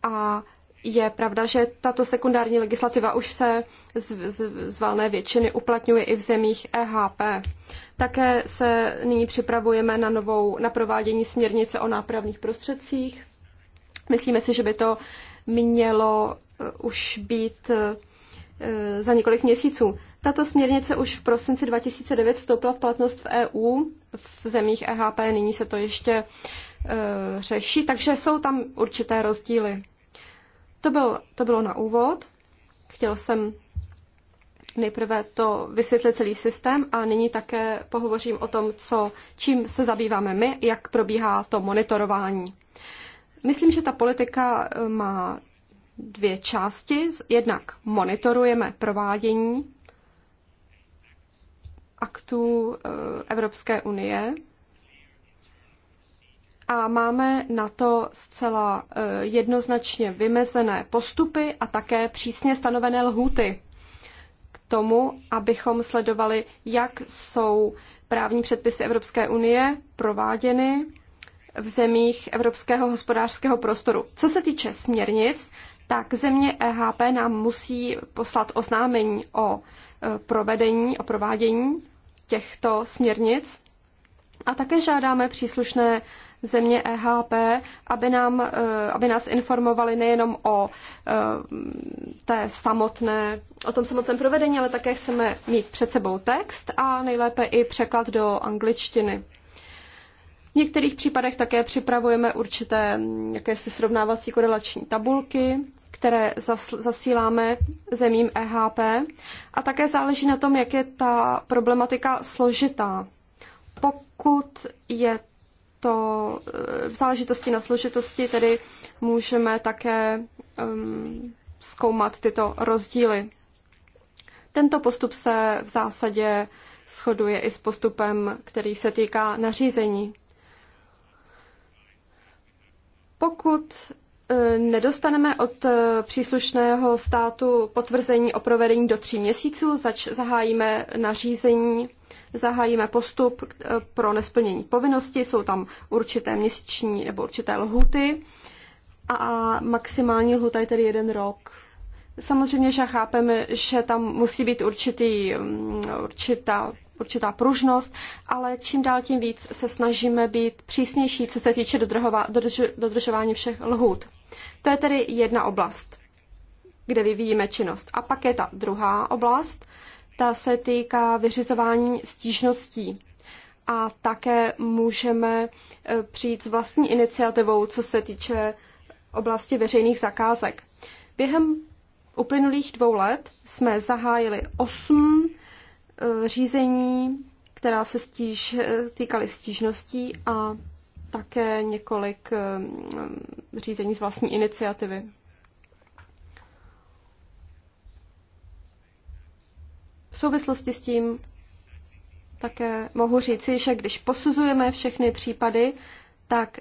a je pravda, že tato sekundární legislativa už se z, z, z valné většiny uplatňuje i v zemích EHP. Také se nyní připravujeme na novou na provádění směrnice o nápravných prostředcích. Myslíme si, že by to mělo eh, už být eh, za několik měsíců. Tato směrnice už v prosinci 2009 vstoupila v platnost v EU, v zemích EHP nyní se to ještě uh, řeší, takže jsou tam určité rozdíly. To, byl, to bylo na úvod. Chtěl jsem nejprve to vysvětlit celý systém a nyní také pohovořím o tom, co, čím se zabýváme my, jak probíhá to monitorování. Myslím, že ta politika e, má dvě části. Jednak monitorujeme provádění aktů eh, Evropské unie a máme na to zcela eh, jednoznačně vymezené postupy a také přísně stanovené lhůty k tomu, abychom sledovali, jak jsou právní předpisy Evropské unie prováděny v zemích Evropského hospodářského prostoru. Co se týče směrnic, tak země EHP nám musí poslat oznámení o eh, provedení, o provádění těchto směrnic. A také žádáme příslušné země EHP, aby, nám, eh, aby nás informovali nejenom o eh, té samotné, o tom samotném provedení, ale také chceme mít před sebou text a nejlépe i překlad do angličtiny. V některých případech také připravujeme určité mm, jakési srovnávací korelační tabulky které zasíláme zemím EHP. A také záleží na tom, jak je ta problematika složitá. Pokud je to v záležitosti na složitosti, tedy můžeme také um, zkoumat tyto rozdíly. Tento postup se v zásadě shoduje i s postupem, který se týká nařízení. Pokud Eh, nedostaneme od eh, příslušného státu potvrzení o provedení do tří měsíců, zač zahájíme nařízení, zahájíme postup eh, pro nesplnění povinnosti, jsou tam určité měsíční nebo určité lhuty a maximální lhuta je tedy jeden rok. Samozřejmě, že chápeme, že tam musí být určitý, mm, určitá určitá pružnost, ale čím dál tím víc se snažíme být přísnější, co se týče dodržování všech lhůt. To je tedy jedna oblast, kde vyvíjíme činnost. A pak je ta druhá oblast, ta se týká vyřizování stížností. A také můžeme e, přijít s vlastní iniciativou, co se týče oblasti veřejných zakázek. Během uplynulých dvou let jsme zahájili osm e, řízení, která se stíž, e, týkaly stížností a také několik řízení z vlastní iniciativy. V souvislosti s tím také mohu říci, že když posuzujeme všechny případy, tak,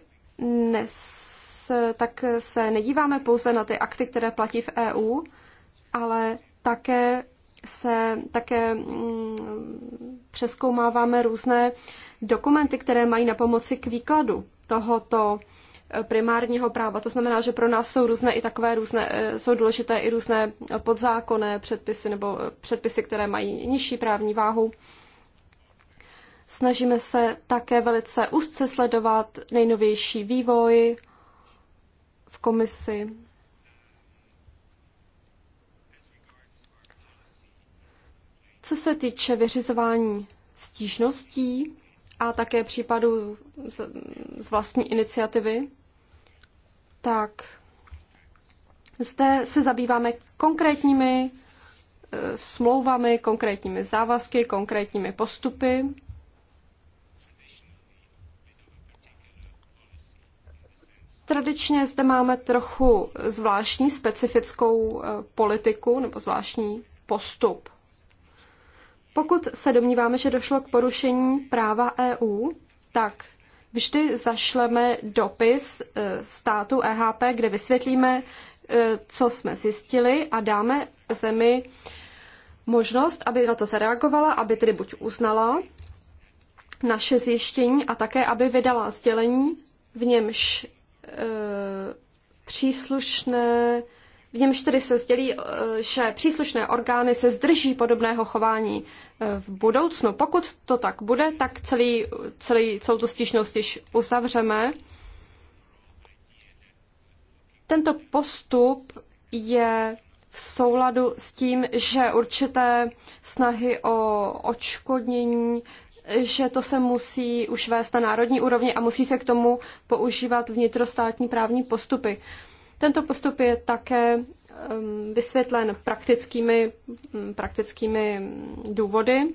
nes, tak se nedíváme pouze na ty akty, které platí v EU, ale také se také mm, přeskoumáváme různé dokumenty, které mají na pomoci k výkladu tohoto eh, primárního práva. To znamená, že pro nás jsou různé i takové různé, eh, jsou důležité i různé podzákonné předpisy nebo eh, předpisy, které mají nižší právní váhu. Snažíme se také velice úzce sledovat nejnovější vývoj v komisi. Co se týče vyřizování stížností a také případů z vlastní iniciativy, tak zde se zabýváme konkrétními eh, smlouvami, konkrétními závazky, konkrétními postupy. Tradičně zde máme trochu zvláštní specifickou eh, politiku nebo zvláštní postup. Pokud se domníváme, že došlo k porušení práva EU, tak vždy zašleme dopis e, státu EHP, kde vysvětlíme, e, co jsme zjistili a dáme zemi možnost, aby na to zareagovala, aby tedy buď uznala naše zjištění a také, aby vydala sdělení, v němž e, příslušné v němž tedy se sdělí, eh, že příslušné orgány se zdrží podobného chování eh, v budoucnu. Pokud to tak bude, tak celý, celý, celou tu stížnost již uzavřeme. Tento postup je v souladu s tím, že určité snahy o odškodnění že to se musí už vést na národní úrovni a musí se k tomu používat vnitrostátní právní postupy. Tento postup je také um, vysvětlen praktickými, mm, praktickými mm, důvody.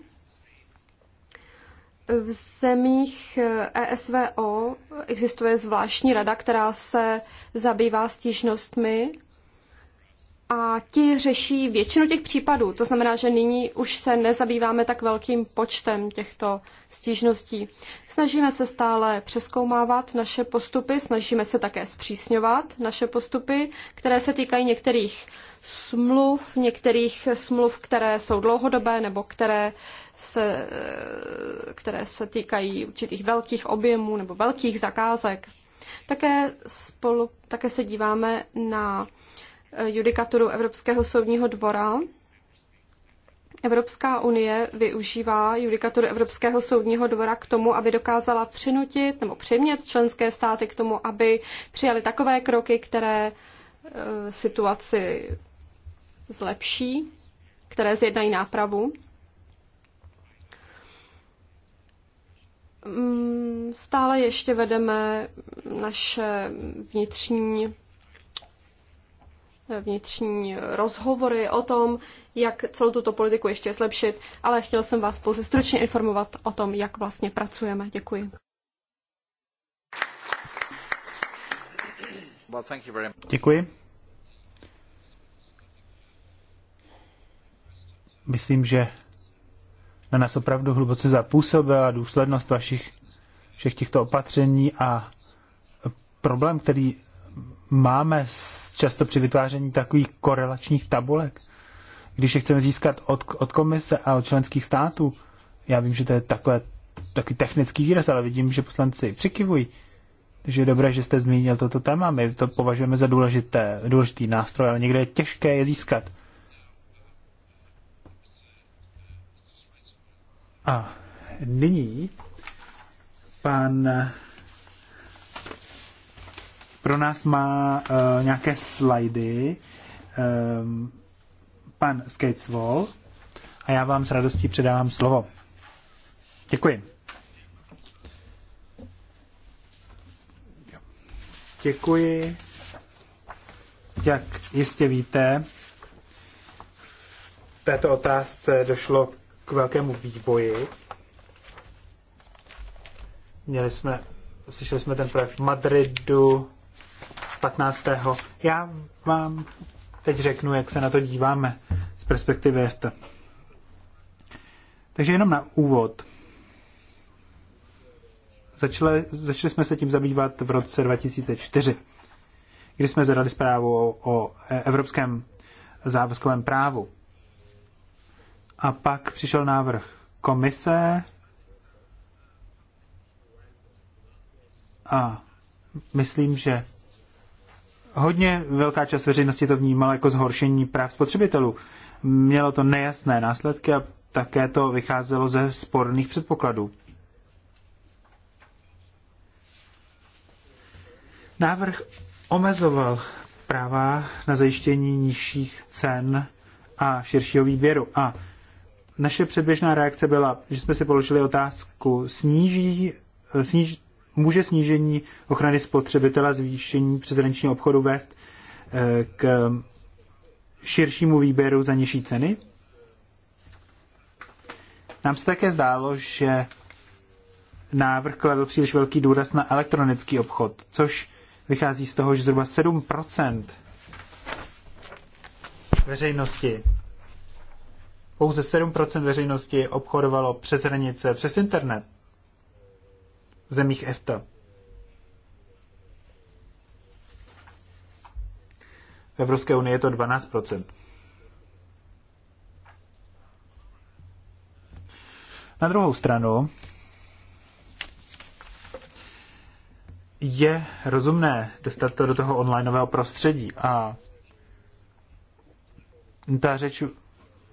V zemích ESVO eh, e existuje zvláštní rada, která se zabývá stížnostmi a ti řeší většinu těch případů. To znamená, že nyní už se nezabýváme tak velkým počtem těchto stížností. Snažíme se stále přeskoumávat naše postupy, snažíme se také zpřísňovat naše postupy, které se týkají některých smluv, některých smluv, které jsou dlouhodobé nebo které se, eh, které se týkají určitých velkých objemů nebo velkých zakázek. Také, spolu, také se díváme na judikaturu Evropského soudního dvora. Evropská unie využívá judikaturu Evropského soudního dvora k tomu, aby dokázala přinutit nebo přimět členské státy k tomu, aby přijali takové kroky, které e, situaci zlepší, které zjednají nápravu. Mm, stále ještě vedeme naše vnitřní vnitřní rozhovory o tom, jak celou tuto politiku ještě zlepšit, ale chtěl jsem vás pouze stručně informovat o tom, jak vlastně pracujeme. Děkuji. Děkuji. Myslím, že na nás opravdu hluboce zapůsobila důslednost vašich všech těchto opatření a problém, který máme často při vytváření takových korelačních tabulek, když je chceme získat od, od komise a od členských států. Já vím, že to je takové, takový technický výraz, ale vidím, že poslanci přikivují. Takže je dobré, že jste zmínil toto téma. My to považujeme za důležité, důležitý nástroj, ale někde je těžké je získat. A nyní pan pro nás má uh, nějaké slajdy um, pan Skateswall a já vám s radostí předávám slovo. Děkuji. Děkuji. Jak jistě víte, v této otázce došlo k velkému vývoji. Měli jsme, slyšeli jsme ten projekt v Madridu, 15. Já vám teď řeknu, jak se na to díváme z perspektivy EFTA. Takže jenom na úvod. Začali, začali jsme se tím zabývat v roce 2004, kdy jsme zadali zprávu o, o evropském závazkovém právu. A pak přišel návrh komise a myslím, že Hodně velká část veřejnosti to vnímala jako zhoršení práv spotřebitelů. Mělo to nejasné následky a také to vycházelo ze sporných předpokladů. Návrh omezoval práva na zajištění nižších cen a širšího výběru. A naše předběžná reakce byla, že jsme si položili otázku, sníží, sníží může snížení ochrany spotřebitele zvýšení přeshraničního obchodu vést eh, k širšímu výběru za nižší ceny? Nám se také zdálo, že návrh kladl příliš velký důraz na elektronický obchod, což vychází z toho, že zhruba 7 veřejnosti, pouze 7 veřejnosti obchodovalo přes hranice, přes internet v zemích EFTA. V Evropské unii je to 12 Na druhou stranu je rozumné dostat to do toho onlineového prostředí a ta řeč v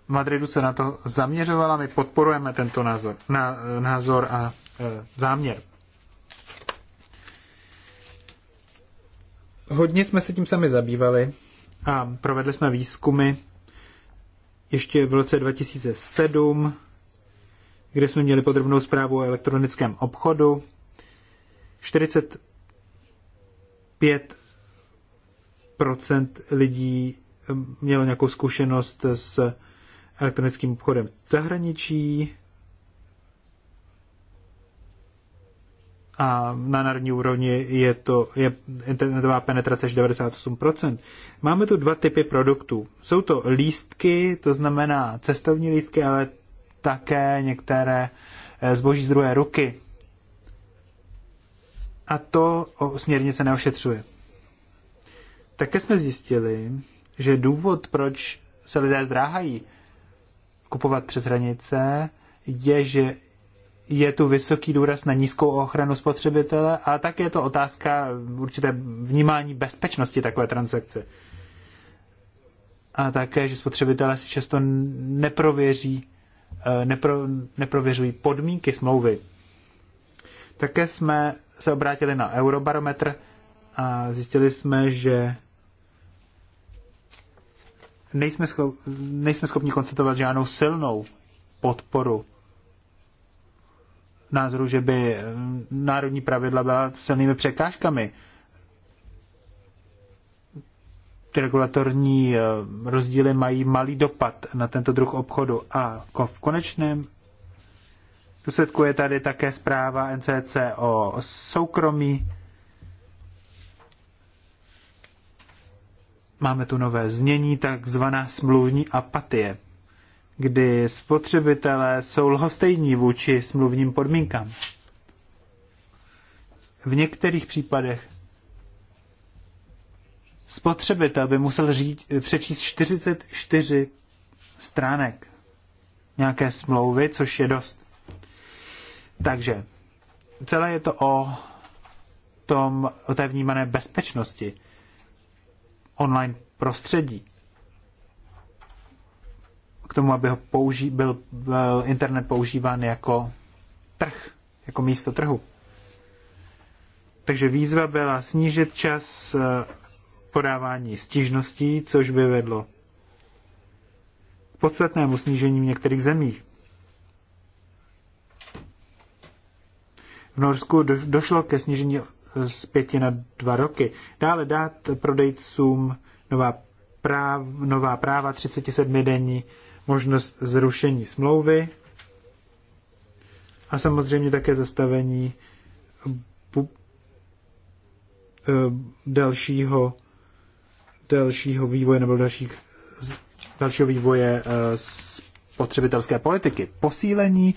Madridu se na to zaměřovala, my podporujeme tento názor, na, názor a e, záměr. Hodně jsme se tím sami zabývali a provedli jsme výzkumy ještě v roce 2007, kde jsme měli podrobnou zprávu o elektronickém obchodu. 45 lidí eh, mělo nějakou zkušenost s elektronickým obchodem v zahraničí. a na národní úrovni je to je internetová penetrace až 98%. Máme tu dva typy produktů. Jsou to lístky, to znamená cestovní lístky, ale také některé eh, zboží z druhé ruky. A to o směrnice neošetřuje. Také jsme zjistili, že důvod, proč se lidé zdráhají kupovat přes hranice, je, že je tu vysoký důraz na nízkou ochranu spotřebitele a také je to otázka určité vnímání bezpečnosti takové transakce. A také, že spotřebitelé si často neprověří, eh, nepro, neprověřují podmínky smlouvy. Také jsme se obrátili na Eurobarometr a zjistili jsme, že nejsme, nejsme schopni konstatovat žádnou silnou podporu názoru, že by eh, národní pravidla byla silnými překážkami. Ty regulatorní eh, rozdíly mají malý dopad na tento druh obchodu a v konečném důsledku je tady také zpráva NCC o soukromí. Máme tu nové znění, takzvaná smluvní apatie kdy spotřebitelé jsou lhostejní vůči smluvním podmínkám. V některých případech spotřebitel by musel říct, přečíst 44 stránek nějaké smlouvy, což je dost. Takže celé je to o, tom, o té vnímané bezpečnosti online prostředí k tomu, aby ho použi- byl, byl internet používán jako trh, jako místo trhu. Takže výzva byla snížit čas eh, podávání stížností, což by vedlo k podstatnému snížení v některých zemích. V Norsku došlo ke snížení eh, z pěti na dva roky. Dále dát prodejcům nová, práv, nová práva 37 denní možnost zrušení smlouvy a samozřejmě také zastavení eh, eh, dalšího, dalšího vývoje nebo dalších, dalšího vývoje eh, spotřebitelské politiky. Posílení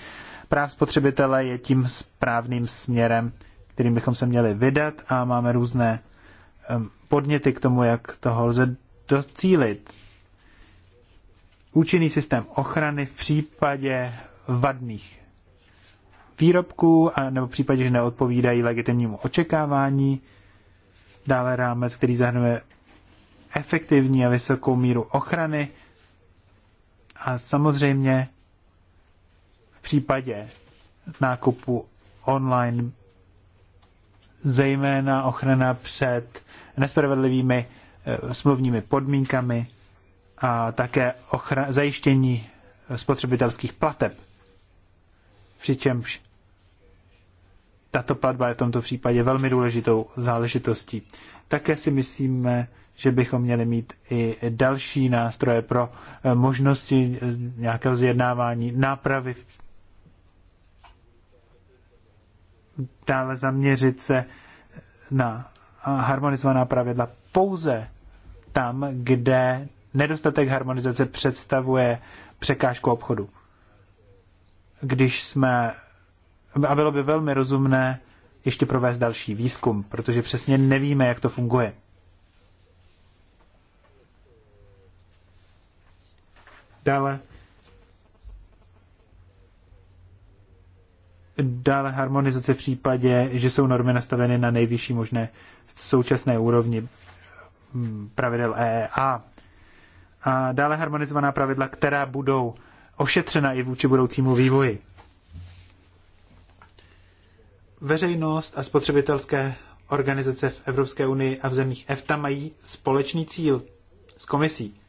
práv spotřebitele je tím správným směrem, kterým bychom se měli vydat a máme různé podněty k tomu, jak toho lze docílit účinný systém ochrany v případě vadných výrobků, a nebo v případě, že neodpovídají legitimnímu očekávání. Dále rámec, který zahrnuje efektivní a vysokou míru ochrany. A samozřejmě v případě nákupu online zejména ochrana před nespravedlivými eh, smluvními podmínkami a také ochra- zajištění spotřebitelských plateb. Přičemž tato platba je v tomto případě velmi důležitou záležitostí. Také si myslíme, že bychom měli mít i další nástroje pro eh, možnosti eh, nějakého zjednávání, nápravy. Dále zaměřit se na harmonizovaná pravidla pouze tam, kde nedostatek harmonizace představuje překážku obchodu. Když jsme, a bylo by velmi rozumné ještě provést další výzkum, protože přesně nevíme, jak to funguje. Dále. Dále harmonizace v případě, že jsou normy nastaveny na nejvyšší možné současné úrovni hm, pravidel EEA a dále harmonizovaná pravidla, která budou ošetřena i vůči budoucímu vývoji. Veřejnost a spotřebitelské organizace v Evropské unii a v zemích EFTA mají společný cíl s komisí.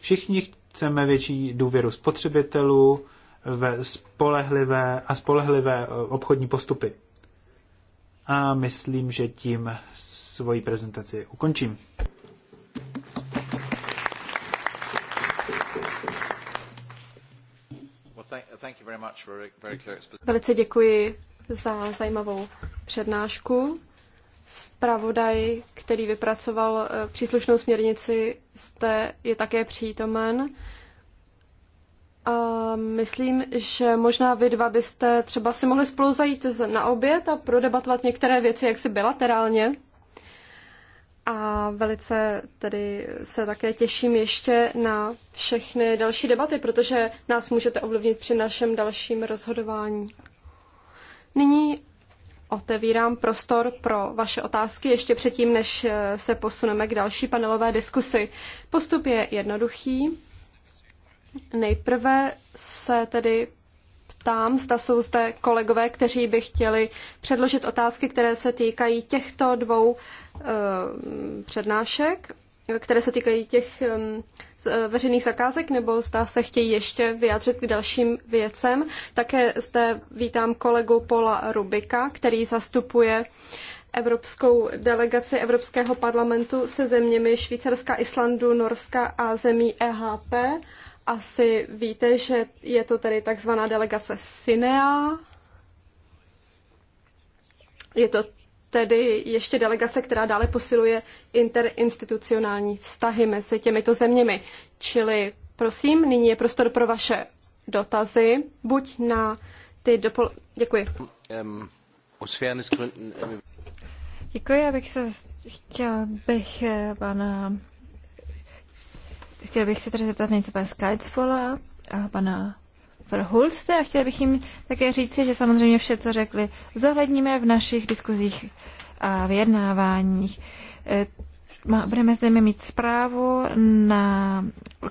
Všichni chceme větší důvěru spotřebitelů ve spolehlivé a spolehlivé e, obchodní postupy. A myslím, že tím svoji prezentaci ukončím. Velice děkuji za zajímavou přednášku. Spravodaj, který vypracoval eh, příslušnou směrnici, jste, je také přítomen. A myslím, že možná vy dva byste třeba si mohli spolu zajít na oběd a prodebatovat některé věci jaksi bilaterálně a velice tedy se také těším ještě na všechny další debaty, protože nás můžete ovlivnit při našem dalším rozhodování. Nyní otevírám prostor pro vaše otázky ještě předtím, než eh, se posuneme k další panelové diskusi. Postup je jednoduchý. Nejprve se tedy ptám, zda jsou zde kolegové, kteří by chtěli předložit otázky, které se týkají těchto dvou eh, přednášek, které se týkají těch eh, eh, veřejných zakázek, nebo zda se chtějí ještě vyjádřit k dalším věcem. Také zde vítám kolegu Paula Rubika, který zastupuje evropskou delegaci Evropského parlamentu se zeměmi Švýcarska, Islandu, Norska a zemí EHP asi víte, že je to tedy takzvaná delegace Sinea. Je to tedy ještě delegace, která dále posiluje interinstitucionální vztahy mezi těmito zeměmi. Čili prosím, nyní je prostor pro vaše dotazy, buď na ty dopol... Děkuji. Děkuji, abych se chtěl bych eh, pana Chtěl bych se tedy zeptat něco pana Skajcpola a pana Verhulste a chtěl bych jim také říci, že samozřejmě vše, co řekli, zohledníme v našich diskuzích a vyjednáváních. E, budeme zde mít zprávu, na,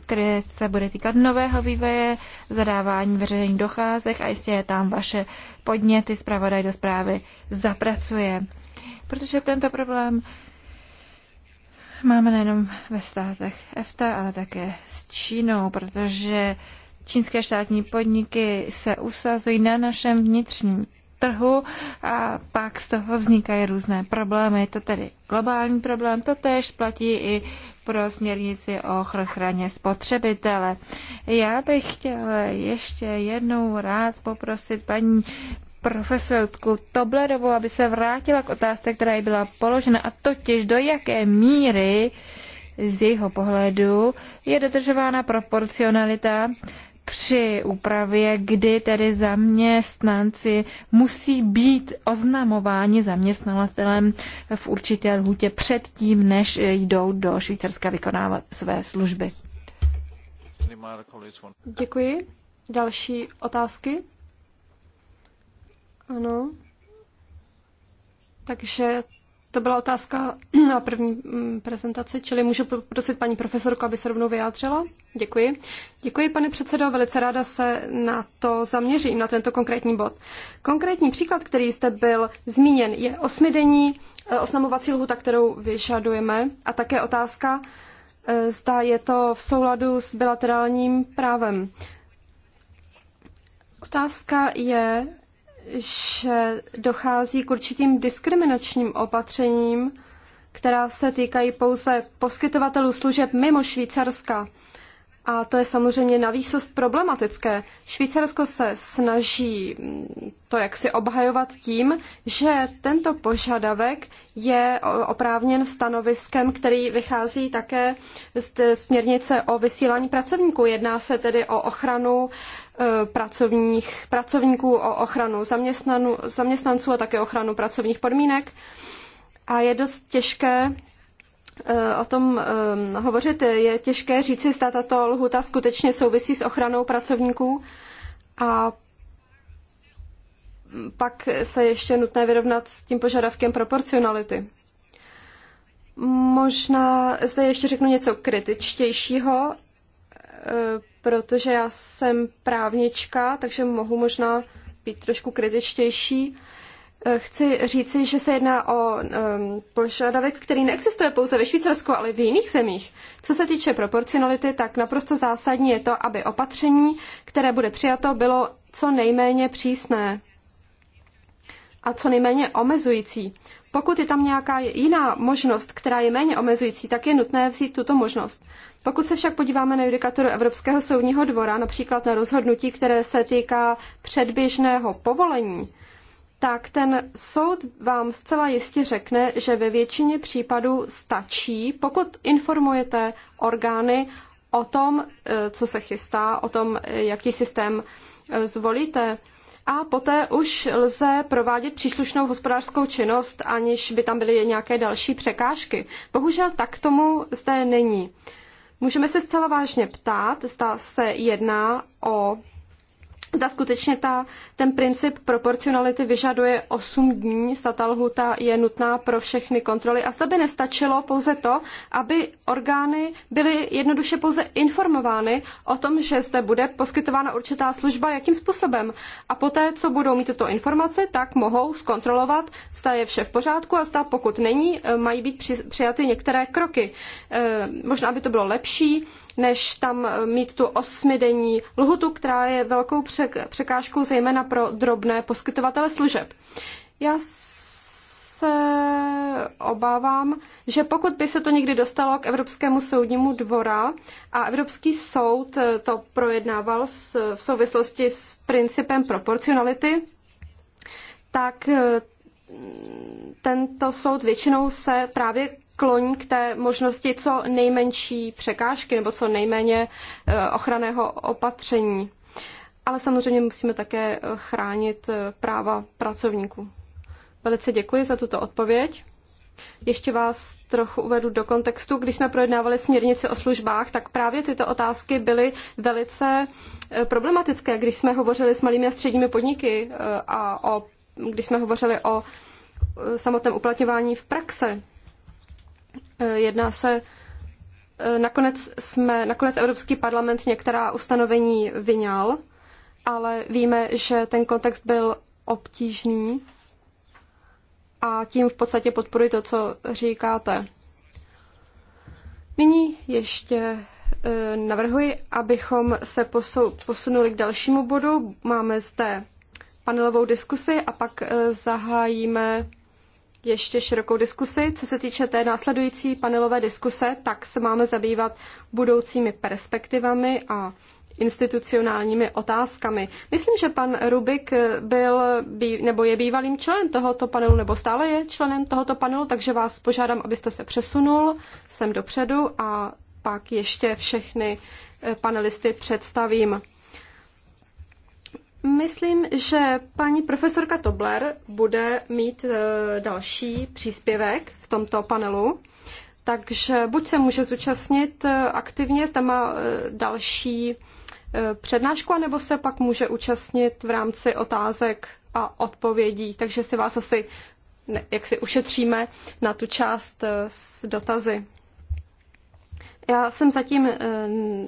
které se bude týkat nového vývoje, zadávání veřejných docházek a jistě je tam vaše podněty, zpravodaj do zprávy zapracuje. Protože tento problém máme nejenom ve státech EFTA, ale také s Čínou, protože čínské státní podniky se usazují na našem vnitřním trhu a pak z toho vznikají různé problémy. Je to tedy globální problém, to též platí i pro směrnici o ochraně spotřebitele. Já bych chtěla ještě jednou rád poprosit paní profesorku Toblerovou, aby se vrátila k otázce, která jí byla položena, a totiž do jaké míry z jejího pohledu je dodržována proporcionalita při úpravě, kdy tedy zaměstnanci musí být oznamováni zaměstnavatelem v určité lhůtě předtím, než jdou do Švýcarska vykonávat své služby. Děkuji. Další otázky? Ano. Takže to byla otázka na první mm, prezentaci, čili můžu poprosit paní profesorku, aby se rovnou vyjádřila? Děkuji. Děkuji, pane předsedo, velice ráda se na to zaměřím, na tento konkrétní bod. Konkrétní příklad, který jste byl zmíněn, je osmidenní eh, osnamovací lhuta, kterou vyžadujeme, a také otázka, eh, zda je to v souladu s bilaterálním právem. Otázka je, že dochází k určitým diskriminačním opatřením, která se týkají pouze poskytovatelů služeb mimo Švýcarska. A to je samozřejmě na výsost problematické. Švýcarsko se snaží mm, to jaksi obhajovat tím, že tento požadavek je oprávněn stanoviskem, který vychází také z směrnice o vysílání pracovníků. Jedná se tedy o ochranu e, pracovních, pracovníků, o ochranu zaměstnanců a také ochranu pracovních podmínek. A je dost těžké Eh, o tom eh, hovořit. Je těžké říci, zda tato lhuta skutečně souvisí s ochranou pracovníků a pak se ještě nutné vyrovnat s tím požadavkem proporcionality. Možná zde ještě řeknu něco kritičtějšího, eh, protože já jsem právnička, takže mohu možná být trošku kritičtější. Eh, chci říci, že se jedná o um, požadavek, který neexistuje pouze ve Švýcarsku, ale i v jiných zemích. Co se týče proporcionality, tak naprosto zásadní je to, aby opatření, které bude přijato, bylo co nejméně přísné a co nejméně omezující. Pokud je tam nějaká jiná možnost, která je méně omezující, tak je nutné vzít tuto možnost. Pokud se však podíváme na judikaturu Evropského soudního dvora, například na rozhodnutí, které se týká předběžného povolení, tak ten soud vám zcela jistě řekne, že ve většině případů stačí, pokud informujete orgány o tom, e, co se chystá, o tom, e, jaký systém e, zvolíte. A poté už lze provádět příslušnou hospodářskou činnost, aniž by tam byly nějaké další překážky. Bohužel tak tomu zde není. Můžeme se zcela vážně ptát, zda se jedná o Zda skutečně ta, ten princip proporcionality vyžaduje 8 dní, zda ta lhuta je nutná pro všechny kontroly a zda by nestačilo pouze to, aby orgány byly jednoduše pouze informovány o tom, že zde bude poskytována určitá služba, jakým způsobem. A poté, co budou mít tuto informaci, tak mohou zkontrolovat, zda je vše v pořádku a zda pokud není, eh, mají být přijaty některé kroky. Eh, možná by to bylo lepší, než tam mít tu osmidenní lhutu, která je velkou překážkou zejména pro drobné poskytovatele služeb. Já se obávám, že pokud by se to někdy dostalo k Evropskému soudnímu dvora a Evropský soud to projednával v souvislosti s principem proporcionality, tak tento soud většinou se právě kloní k té možnosti co nejmenší překážky nebo co nejméně e, ochranného opatření. Ale samozřejmě musíme také e, chránit e, práva pracovníků. Velice děkuji za tuto odpověď. Ještě vás trochu uvedu do kontextu. Když jsme projednávali směrnici o službách, tak právě tyto otázky byly velice problematické, když jsme hovořili s malými a středními podniky a o, když jsme hovořili o samotném uplatňování v praxi. Eh, jedná se eh, Nakonec, jsme, nakonec Evropský parlament některá ustanovení vyňal, ale víme, že ten kontext byl obtížný a tím v podstatě podporuji to, co říkáte. Nyní ještě eh, navrhuji, abychom se posunuli k dalšímu bodu. Máme zde panelovou diskusi a pak zahájíme ještě širokou diskusi. Co se týče té následující panelové diskuse, tak se máme zabývat budoucími perspektivami a institucionálními otázkami. Myslím, že pan Rubik byl nebo je bývalým členem tohoto panelu, nebo stále je členem tohoto panelu, takže vás požádám, abyste se přesunul sem dopředu a pak ještě všechny panelisty představím. Myslím, že paní profesorka Tobler bude mít e, další příspěvek v tomto panelu. Takže buď se může zúčastnit e, aktivně, tam má e, další přednášku, anebo se pak může účastnit v rámci otázek a odpovědí. Takže si vás asi, ne, jak si ušetříme na tu část s dotazy. Já jsem zatím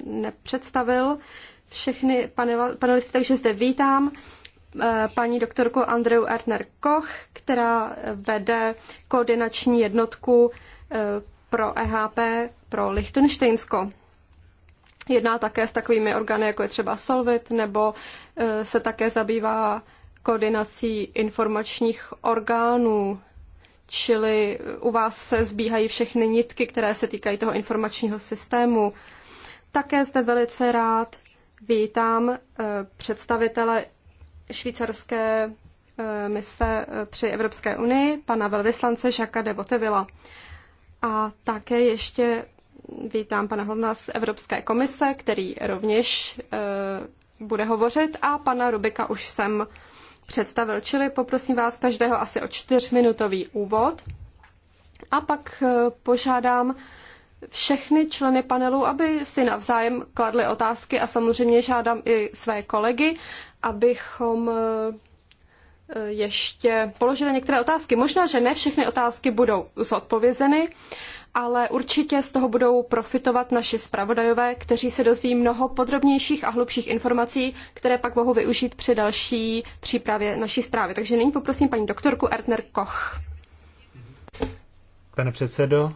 nepředstavil všechny panel, panelisty, takže zde vítám eh, paní doktorku Andreu Erner Koch, která vede koordinační jednotku eh, pro EHP pro Lichtensteinsko. Jedná také s takovými orgány, jako je třeba Solvit, nebo eh, se také zabývá koordinací informačních orgánů, čili u vás se zbíhají všechny nitky, které se týkají toho informačního systému. Také zde velice rád Vítám eh, představitele švýcarské eh, mise eh, při Evropské unii, pana velvyslance Jacques de Bottevilla. A také ještě vítám pana Hovna z Evropské komise, který rovněž bude hovořit a pana Rubika už jsem představil. Čili poprosím vás každého asi o čtyřminutový úvod a pak požádám všechny členy panelu, aby si navzájem kladli otázky a samozřejmě žádám i své kolegy, abychom eh, ještě položili některé otázky. Možná, že ne všechny otázky budou zodpovězeny, ale určitě z toho budou profitovat naši zpravodajové, kteří se dozví mnoho podrobnějších a hlubších informací, které pak mohou využít při další přípravě naší zprávy. Takže nyní poprosím paní doktorku Erdner Koch. Pane předsedo,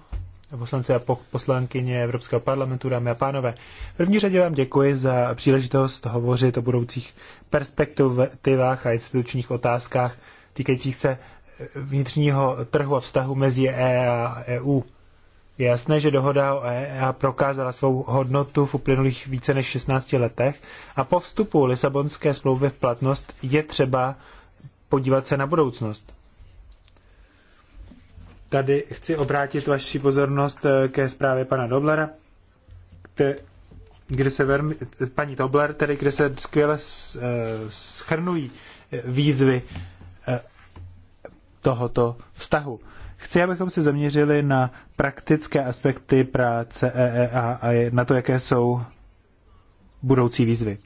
poslanci a poslankyně Evropského parlamentu, dámy a pánové. V první řadě vám děkuji za příležitost hovořit o budoucích perspektivách a institučních otázkách týkajících se vnitřního trhu a vztahu mezi EE a EU. Je jasné, že dohoda o EEA prokázala svou hodnotu v uplynulých více než 16 letech a po vstupu Lisabonské smlouvy v platnost je třeba podívat se na budoucnost tady chci obrátit vaši pozornost eh, ke zprávě pana Doblera, kde, kde se velmi, paní Dobler tedy kde se skvěle eh, schrnují eh, výzvy tohoto vztahu. Chci, abychom se zaměřili na praktické aspekty práce EEA a na to, jaké jsou budoucí výzvy.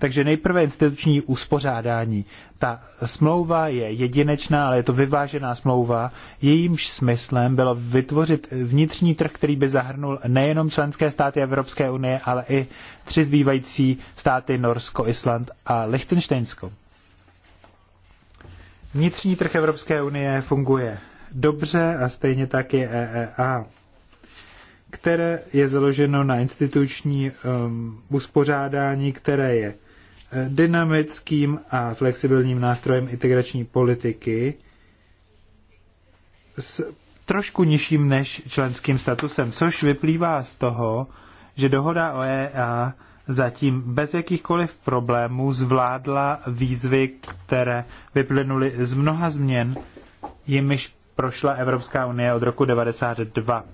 Takže nejprve instituční uspořádání. Ta smlouva je jedinečná, ale je to vyvážená smlouva. Jejímž smyslem bylo vytvořit vnitřní trh, který by zahrnul nejenom členské státy Evropské unie, ale i tři zbývající státy Norsko, Island a Liechtensteinsko. Vnitřní trh Evropské unie funguje dobře a stejně tak je EEA které je založeno na instituční um, uspořádání, které je dynamickým a flexibilním nástrojem integrační politiky s trošku nižším než členským statusem, což vyplývá z toho, že dohoda o EA zatím bez jakýchkoliv problémů zvládla výzvy, které vyplynuly z mnoha změn, jimiž prošla Evropská unie od roku 92.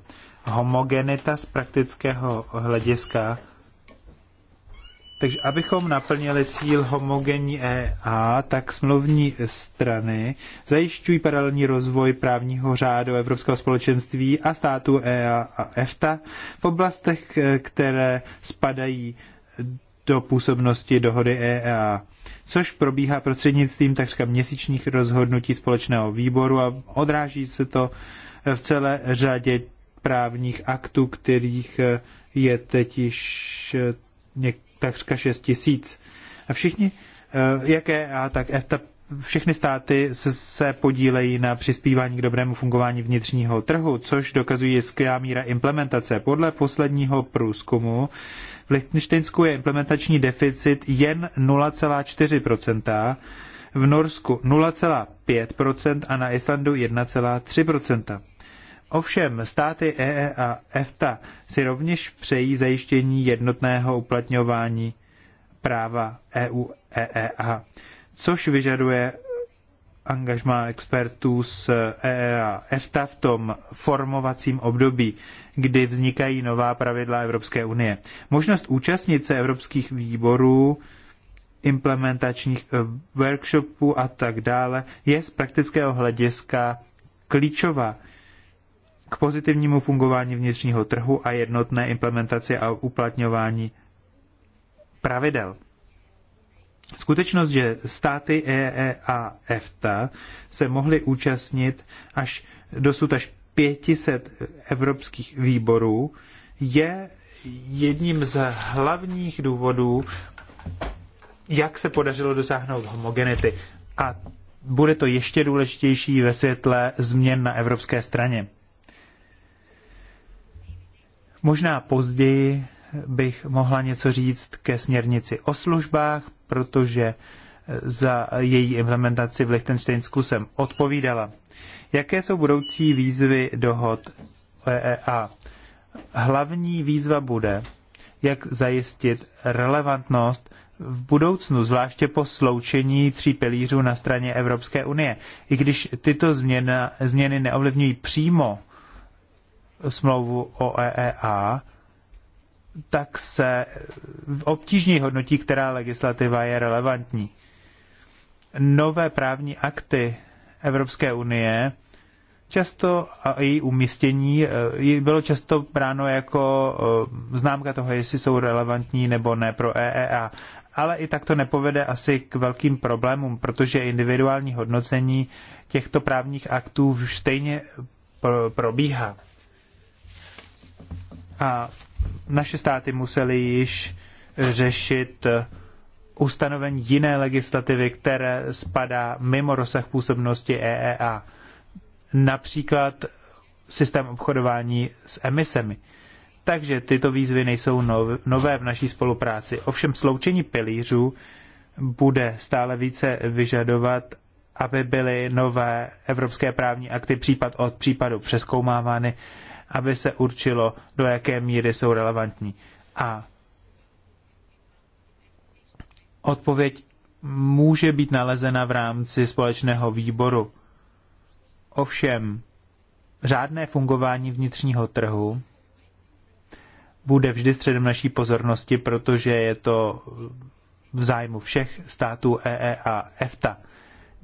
Homogenita z praktického hlediska takže abychom naplnili cíl homogenní EA, tak smluvní strany zajišťují paralelní rozvoj právního řádu Evropského společenství a států EA a EFTA e v oblastech, eh, které spadají do působnosti dohody EEA, což probíhá prostřednictvím takřka měsíčních rozhodnutí společného výboru a odráží se to eh, v celé řadě právních aktů, kterých eh, je teď již něk- takřka 6 tisíc. A všichni, eh, jak a tak EFTA, všechny státy se, se podílejí na přispívání k dobrému fungování vnitřního trhu, což dokazují skvělá míra implementace. Podle posledního průzkumu v Lichtensteinsku je implementační deficit jen 0,4%, v Norsku 0,5% a na Islandu 1,3%. Ovšem státy EE e a EFTA si rovněž přejí zajištění jednotného uplatňování práva EU EEA, což vyžaduje angažmá expertů z e e a EFTA v tom formovacím období, kdy vznikají nová pravidla Evropské unie. Možnost účastnit se evropských výborů, implementačních eh, workshopů a tak dále je z praktického hlediska klíčová k pozitivnímu fungování vnitřního trhu a jednotné implementaci a uplatňování pravidel. Skutečnost, že státy EE e a EFTA se mohly účastnit až dosud až 500 evropských výborů, je jedním z hlavních důvodů, jak se podařilo dosáhnout homogenity. A bude to ještě důležitější ve světle změn na evropské straně. Možná později bych mohla něco říct ke směrnici o službách, protože eh, za její implementaci v Lichtensteinsku jsem odpovídala. Jaké jsou budoucí výzvy dohod EEA? Hlavní výzva bude, jak zajistit relevantnost v budoucnu, zvláště po sloučení tří pilířů na straně Evropské unie. I když tyto změna, změny neovlivňují přímo smlouvu o EEA, tak se obtížně hodnotí, která legislativa je relevantní. Nové právní akty Evropské unie často a její umístění eh, bylo často bráno jako eh, známka toho, jestli jsou relevantní nebo ne pro EEA. Ale i tak to nepovede asi k velkým problémům, protože individuální hodnocení těchto právních aktů už stejně probíhá. A naše státy musely již řešit ustanovení jiné legislativy, které spadá mimo rozsah působnosti EEA. Například systém obchodování s emisemi. Takže tyto výzvy nejsou nové v naší spolupráci. Ovšem sloučení pilířů bude stále více vyžadovat, aby byly nové evropské právní akty případ od případu přeskoumávány aby se určilo, do jaké míry jsou relevantní. A odpověď může být nalezena v rámci společného výboru. Ovšem, řádné fungování vnitřního trhu bude vždy středem naší pozornosti, protože je to v zájmu všech států EE e a EFTA.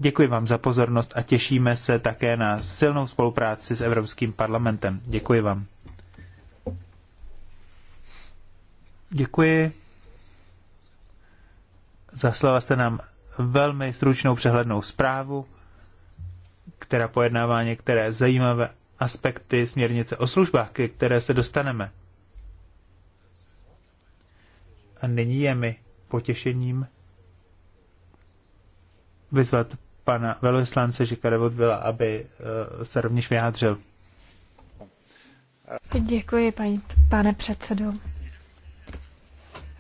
Děkuji vám za pozornost a těšíme se také na silnou spolupráci s Evropským parlamentem. Děkuji vám. Děkuji. Zaslala jste nám velmi stručnou přehlednou zprávu, která pojednává některé zajímavé aspekty směrnice o službách, ke které se dostaneme. A nyní je mi potěšením vyzvat pana velvyslance Žikarevot byla, aby eh, se rovněž vyjádřil. Děkuji, paní, pane předsedo.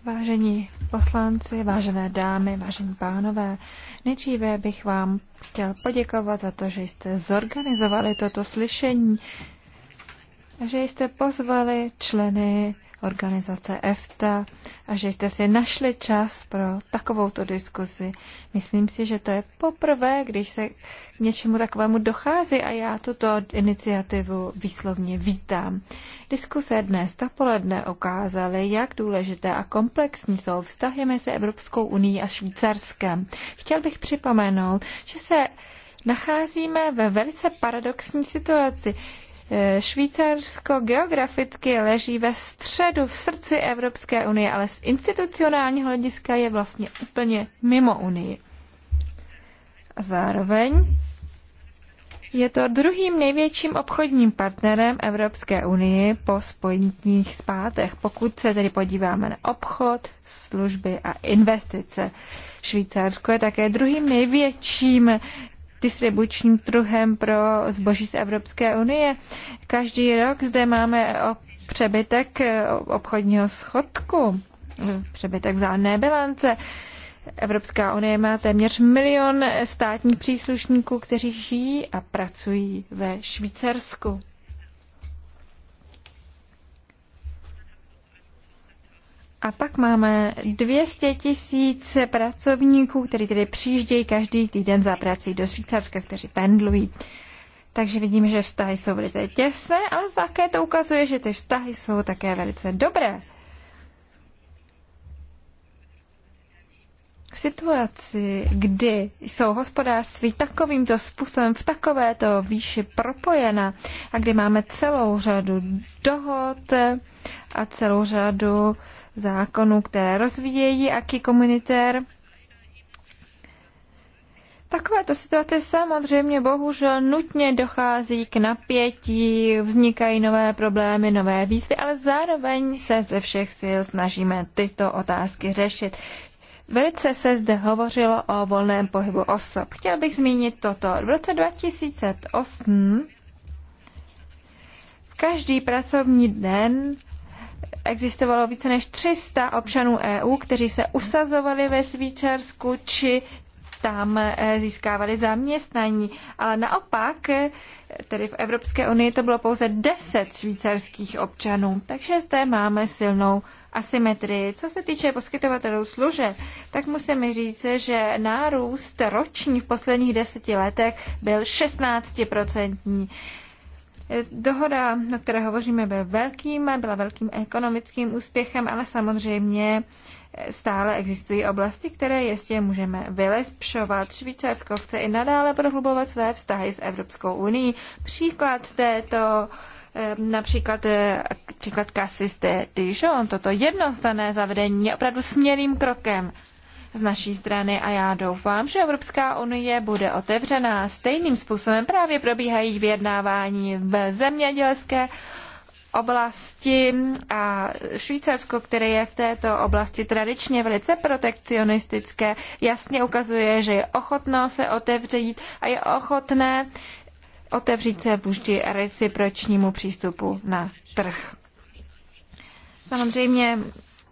Vážení poslanci, vážené dámy, vážení pánové, nejdříve bych vám chtěl poděkovat za to, že jste zorganizovali toto slyšení, že jste pozvali členy organizace EFTA a že jste si našli čas pro takovouto diskuzi. Myslím si, že to je poprvé, když se k něčemu takovému dochází a já tuto iniciativu výslovně vítám. Diskuse dnes ta poledne ukázaly, jak důležité a komplexní jsou vztahy mezi Evropskou uní a Švýcarskem. Chtěl bych připomenout, že se nacházíme ve velice paradoxní situaci. Eh, Švýcarsko geograficky leží ve středu, v srdci Evropské unie, ale z institucionálního hlediska je vlastně úplně mimo unii. A zároveň je to druhým největším obchodním partnerem Evropské unie po spojených spátech, pokud se tedy podíváme na obchod, služby a investice. Švýcarsko je také druhým největším distribučním trhem pro zboží z Evropské unie. Každý rok zde máme přebytek obchodního schodku, přebytek vzájemné bilance. Evropská unie má téměř milion státních příslušníků, kteří žijí a pracují ve Švýcarsku. A pak máme 200 tisíc pracovníků, kteří tedy přijíždějí každý týden za prací do Švýcarska, kteří pendlují. Takže vidíme, že vztahy jsou velice těsné, ale také to ukazuje, že ty vztahy jsou také velice dobré. V situaci, kdy jsou hospodářství takovýmto způsobem v takovéto výši propojena a kdy máme celou řadu dohod a celou řadu zákonů, které rozvíjejí aký komunitér. Takovéto situace samozřejmě bohužel nutně dochází k napětí, vznikají nové problémy, nové výzvy, ale zároveň se ze všech sil snažíme tyto otázky řešit. Velice se zde hovořilo o volném pohybu osob. Chtěl bych zmínit toto. V roce 2008 v každý pracovní den existovalo více než 300 občanů EU, kteří se usazovali ve Švýcarsku či tam eh, získávali zaměstnání, Ale naopak, eh, tedy v Evropské unii to bylo pouze 10 švýcarských občanů. Takže zde máme silnou asymetrii. Co se týče poskytovatelů služeb, tak musíme říct, že nárůst roční v posledních deseti letech byl 16%. Dohoda, o které hovoříme, byl velkým, byla velkým ekonomickým úspěchem, ale samozřejmě stále existují oblasti, které jistě můžeme vylepšovat. Švýcarsko chce i nadále prohlubovat své vztahy s Evropskou unii. Příklad této eh, například eh, příklad Cassis de Dijon, toto jednostané zavedení je opravdu smělým krokem z naší strany a já doufám, že Evropská unie bude otevřená. Stejným způsobem právě probíhají vyjednávání v zemědělské oblasti a Švýcarsko, které je v této oblasti tradičně velice protekcionistické, jasně ukazuje, že je ochotno se otevřít a je ochotné otevřít se vůči recipročnímu přístupu na trh. Samozřejmě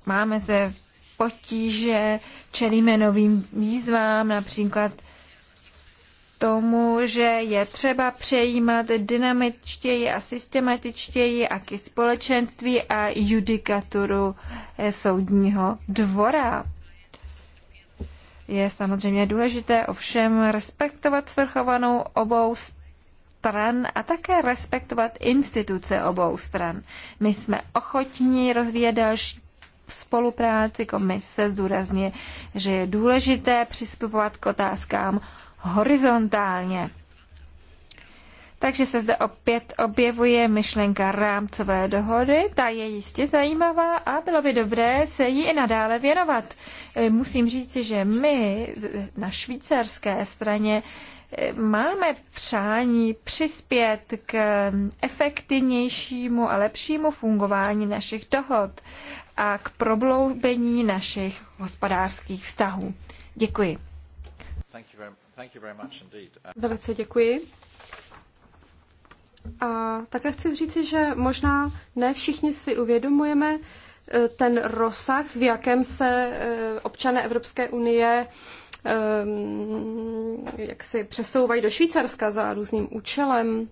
máme se potíže, čelíme novým výzvám, například tomu, že je třeba přejímat dynamičtěji a systematičtěji a k společenství a judikaturu eh, soudního dvora. Je samozřejmě důležité ovšem respektovat svrchovanou obou stran a také respektovat instituce obou stran. My jsme ochotní rozvíjet další spolupráci komise zdůrazně, že je důležité přistupovat k otázkám horizontálně. Takže se zde opět objevuje myšlenka rámcové dohody, ta je jistě zajímavá a bylo by dobré se jí i nadále věnovat. E, musím říci, že my na švýcarské straně e, máme přání přispět k efektivnějšímu a lepšímu fungování našich dohod a k probloubení našich hospodářských vztahů. Děkuji. Velice děkuji. A také chci říci, že možná ne všichni si uvědomujeme eh, ten rozsah, v jakém se eh, občané Evropské unie eh, jak si přesouvají do Švýcarska za různým účelem.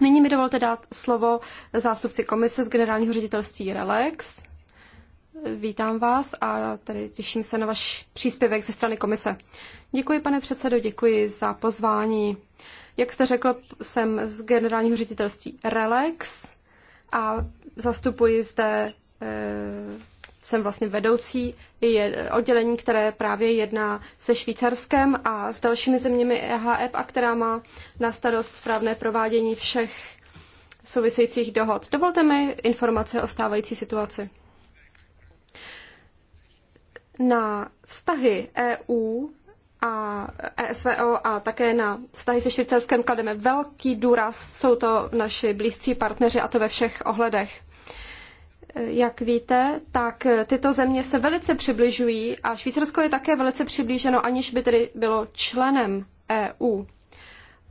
Nyní mi dovolte dát slovo zástupci komise z generálního ředitelství Relax vítám vás a tady těším se na váš příspěvek ze strany komise. Děkuji, pane předsedo, děkuji za pozvání. Jak jste řekl, jsem z generálního ředitelství Relex a zastupuji zde, eh, jsem vlastně vedoucí oddělení, které právě jedná se Švýcarskem a s dalšími zeměmi EHF a která má na starost správné provádění všech souvisejících dohod. Dovolte mi informace o stávající situaci na vztahy EU a ESVO a také na vztahy se Švýcarskem klademe velký důraz. Jsou to naši blízcí partneři a to ve všech ohledech. Jak víte, tak tyto země se velice přibližují a Švýcarsko je také velice přiblíženo, aniž by tedy bylo členem EU.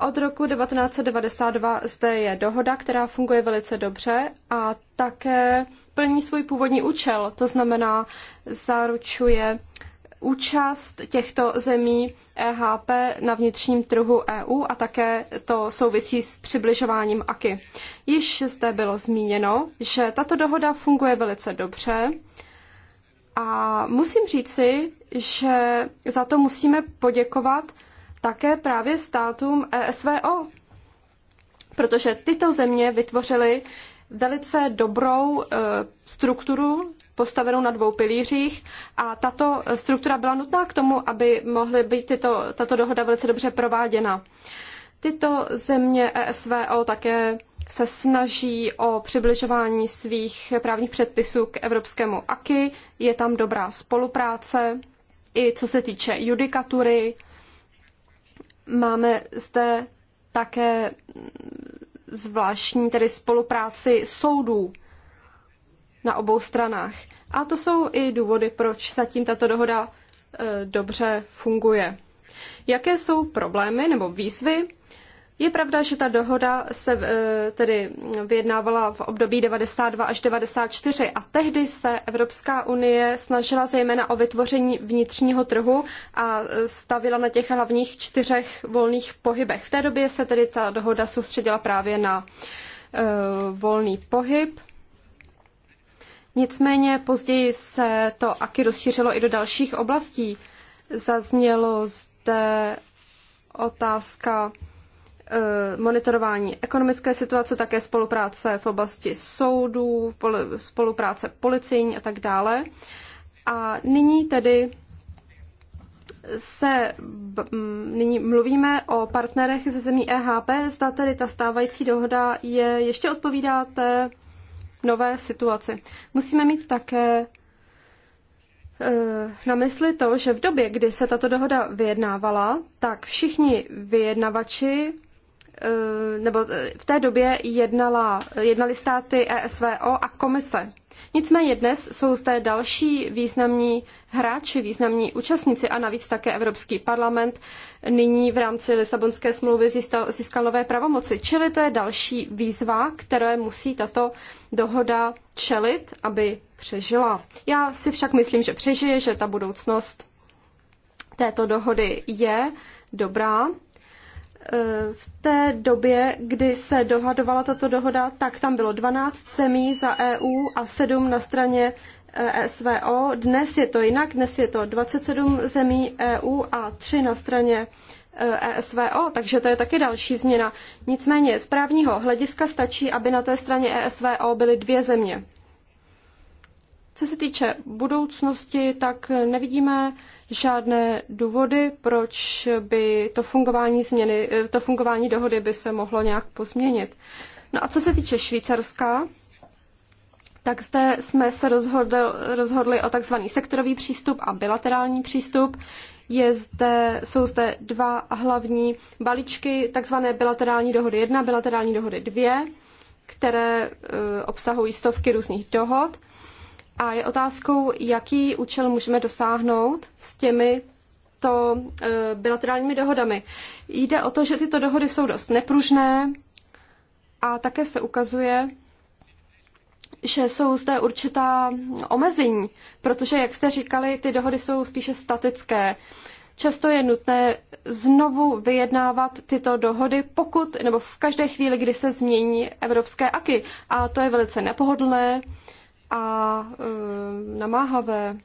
Od roku 1992 zde je dohoda, která funguje velice dobře a také plní svůj původní účel, to znamená zaručuje účast těchto zemí EHP na vnitřním trhu EU a také to souvisí s přibližováním AKY. Již zde bylo zmíněno, že tato dohoda funguje velice dobře a musím říci, že za to musíme poděkovat také právě státům ESVO, protože tyto země vytvořily velice dobrou eh, strukturu postavenou na dvou pilířích a tato struktura byla nutná k tomu, aby mohly být tyto, tato dohoda velice dobře prováděna. Tyto země ESVO také se snaží o přibližování svých právních předpisů k evropskému AKI. Je tam dobrá spolupráce, i co se týče judikatury. Máme zde také zvláštní tedy spolupráci soudů na obou stranách. A to jsou i důvody, proč zatím tato dohoda e, dobře funguje. Jaké jsou problémy nebo výzvy? Je pravda, že ta dohoda se e, tedy vyjednávala v období 92 až 94 a tehdy se Evropská unie snažila zejména o vytvoření vnitřního trhu a stavila na těch hlavních čtyřech volných pohybech. V té době se tedy ta dohoda soustředila právě na e, volný pohyb. Nicméně později se to aky rozšířilo i do dalších oblastí. Zaznělo zde otázka Eh, monitorování ekonomické situace, také spolupráce v oblasti soudů, spolupráce policejní a tak dále. A nyní tedy se nyní mluvíme o partnerech ze zemí EHP. Zda tedy ta stávající dohoda je ještě odpovídá té nové situaci. Musíme mít také eh, na mysli to, že v době, kdy se tato dohoda vyjednávala, tak všichni vyjednavači Eh, nebo eh, v té době jednala, jednali státy ESVO a komise. Nicméně dnes jsou zde další významní hráči, významní účastníci a navíc také Evropský parlament nyní v rámci Lisabonské smlouvy získal, získal nové pravomoci. Čili to je další výzva, které musí tato dohoda čelit, aby přežila. Já si však myslím, že přežije, že ta budoucnost této dohody je dobrá v té době, kdy se dohadovala tato dohoda, tak tam bylo 12 zemí za EU a 7 na straně eh, SVO. Dnes je to jinak, dnes je to 27 zemí EU a 3 na straně ESVO, eh, e takže to je taky další změna. Nicméně z právního hlediska stačí, aby na té straně ESVO byly dvě země. Co se týče budoucnosti, tak nevidíme žádné důvody, proč by to fungování změny, eh, to fungování dohody by se mohlo nějak pozměnit. No a co se týče Švýcarska, tak zde jsme se rozhodli, rozhodli o takzvaný sektorový přístup a bilaterální přístup. Je zde, jsou zde dva hlavní balíčky, takzvané bilaterální dohody 1, bilaterální dohody 2, které uh, obsahují stovky různých dohod. A je otázkou, jaký účel můžeme dosáhnout s těmi to e, bilaterálními dohodami. Jde o to, že tyto dohody jsou dost nepružné a také se ukazuje, že jsou zde určitá omezení, protože, jak jste říkali, ty dohody jsou spíše statické. Často je nutné znovu vyjednávat tyto dohody, pokud nebo v každé chvíli, kdy se změní evropské aky. A to je velice nepohodlné a e, namáhavé.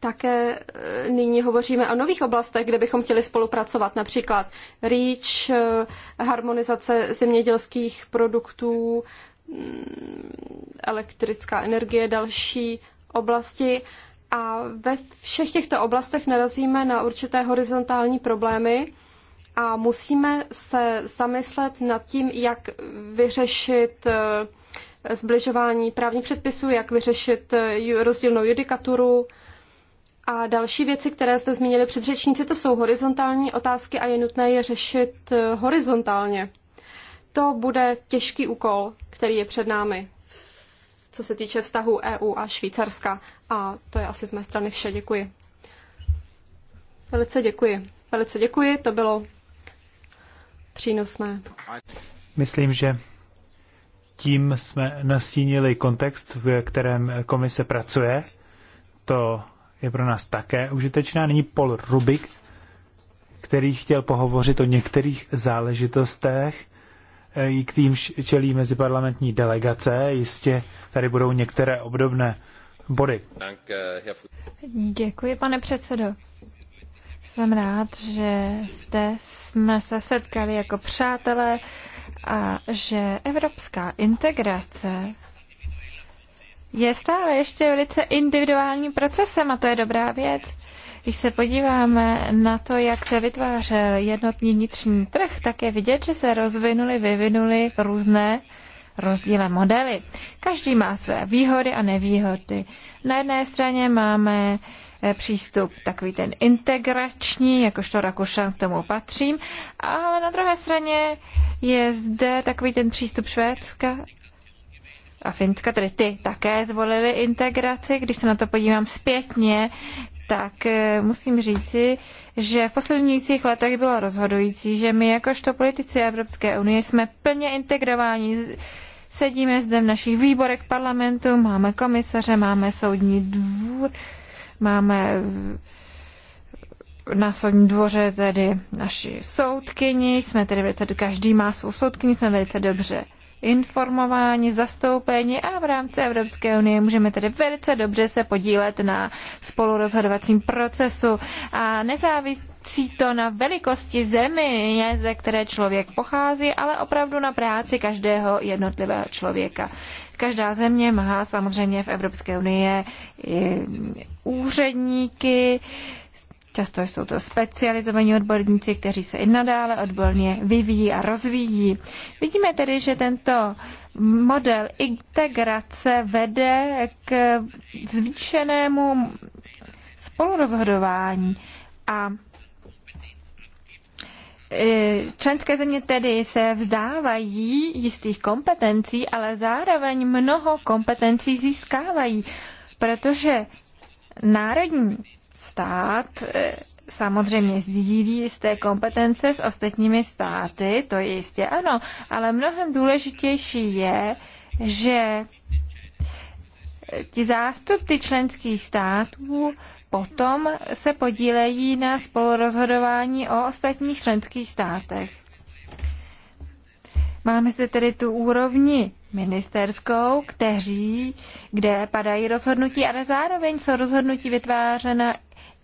Také e, nyní hovoříme o nových oblastech, kde bychom chtěli spolupracovat, například REACH, e, harmonizace zemědělských produktů, mm, elektrická energie, další oblasti. A ve všech těchto oblastech narazíme na určité horizontální problémy a musíme se zamyslet nad tím, jak vyřešit zbližování právních předpisů, jak vyřešit eh, rozdílnou judikaturu a další věci, které jste zmínili předřečníci, to jsou horizontální otázky a je nutné je řešit eh, horizontálně. To bude těžký úkol, který je před námi, co se týče vztahu EU a Švýcarska. A to je asi z mé strany vše. Děkuji. Velice děkuji. Velice děkuji, to bylo přínosné. Myslím, že tím jsme nastínili kontext, v kterém komise pracuje. To je pro nás také užitečná. Nyní Paul Rubik, který chtěl pohovořit o některých záležitostech, eh, k tým čelí meziparlamentní delegace. Jistě tady budou některé obdobné body. Děkuji, pane předsedo. Jsem rád, že jste jsme se setkali jako přátelé a že evropská integrace je stále ještě velice individuálním procesem a to je dobrá věc. Když se podíváme na to, jak se vytvářel jednotný vnitřní trh, tak je vidět, že se rozvinuly, vyvinuly různé uh, rozdílné modely. Každý má své výhody a nevýhody. Na jedné straně máme eh, přístup takový ten integrační, jakožto Rakušan k tomu patřím, a na druhé straně je zde takový ten přístup Švédska a Finska, tedy ty také zvolili integraci. Když se na to podívám zpětně, tak eh, musím říci, že v posledních letech bylo rozhodující, že my jakožto politici Evropské unie jsme plně integrováni Sedíme zde v našich výborech parlamentu, máme komisaře, máme soudní dvůr, máme na soudní dvoře tedy naši soudkyni, jsme tedy velice, každý má svou soudkyni, jsme velice dobře informováni, zastoupeni a v rámci Evropské unie můžeme tedy velice dobře se podílet na spolurozhodovacím procesu a nezávislí Nezávisí to na velikosti země, ze které člověk pochází, ale opravdu na práci každého jednotlivého člověka. Každá země má samozřejmě v Evropské unii úředníky, Často jsou to specializovaní odborníci, kteří se i nadále odborně vyvíjí a rozvíjí. Vidíme tedy, že tento model integrace vede k zvýšenému spolurozhodování a E, členské země tedy se vzdávají jistých kompetencí, ale zároveň mnoho kompetencí získávají, protože národní stát e, samozřejmě sdílí jisté kompetence s ostatními státy, to je jistě ano, ale mnohem důležitější je, že ti zástupci členských států potom se podílejí na spolurozhodování o ostatních členských státech. Máme zde tedy tu úrovni ministerskou, kteří, kde padají rozhodnutí, ale zároveň jsou rozhodnutí vytvářena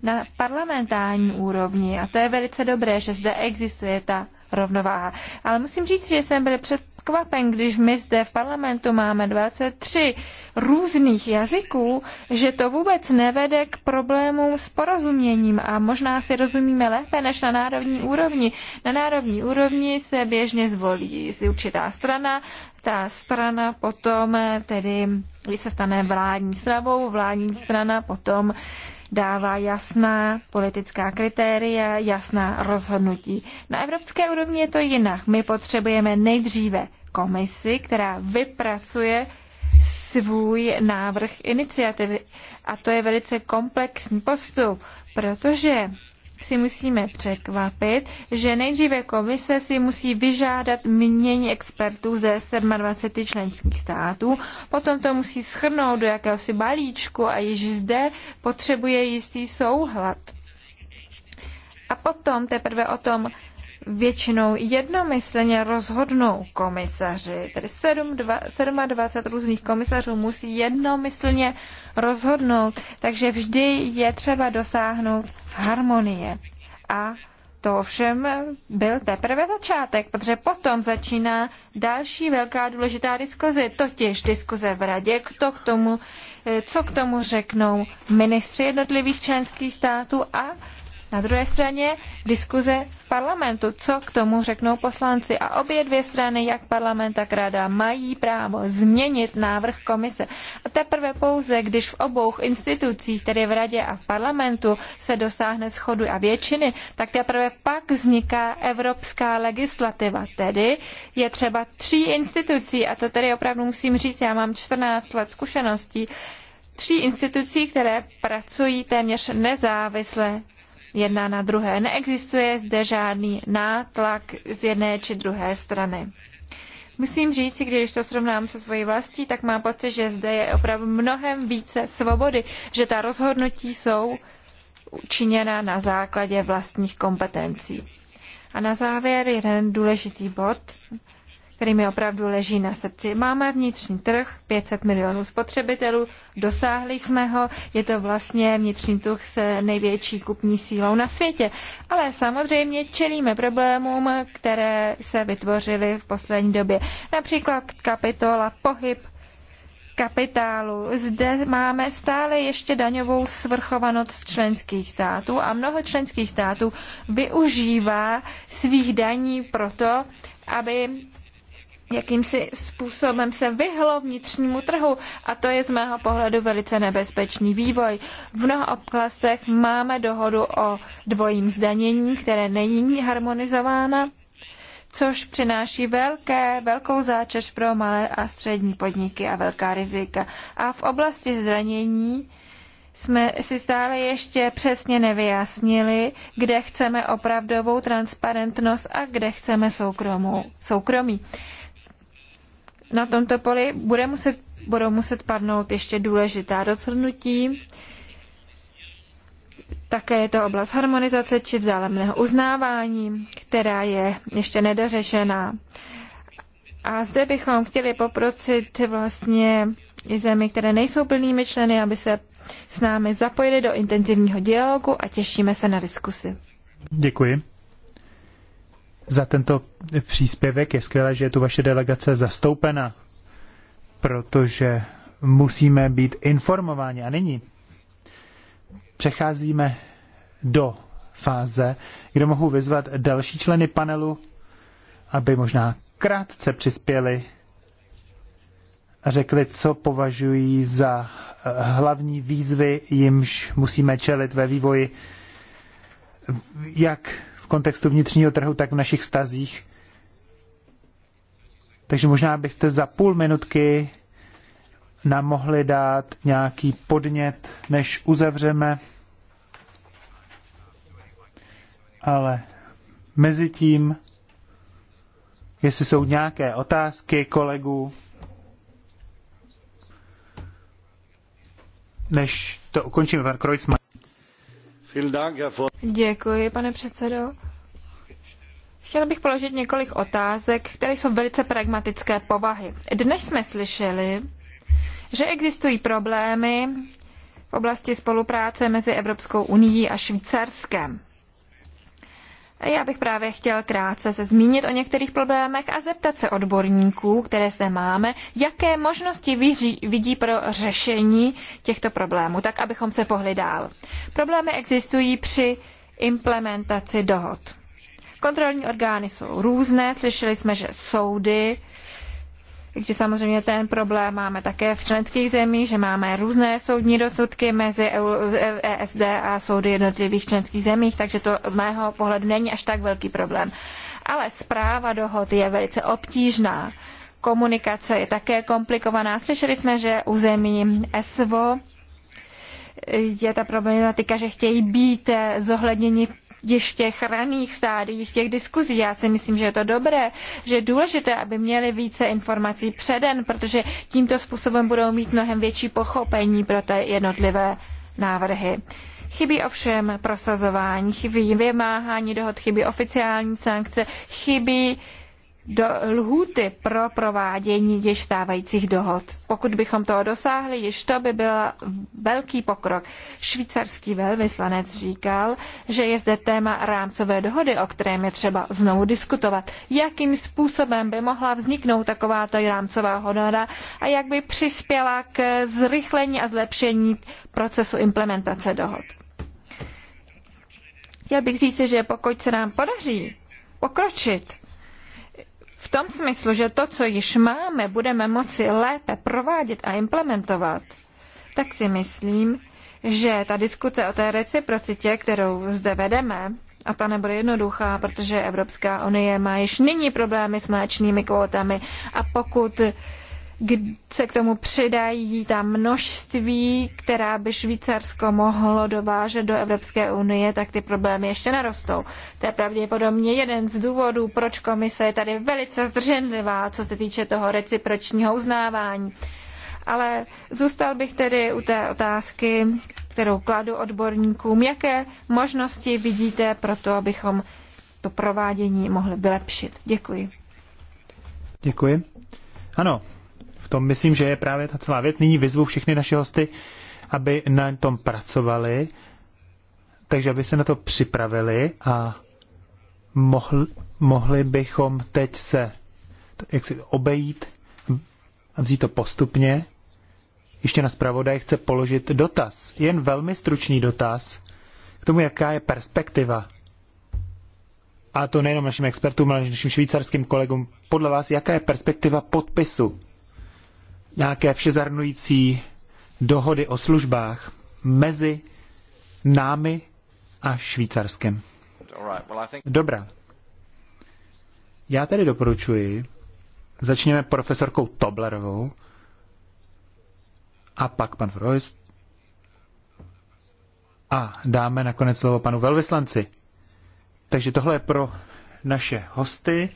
na parlamentární úrovni. A to je velice dobré, že zde existuje ta rovnováha. Ale musím říct, že jsem byl překvapen, když my zde v parlamentu máme 23 různých jazyků, že to vůbec nevede k problémům s porozuměním a možná si rozumíme lépe než na národní úrovni. Na národní úrovni se běžně zvolí si určitá strana, ta strana potom tedy, když se stane vládní stravou, vládní strana potom dává jasná politická kritéria, jasná rozhodnutí. Na evropské úrovni je to jinak. My potřebujeme nejdříve komisi, která vypracuje svůj návrh iniciativy. A to je velice komplexní postup, protože si musíme překvapit, že nejdříve komise si musí vyžádat mění expertů ze 27 členských států, potom to musí schrnout do jakéhosi balíčku a již zde potřebuje jistý souhlad. A potom teprve o tom většinou jednomyslně rozhodnou komisaři. Tedy 7, 2, 27 různých komisařů musí jednomyslně rozhodnout, takže vždy je třeba dosáhnout harmonie. A to ovšem byl teprve začátek, protože potom začíná další velká důležitá diskuze, totiž diskuze v radě, to, k tomu, eh, co k tomu řeknou ministři jednotlivých členských států a na druhé straně diskuze v parlamentu, co k tomu řeknou poslanci. A obě dvě strany, jak parlament, tak rada, mají právo změnit návrh komise. A teprve pouze, když v obou institucích, tedy v radě a v parlamentu, se dosáhne schodu a většiny, tak teprve pak vzniká evropská legislativa. Tedy je třeba tří institucí, a to tedy opravdu musím říct, já mám 14 let zkušeností, tří institucí, které pracují téměř nezávisle jedna na druhé. Neexistuje zde žádný nátlak z jedné či druhé strany. Musím říct, když to srovnám se svojí vlastí, tak mám pocit, že zde je opravdu mnohem více svobody, že ta rozhodnutí jsou učiněna na základě vlastních kompetencí. A na závěr jeden důležitý bod, který mi opravdu leží na srdci. Máme vnitřní trh, 500 milionů spotřebitelů, dosáhli jsme ho, je to vlastně vnitřní trh s největší kupní sílou na světě. Ale samozřejmě čelíme problémům, které se vytvořily v poslední době. Například kapitola pohyb kapitálu. Zde máme stále ještě daňovou svrchovanost členských států a mnoho členských států využívá svých daní proto, aby jakýmsi způsobem se vyhlo vnitřnímu trhu a to je z mého pohledu velice nebezpečný vývoj. V mnoha oblastech máme dohodu o dvojím zdanění, které není harmonizována, což přináší velké, velkou záčež pro malé a střední podniky a velká rizika. A v oblasti zdanění jsme si stále ještě přesně nevyjasnili, kde chceme opravdovou transparentnost a kde chceme soukromou, soukromí na tomto poli bude muset, budou muset padnout ještě důležitá rozhodnutí. Také je to oblast harmonizace či vzájemného uznávání, která je ještě nedořešená. A zde bychom chtěli poprosit vlastně i zemi, které nejsou plnými členy, aby se s námi zapojili do intenzivního dialogu a těšíme se na diskusi. Děkuji za tento příspěvek. Je skvělé, že je tu vaše delegace zastoupena, protože musíme být informováni. A nyní přecházíme do fáze, kde mohu vyzvat další členy panelu, aby možná krátce přispěli a řekli, co považují za eh, hlavní výzvy, jimž musíme čelit ve vývoji, jak kontextu vnitřního trhu, tak v našich vztazích. Takže možná byste za půl minutky nám mohli dát nějaký podnět, než uzavřeme. Ale mezi tím, jestli jsou nějaké otázky kolegů, než to ukončíme, pan Kreuzmann. Děkuji, pane předsedo. Chtěla bych položit několik otázek, které jsou velice pragmatické povahy. Dnes jsme slyšeli, že existují problémy v oblasti spolupráce mezi Evropskou unií a Švýcarskem. Já bych právě chtěl krátce se zmínit o některých problémech a zeptat se odborníků, které zde máme, jaké možnosti vidí pro řešení těchto problémů, tak abychom se pohli dál. Problémy existují při implementaci dohod. Kontrolní orgány jsou různé, slyšeli jsme, že soudy když samozřejmě ten problém máme také v členských zemích, že máme různé soudní rozsudky mezi ESD e a soudy jednotlivých členských zemích, takže to mého pohledu není až tak velký problém. Ale zpráva dohod je velice obtížná. Komunikace je také komplikovaná. Slyšeli jsme, že u zemí SVO je ta problematika, že chtějí být zohledněni již v těch raných stádiích, v těch diskuzí. Já si myslím, že je to dobré, že je důležité, aby měli více informací předen, protože tímto způsobem budou mít mnohem větší pochopení pro ty jednotlivé návrhy. Chybí ovšem prosazování, chybí vymáhání dohod, chybí oficiální sankce, chybí uh, do lhůty pro provádění již stávajících dohod. Pokud bychom toho dosáhli, již to by byl velký pokrok. Švýcarský velvyslanec říkal, že je zde téma rámcové dohody, o kterém je třeba znovu diskutovat. Jakým způsobem by mohla vzniknout takováto rámcová honoda a jak by přispěla k zrychlení a zlepšení procesu implementace dohod. Chtěl bych říci, že pokud se nám podaří pokročit v tom smyslu, že to, co již máme, budeme moci lépe provádět a implementovat, tak si myslím, že ta diskuce o té reciprocitě, kterou zde vedeme, a ta nebude jednoduchá, protože Evropská unie má již nyní problémy s mléčnými kvótami a pokud se k tomu přidají ta množství, která by Švýcarsko mohlo dovážet do Evropské unie, tak ty problémy ještě narostou. To je pravděpodobně jeden z důvodů, proč komise je tady velice zdrženlivá, co se týče toho recipročního uznávání. Ale zůstal bych tedy u té otázky, kterou kladu odborníkům. Jaké možnosti vidíte pro to, abychom to provádění mohli vylepšit? Děkuji. Děkuji. Ano, v tom myslím, že je právě ta celá věc. Nyní vyzvu všechny naše hosty, aby na tom pracovali, takže aby se na to připravili a mohli, mohli bychom teď se jak si obejít a vzít to postupně. Ještě na zpravodaj chce položit dotaz, jen velmi stručný dotaz k tomu, jaká je perspektiva. A to nejenom našim expertům, ale našim švýcarským kolegům. Podle vás, jaká je perspektiva podpisu nějaké všezarnující dohody o službách mezi námi a Švýcarskem. Dobrá. Já tedy doporučuji, začněme profesorkou Toblerovou a pak pan Freust a dáme nakonec slovo panu velvyslanci. Takže tohle je pro naše hosty.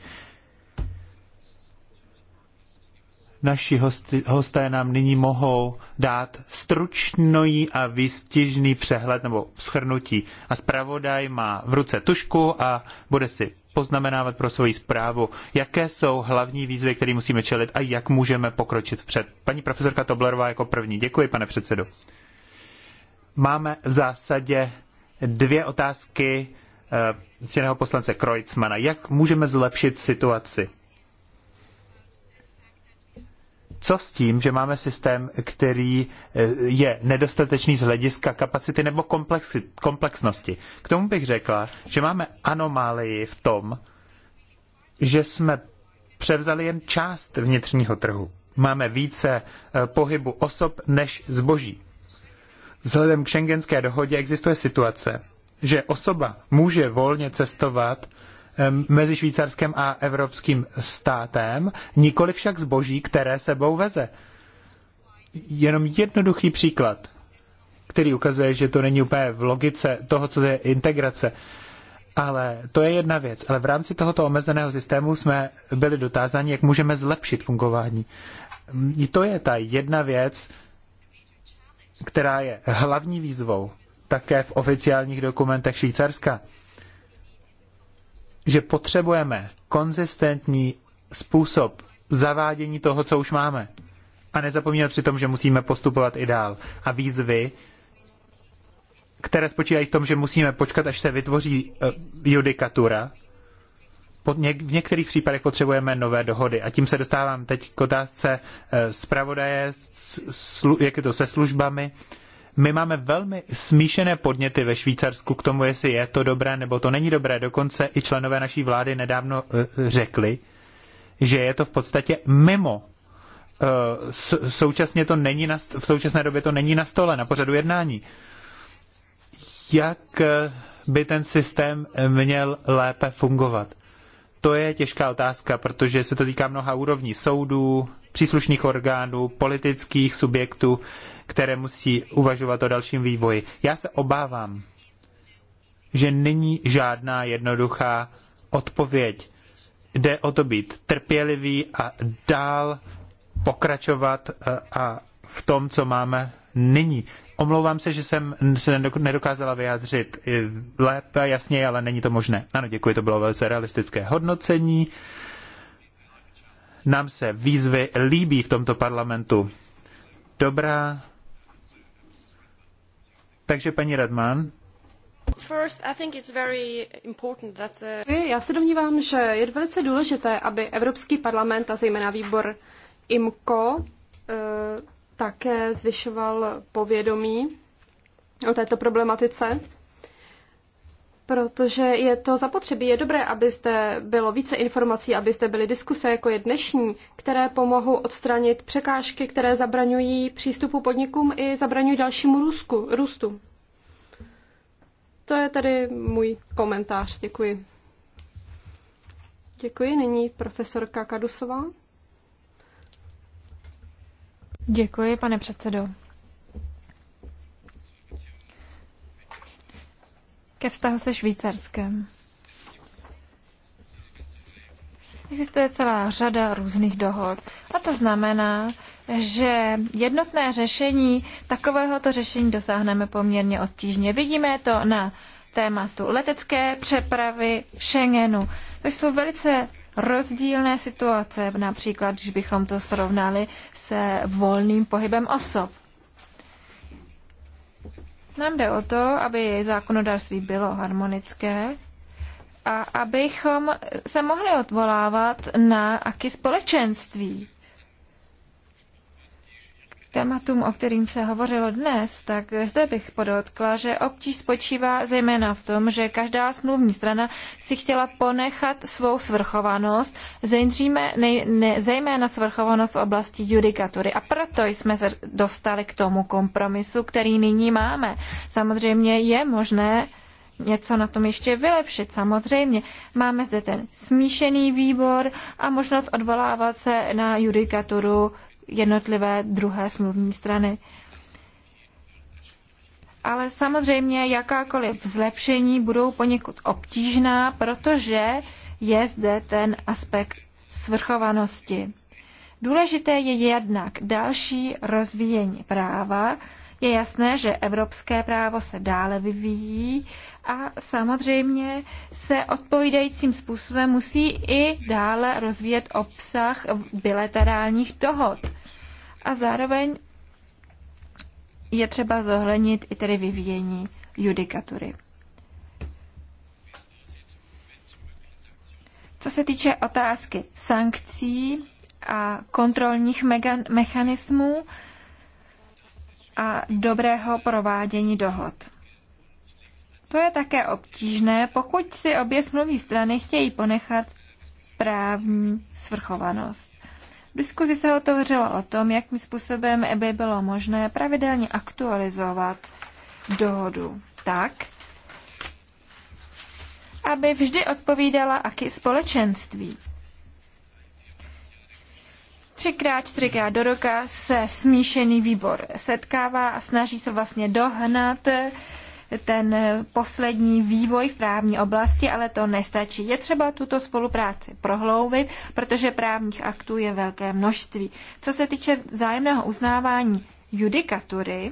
naši hosté nám nyní mohou dát stručný a výstižný přehled nebo shrnutí. A zpravodaj má v ruce tušku a bude si poznamenávat pro svoji zprávu, jaké jsou hlavní výzvy, které musíme čelit a jak můžeme pokročit před. Paní profesorka Toblerová jako první. Děkuji, pane předsedo. Máme v zásadě dvě otázky eh, ctěného poslance Kreutzmana. Jak můžeme zlepšit situaci? co s tím, že máme systém, který eh, je nedostatečný z hlediska kapacity nebo komplexi, komplexnosti? K tomu bych řekla, že máme anomálii v tom, že jsme převzali jen část vnitřního trhu. Máme více eh, pohybu osob než zboží. Vzhledem k šengenské dohodě existuje situace, že osoba může volně cestovat mezi Švýcarskem a evropským státem, nikoli však zboží, které sebou veze. Jenom jednoduchý příklad, který ukazuje, že to není úplně v logice toho, co je integrace. Ale to je jedna věc. Ale v rámci tohoto omezeného systému jsme byli dotázáni, jak můžeme zlepšit fungování. I hm, to je ta jedna věc, která je hlavní výzvou také v oficiálních dokumentech Švýcarska že potřebujeme konzistentní způsob zavádění toho, co už máme. A nezapomínat přitom, že musíme postupovat i dál. A výzvy, které spočívají v tom, že musíme počkat, až se vytvoří e, judikatura. V některých případech potřebujeme nové dohody. A tím se dostávám teď k otázce e, zpravodaje, jak je to se službami my máme velmi smíšené podněty ve Švýcarsku k tomu, jestli je to dobré nebo to není dobré. Dokonce i členové naší vlády nedávno eh, řekli, že je to v podstatě mimo. Eh, současně to není na, v současné době to není na stole, na pořadu jednání. Jak eh, by ten systém měl lépe fungovat? To je těžká otázka, protože se to týká mnoha úrovní soudů, příslušných orgánů, politických subjektů, které musí uvažovat o dalším vývoji. Já se obávám, že není žádná jednoduchá odpověď. Jde o to být trpělivý a dál pokračovat eh, a v tom, co máme nyní. Omlouvám se, že jsem se nedokázala vyjádřit eh, lépe jasněji, ale není to možné. Ano, děkuji, to bylo velice realistické hodnocení. Nám se výzvy líbí v tomto parlamentu. Dobrá, takže paní Radman. Uh, já se domnívám, že je velice důležité, aby Evropský parlament a zejména výbor IMCO uh, také zvyšoval povědomí o této problematice protože je to zapotřebí. Je dobré, abyste bylo více informací, abyste byly diskuse, jako je dnešní, které pomohou odstranit překážky, které zabraňují přístupu podnikům i zabraňují dalšímu růzku, růstu. To je tady můj komentář. Děkuji. Děkuji. Nyní profesorka Kadusová. Děkuji, pane předsedo. ke vztahu se Švýcarskem. Existuje celá řada různých dohod. A to znamená, že jednotné řešení, takovéhoto řešení dosáhneme poměrně obtížně. Vidíme to na tématu letecké přepravy Schengenu. To jsou velice rozdílné situace, například když bychom to srovnali se volným pohybem osob. Nám jde o to, aby zákonodárství bylo harmonické a abychom se mohli odvolávat na aký společenství tématům, o kterým se hovořilo dnes, tak zde bych podotkla, že obtíž spočívá zejména v tom, že každá smluvní strana si chtěla ponechat svou svrchovanost, zejména svrchovanost v oblasti judikatury. A proto jsme se dostali k tomu kompromisu, který nyní máme. Samozřejmě je možné něco na tom ještě vylepšit, samozřejmě. Máme zde ten smíšený výbor a možnost odvolávat se na judikaturu jednotlivé druhé smluvní strany. Ale samozřejmě jakákoliv zlepšení budou poněkud obtížná, protože je zde ten aspekt svrchovanosti. Důležité je jednak další rozvíjení práva. Je jasné, že evropské právo se dále vyvíjí a samozřejmě se odpovídajícím způsobem musí i dále rozvíjet obsah bilaterálních dohod. A zároveň je třeba zohlednit i tedy vyvíjení judikatury. Co se týče otázky sankcí a kontrolních mechanismů a dobrého provádění dohod. To je také obtížné, pokud si obě smluvní strany chtějí ponechat právní svrchovanost. V diskuzi se otevřelo o tom, jakým způsobem by bylo možné pravidelně aktualizovat dohodu tak, aby vždy odpovídala aký společenství. Třikrát, čtyřikrát do roka se smíšený výbor setkává a snaží se vlastně dohnat ten poslední vývoj v právní oblasti, ale to nestačí. Je třeba tuto spolupráci prohloubit, protože právních aktů je velké množství. Co se týče vzájemného uznávání judikatury,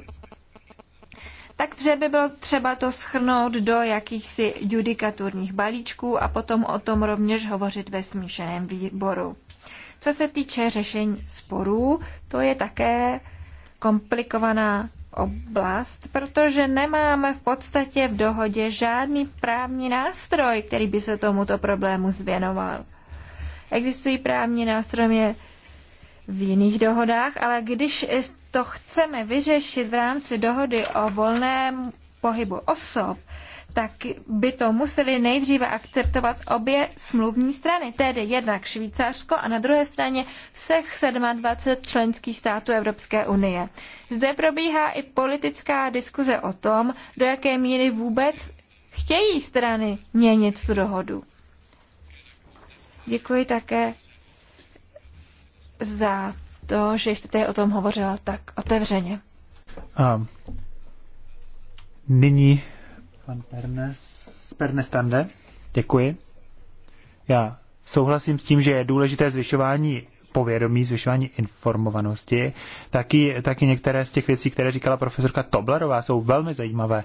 tak by bylo třeba to schrnout do jakýchsi judikaturních balíčků a potom o tom rovněž hovořit ve smíšeném výboru. Co se týče řešení sporů, to je také komplikovaná oblast, protože nemáme v podstatě v dohodě žádný právní nástroj, který by se tomuto problému zvěnoval. Existují právní nástroje v jiných dohodách, ale když to chceme vyřešit v rámci dohody o volném pohybu osob, tak by to museli nejdříve akceptovat obě smluvní strany, tedy jednak Švýcarsko a na druhé straně všech 27 členských států Evropské unie. Zde probíhá i politická diskuze o tom, do jaké míry vůbec chtějí strany měnit tu dohodu. Děkuji také za to, že jste tady o tom hovořila tak otevřeně. A nyní Pan Pernes, Pernestande, děkuji. Já souhlasím s tím, že je důležité zvyšování povědomí, zvyšování informovanosti. Taky, taky některé z těch věcí, které říkala profesorka Toblerová, jsou velmi zajímavé.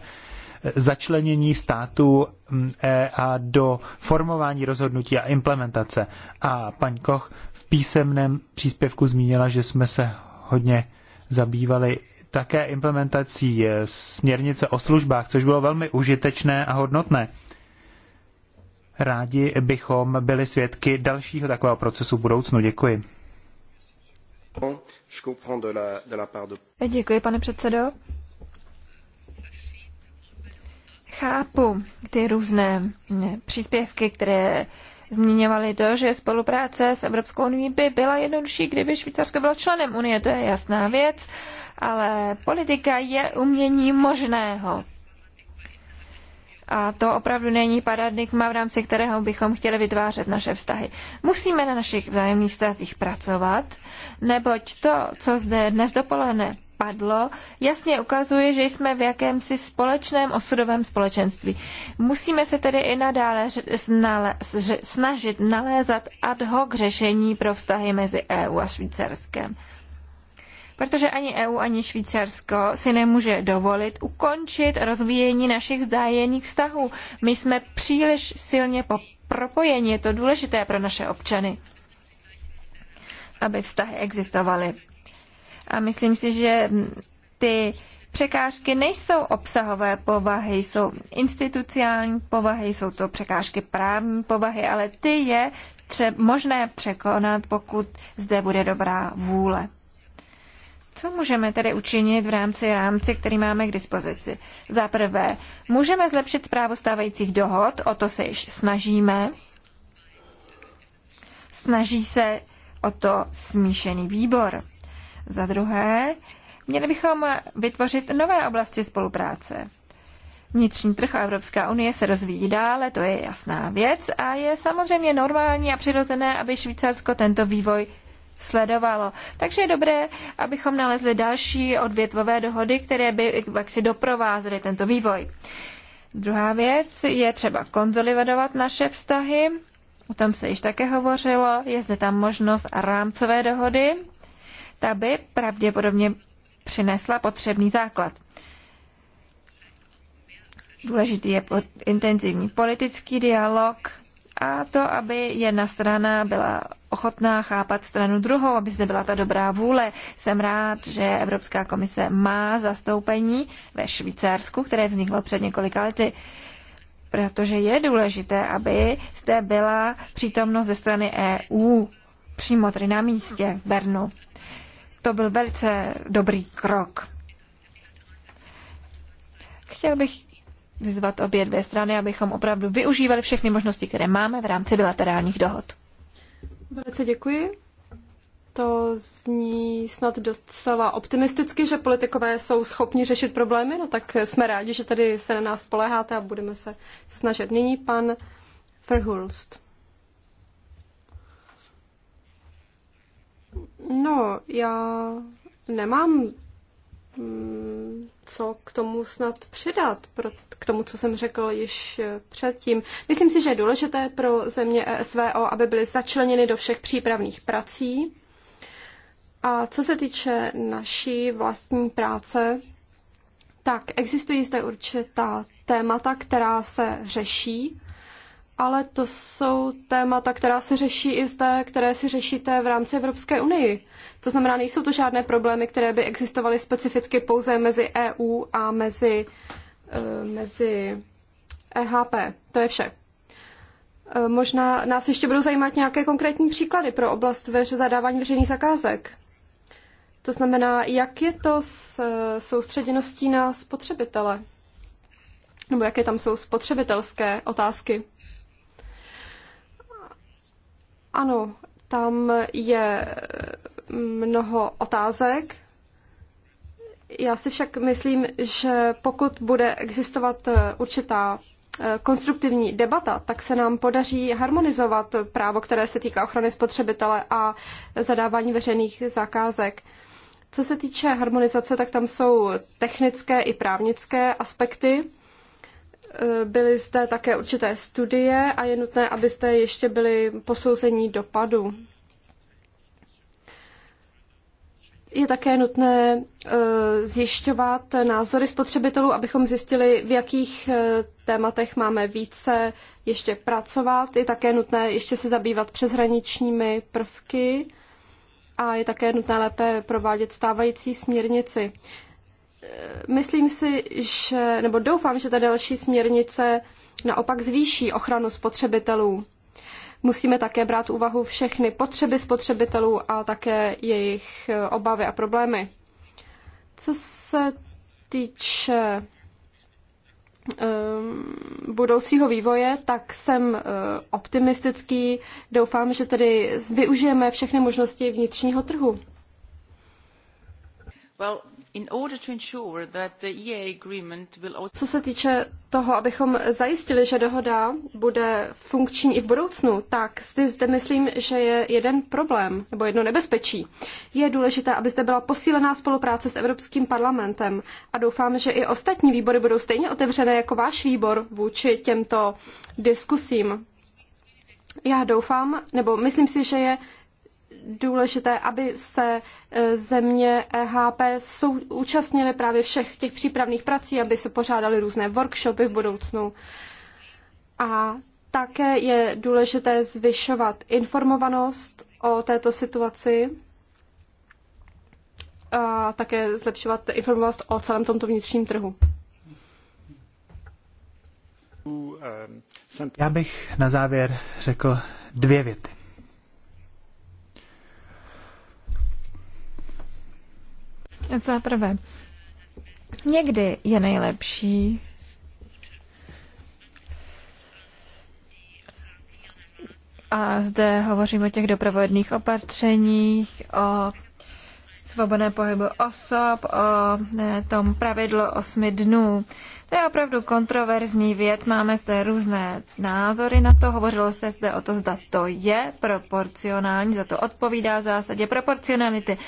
Začlenění státu mm, e a do formování rozhodnutí a implementace. A paní Koch v písemném příspěvku zmínila, že jsme se hodně zabývali také implementací eh, směrnice o službách, což bylo velmi užitečné a hodnotné. Rádi bychom byli svědky dalšího takového procesu v budoucnu. Děkuji. Děkuji, pane předsedo. Chápu ty různé eh, příspěvky, které zmiňovali to, že spolupráce s Evropskou unii by byla jednodušší, kdyby Švýcarsko bylo členem unie, to je jasná věc, ale politika je umění možného. A to opravdu není paradigma, v rámci kterého bychom chtěli vytvářet naše vztahy. Musíme na našich vzájemných vztazích pracovat, neboť to, co zde dnes dopoledne padlo, jasně ukazuje, že jsme v jakémsi společném osudovém společenství. Musíme se tedy i nadále snažit nalézat ad hoc řešení pro vztahy mezi EU a Švýcarskem. Protože ani EU, ani Švýcarsko si nemůže dovolit ukončit rozvíjení našich vzájemných vztahů. My jsme příliš silně propojeni, je to důležité pro naše občany, aby vztahy existovaly. A myslím si, že ty překážky nejsou obsahové povahy, jsou institucionální povahy, jsou to překážky právní povahy, ale ty je tře- možné překonat, pokud zde bude dobrá vůle. Co můžeme tedy učinit v rámci rámci, který máme k dispozici? Za prvé, můžeme zlepšit zprávu stávajících dohod, o to se již snažíme. Snaží se o to smíšený výbor. Za druhé, měli bychom vytvořit nové oblasti spolupráce. Vnitřní trh a Evropská unie se rozvíjí dále, to je jasná věc a je samozřejmě normální a přirozené, aby Švýcarsko tento vývoj sledovalo. Takže je dobré, abychom nalezli další odvětvové dohody, které by jaksi doprovázely tento vývoj. Druhá věc je třeba konzolidovat naše vztahy. O tom se již také hovořilo. Je zde tam možnost rámcové dohody ta by pravděpodobně přinesla potřebný základ. Důležitý je intenzivní politický dialog a to, aby jedna strana byla ochotná chápat stranu druhou, aby zde byla ta dobrá vůle. Jsem rád, že Evropská komise má zastoupení ve Švýcarsku, které vzniklo před několika lety protože je důležité, aby zde byla přítomnost ze strany EU přímo tedy na místě v Bernu. To byl velice dobrý krok. Chtěl bych vyzvat obě dvě strany, abychom opravdu využívali všechny možnosti, které máme v rámci bilaterálních dohod. Velice děkuji. To zní snad docela optimisticky, že politikové jsou schopni řešit problémy, no tak jsme rádi, že tady se na nás spoleháte a budeme se snažit. Nyní pan Verhulst. No, já nemám mm, co k tomu snad přidat, pro k tomu, co jsem řekl již eh, předtím. Myslím si, že je důležité pro země e SVO, aby byly začleněny do všech přípravných prací. A co se týče naší vlastní práce, tak existují zde určitá témata, která se řeší ale to jsou témata, která se řeší i zde, které si řešíte v rámci Evropské unii. To znamená, nejsou to žádné problémy, které by existovaly specificky pouze mezi EU a mezi, eh, mezi EHP. To je vše. Eh, možná nás ještě budou zajímat nějaké konkrétní příklady pro oblast veř, zadávání veřejných zakázek. To znamená, jak je to s eh, soustředěností na spotřebitele? Nebo jaké tam jsou spotřebitelské otázky? Ano, tam je eh, mnoho otázek. Já si však myslím, že pokud bude existovat eh, určitá eh, konstruktivní debata, tak se nám podaří harmonizovat právo, které se týká ochrany spotřebitele a zadávání veřejných zakázek. Co se týče harmonizace, tak tam jsou technické i právnické aspekty. Eh, byly zde také určité studie a je nutné, abyste ještě byli posouzení dopadu. Je také nutné eh, zjišťovat názory spotřebitelů, abychom zjistili, v jakých eh, tématech máme více ještě pracovat. Je také nutné ještě se zabývat přeshraničními prvky a je také nutné lépe provádět stávající směrnici myslím si, že, nebo doufám, že ta další směrnice naopak zvýší ochranu spotřebitelů. Musíme také brát úvahu všechny potřeby spotřebitelů a také jejich eh, obavy a problémy. Co se týče ehm, budoucího vývoje, tak jsem eh, optimistický. Doufám, že tedy využijeme všechny možnosti vnitřního trhu. Well, E Co se týče toho, abychom zajistili, že dohoda bude funkční i v budoucnu, tak zde, zde myslím, že je jeden problém nebo jedno nebezpečí. Je důležité, aby zde byla posílená spolupráce s Evropským parlamentem a doufám, že i ostatní výbory budou stejně otevřené jako váš výbor vůči těmto diskusím. Já doufám, nebo myslím si, že je důležité, aby se e, země EHP sou, účastnily právě všech těch přípravných prací, aby se pořádaly různé workshopy v budoucnu. A také je důležité zvyšovat informovanost o této situaci a také zlepšovat informovanost o celém tomto vnitřním trhu. Já bych na závěr řekl dvě věty. Za prvé, někdy je nejlepší a zde hovoříme o těch doprovodných opatřeních, o svobodné pohybu osob, o tom pravidlo osmi dnů. To je opravdu kontroverzní věc, máme zde různé názory na to, hovořilo se zde o to, zda to je proporcionální, za to odpovídá zásadě proporcionality.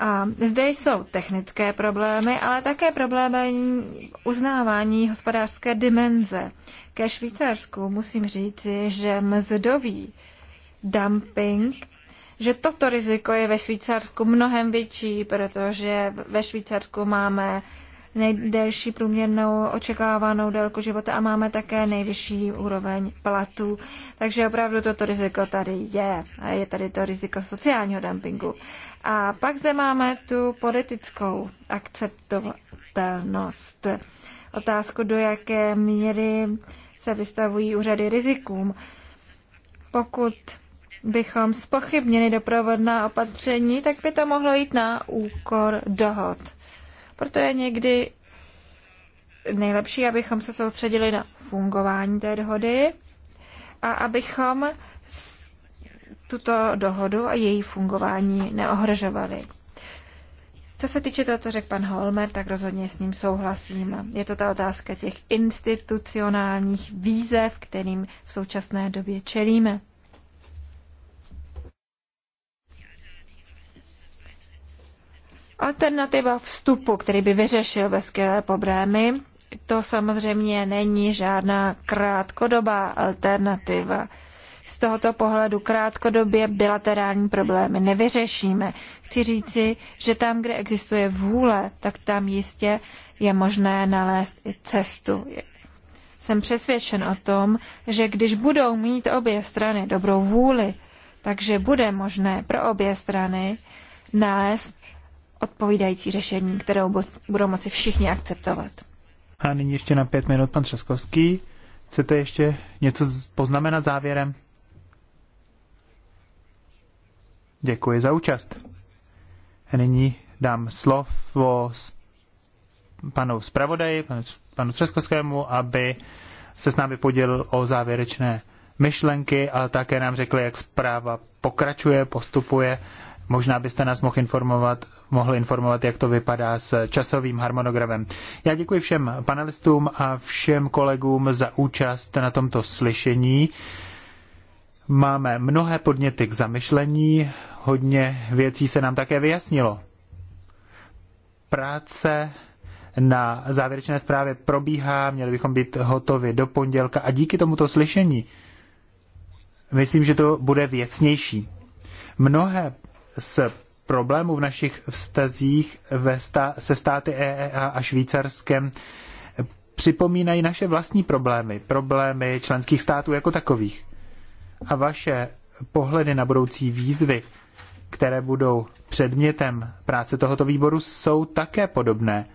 A zde jsou technické problémy, ale také problémy uznávání hospodářské dimenze. Ke Švýcarsku musím říci, že mzdový dumping že toto riziko je ve Švýcarsku mnohem větší, protože ve Švýcarsku máme nejdelší průměrnou očekávanou délku života a máme také nejvyšší úroveň platů. Takže opravdu toto riziko tady je. A je tady to riziko sociálního dumpingu. A pak zde máme tu politickou akceptovatelnost. Otázku, do jaké míry se vystavují úřady rizikům. Pokud bychom spochybnili doprovodná opatření, tak by to mohlo jít na úkor dohod. Proto je někdy nejlepší, abychom se soustředili na fungování té dohody a abychom tuto dohodu a její fungování neohrožovaly. Co se týče toho, co řekl pan Holmer, tak rozhodně s ním souhlasím. Je to ta otázka těch institucionálních výzev, kterým v současné době čelíme. Alternativa vstupu, který by vyřešil veskylé problémy, to samozřejmě není žádná krátkodobá alternativa z tohoto pohledu krátkodobě bilaterální problémy nevyřešíme. Chci říci, že tam, kde existuje vůle, tak tam jistě je možné nalézt i cestu. Jsem přesvědčen o tom, že když budou mít obě strany dobrou vůli, takže bude možné pro obě strany nalézt odpovídající řešení, kterou budou moci všichni akceptovat. A nyní ještě na pět minut pan Třeskovský. Chcete ještě něco poznamenat závěrem? Děkuji za účast. A nyní dám slovo panu zpravodaji, panu, panu Třeskovskému, aby se s námi podělil o závěrečné myšlenky a také nám řekli, jak zpráva pokračuje, postupuje. Možná byste nás mohl informovat, mohl informovat, jak to vypadá s časovým harmonogramem. Já děkuji všem panelistům a všem kolegům za účast na tomto slyšení. Máme mnohé podněty k zamyšlení, hodně věcí se nám také vyjasnilo. Práce na závěrečné zprávě probíhá, měli bychom být hotovi do pondělka a díky tomuto slyšení myslím, že to bude věcnější. Mnohé z problémů v našich vztazích ve sta- se státy EEA a Švýcarskem připomínají naše vlastní problémy, problémy členských států jako takových a vaše pohledy na budoucí výzvy, které budou předmětem práce tohoto výboru, jsou také podobné.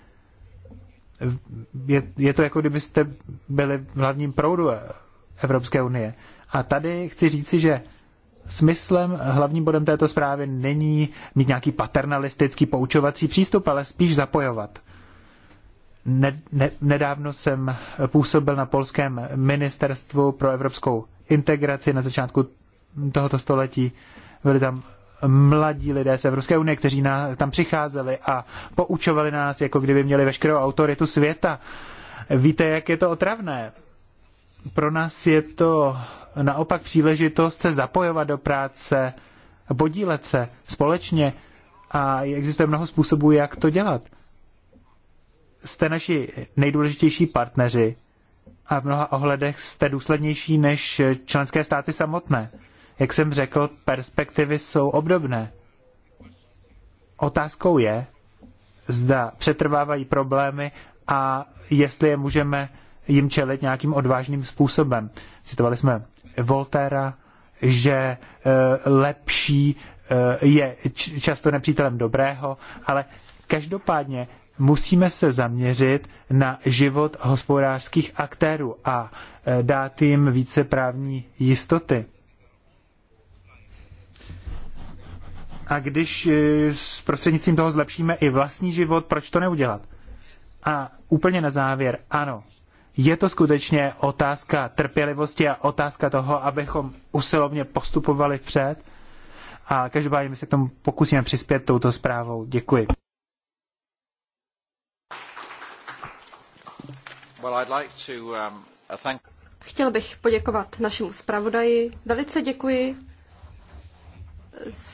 Je, je to jako kdybyste byli v hlavním proudu Evropské unie. A tady chci říci, že smyslem, hlavním bodem této zprávy není mít nějaký paternalistický poučovací přístup, ale spíš zapojovat. Ne, ne, nedávno jsem působil na polském ministerstvu pro evropskou integraci na začátku tohoto století. Byli tam mladí lidé z Evropské unie, kteří na, tam přicházeli a poučovali nás, jako kdyby měli veškerou autoritu světa. Víte, jak je to otravné? Pro nás je to naopak příležitost se zapojovat do práce, podílet se společně a existuje mnoho způsobů, jak to dělat. Jste naši nejdůležitější partneři a v mnoha ohledech jste důslednější než členské státy samotné. Jak jsem řekl, perspektivy jsou obdobné. Otázkou je, zda přetrvávají problémy a jestli je můžeme jim čelit nějakým odvážným způsobem. Citovali jsme Voltera, že e, lepší e, je často nepřítelem dobrého, ale každopádně musíme se zaměřit na život hospodářských aktérů a e, dát jim více právní jistoty. A když e, s prostřednictvím toho zlepšíme i vlastní život, proč to neudělat? A úplně na závěr, ano, je to skutečně otázka trpělivosti a otázka toho, abychom usilovně postupovali před. A každopádně my se k tomu pokusíme přispět touto zprávou. Děkuji. Um, Chtěl bych poděkovat našemu zpravodaji. Velice děkuji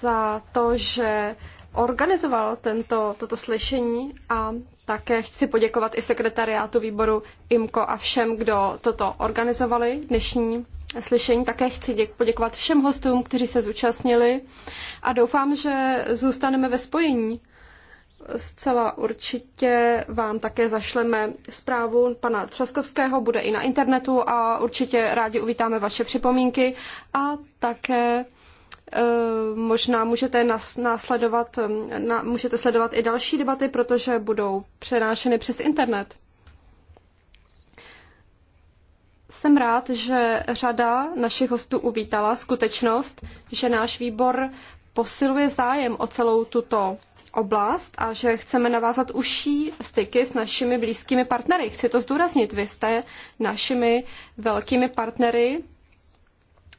za to, že organizoval tento, toto slyšení a také chci poděkovat i sekretariátu výboru IMKO a všem, kdo toto organizovali dnešní slyšení. Také chci děk, poděkovat všem hostům, kteří se zúčastnili a doufám, že zůstaneme ve spojení Zcela určitě vám také zašleme zprávu pana Třaskovského, bude i na internetu a určitě rádi uvítáme vaše připomínky a také eh, možná můžete následovat, eh, můžete sledovat i další debaty, protože budou přenášeny přes internet. Jsem rád, že řada našich hostů uvítala skutečnost, že náš výbor posiluje zájem o celou tuto oblast a že chceme navázat užší styky s našimi blízkými partnery. Chci to zdůraznit, vy jste našimi velkými partnery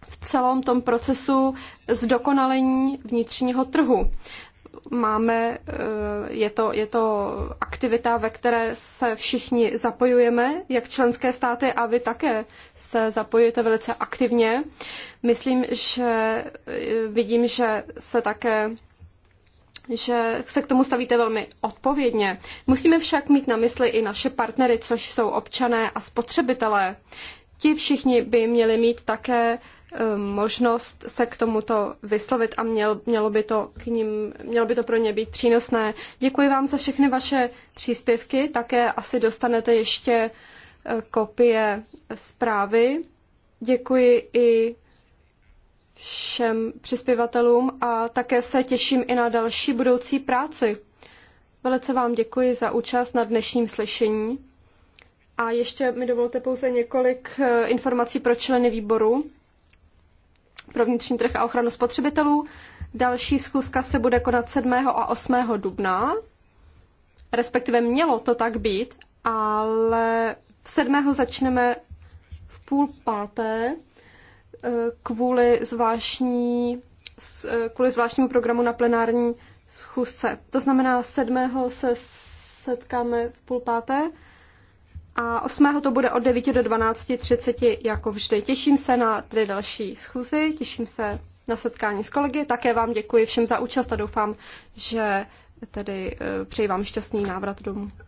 v celém tom procesu zdokonalení vnitřního trhu. Máme, eh, je to, je to aktivita, ve které se všichni zapojujeme, jak členské státy a vy také se zapojujete velice aktivně. Myslím, že eh, vidím, že se také že se k tomu stavíte velmi odpovědně. Musíme však mít na mysli i naše partnery, což jsou občané a spotřebitelé. Ti všichni by měli mít také um, možnost se k tomuto vyslovit a měl, mělo, by to k ním, mělo by to pro ně být přínosné. Děkuji vám za všechny vaše příspěvky, také asi dostanete ještě eh, kopie zprávy. Děkuji i všem přispěvatelům a také se těším i na další budoucí práci. Velice vám děkuji za účast na dnešním slyšení. A ještě mi dovolte pouze několik eh, informací pro členy výboru pro vnitřní trh a ochranu spotřebitelů. Další schůzka se bude konat 7. a 8. dubna, respektive mělo to tak být, ale 7. začneme v půl páté kvůli, zvláštní, kvůli zvláštnímu programu na plenární schůzce. To znamená, 7. se setkáme v půl páté a 8. to bude od 9 do 12.30 jako vždy. Těším se na tedy další schůzi, těším se na setkání s kolegy. Také vám děkuji všem za účast a doufám, že tedy eh, přeji vám šťastný návrat domů.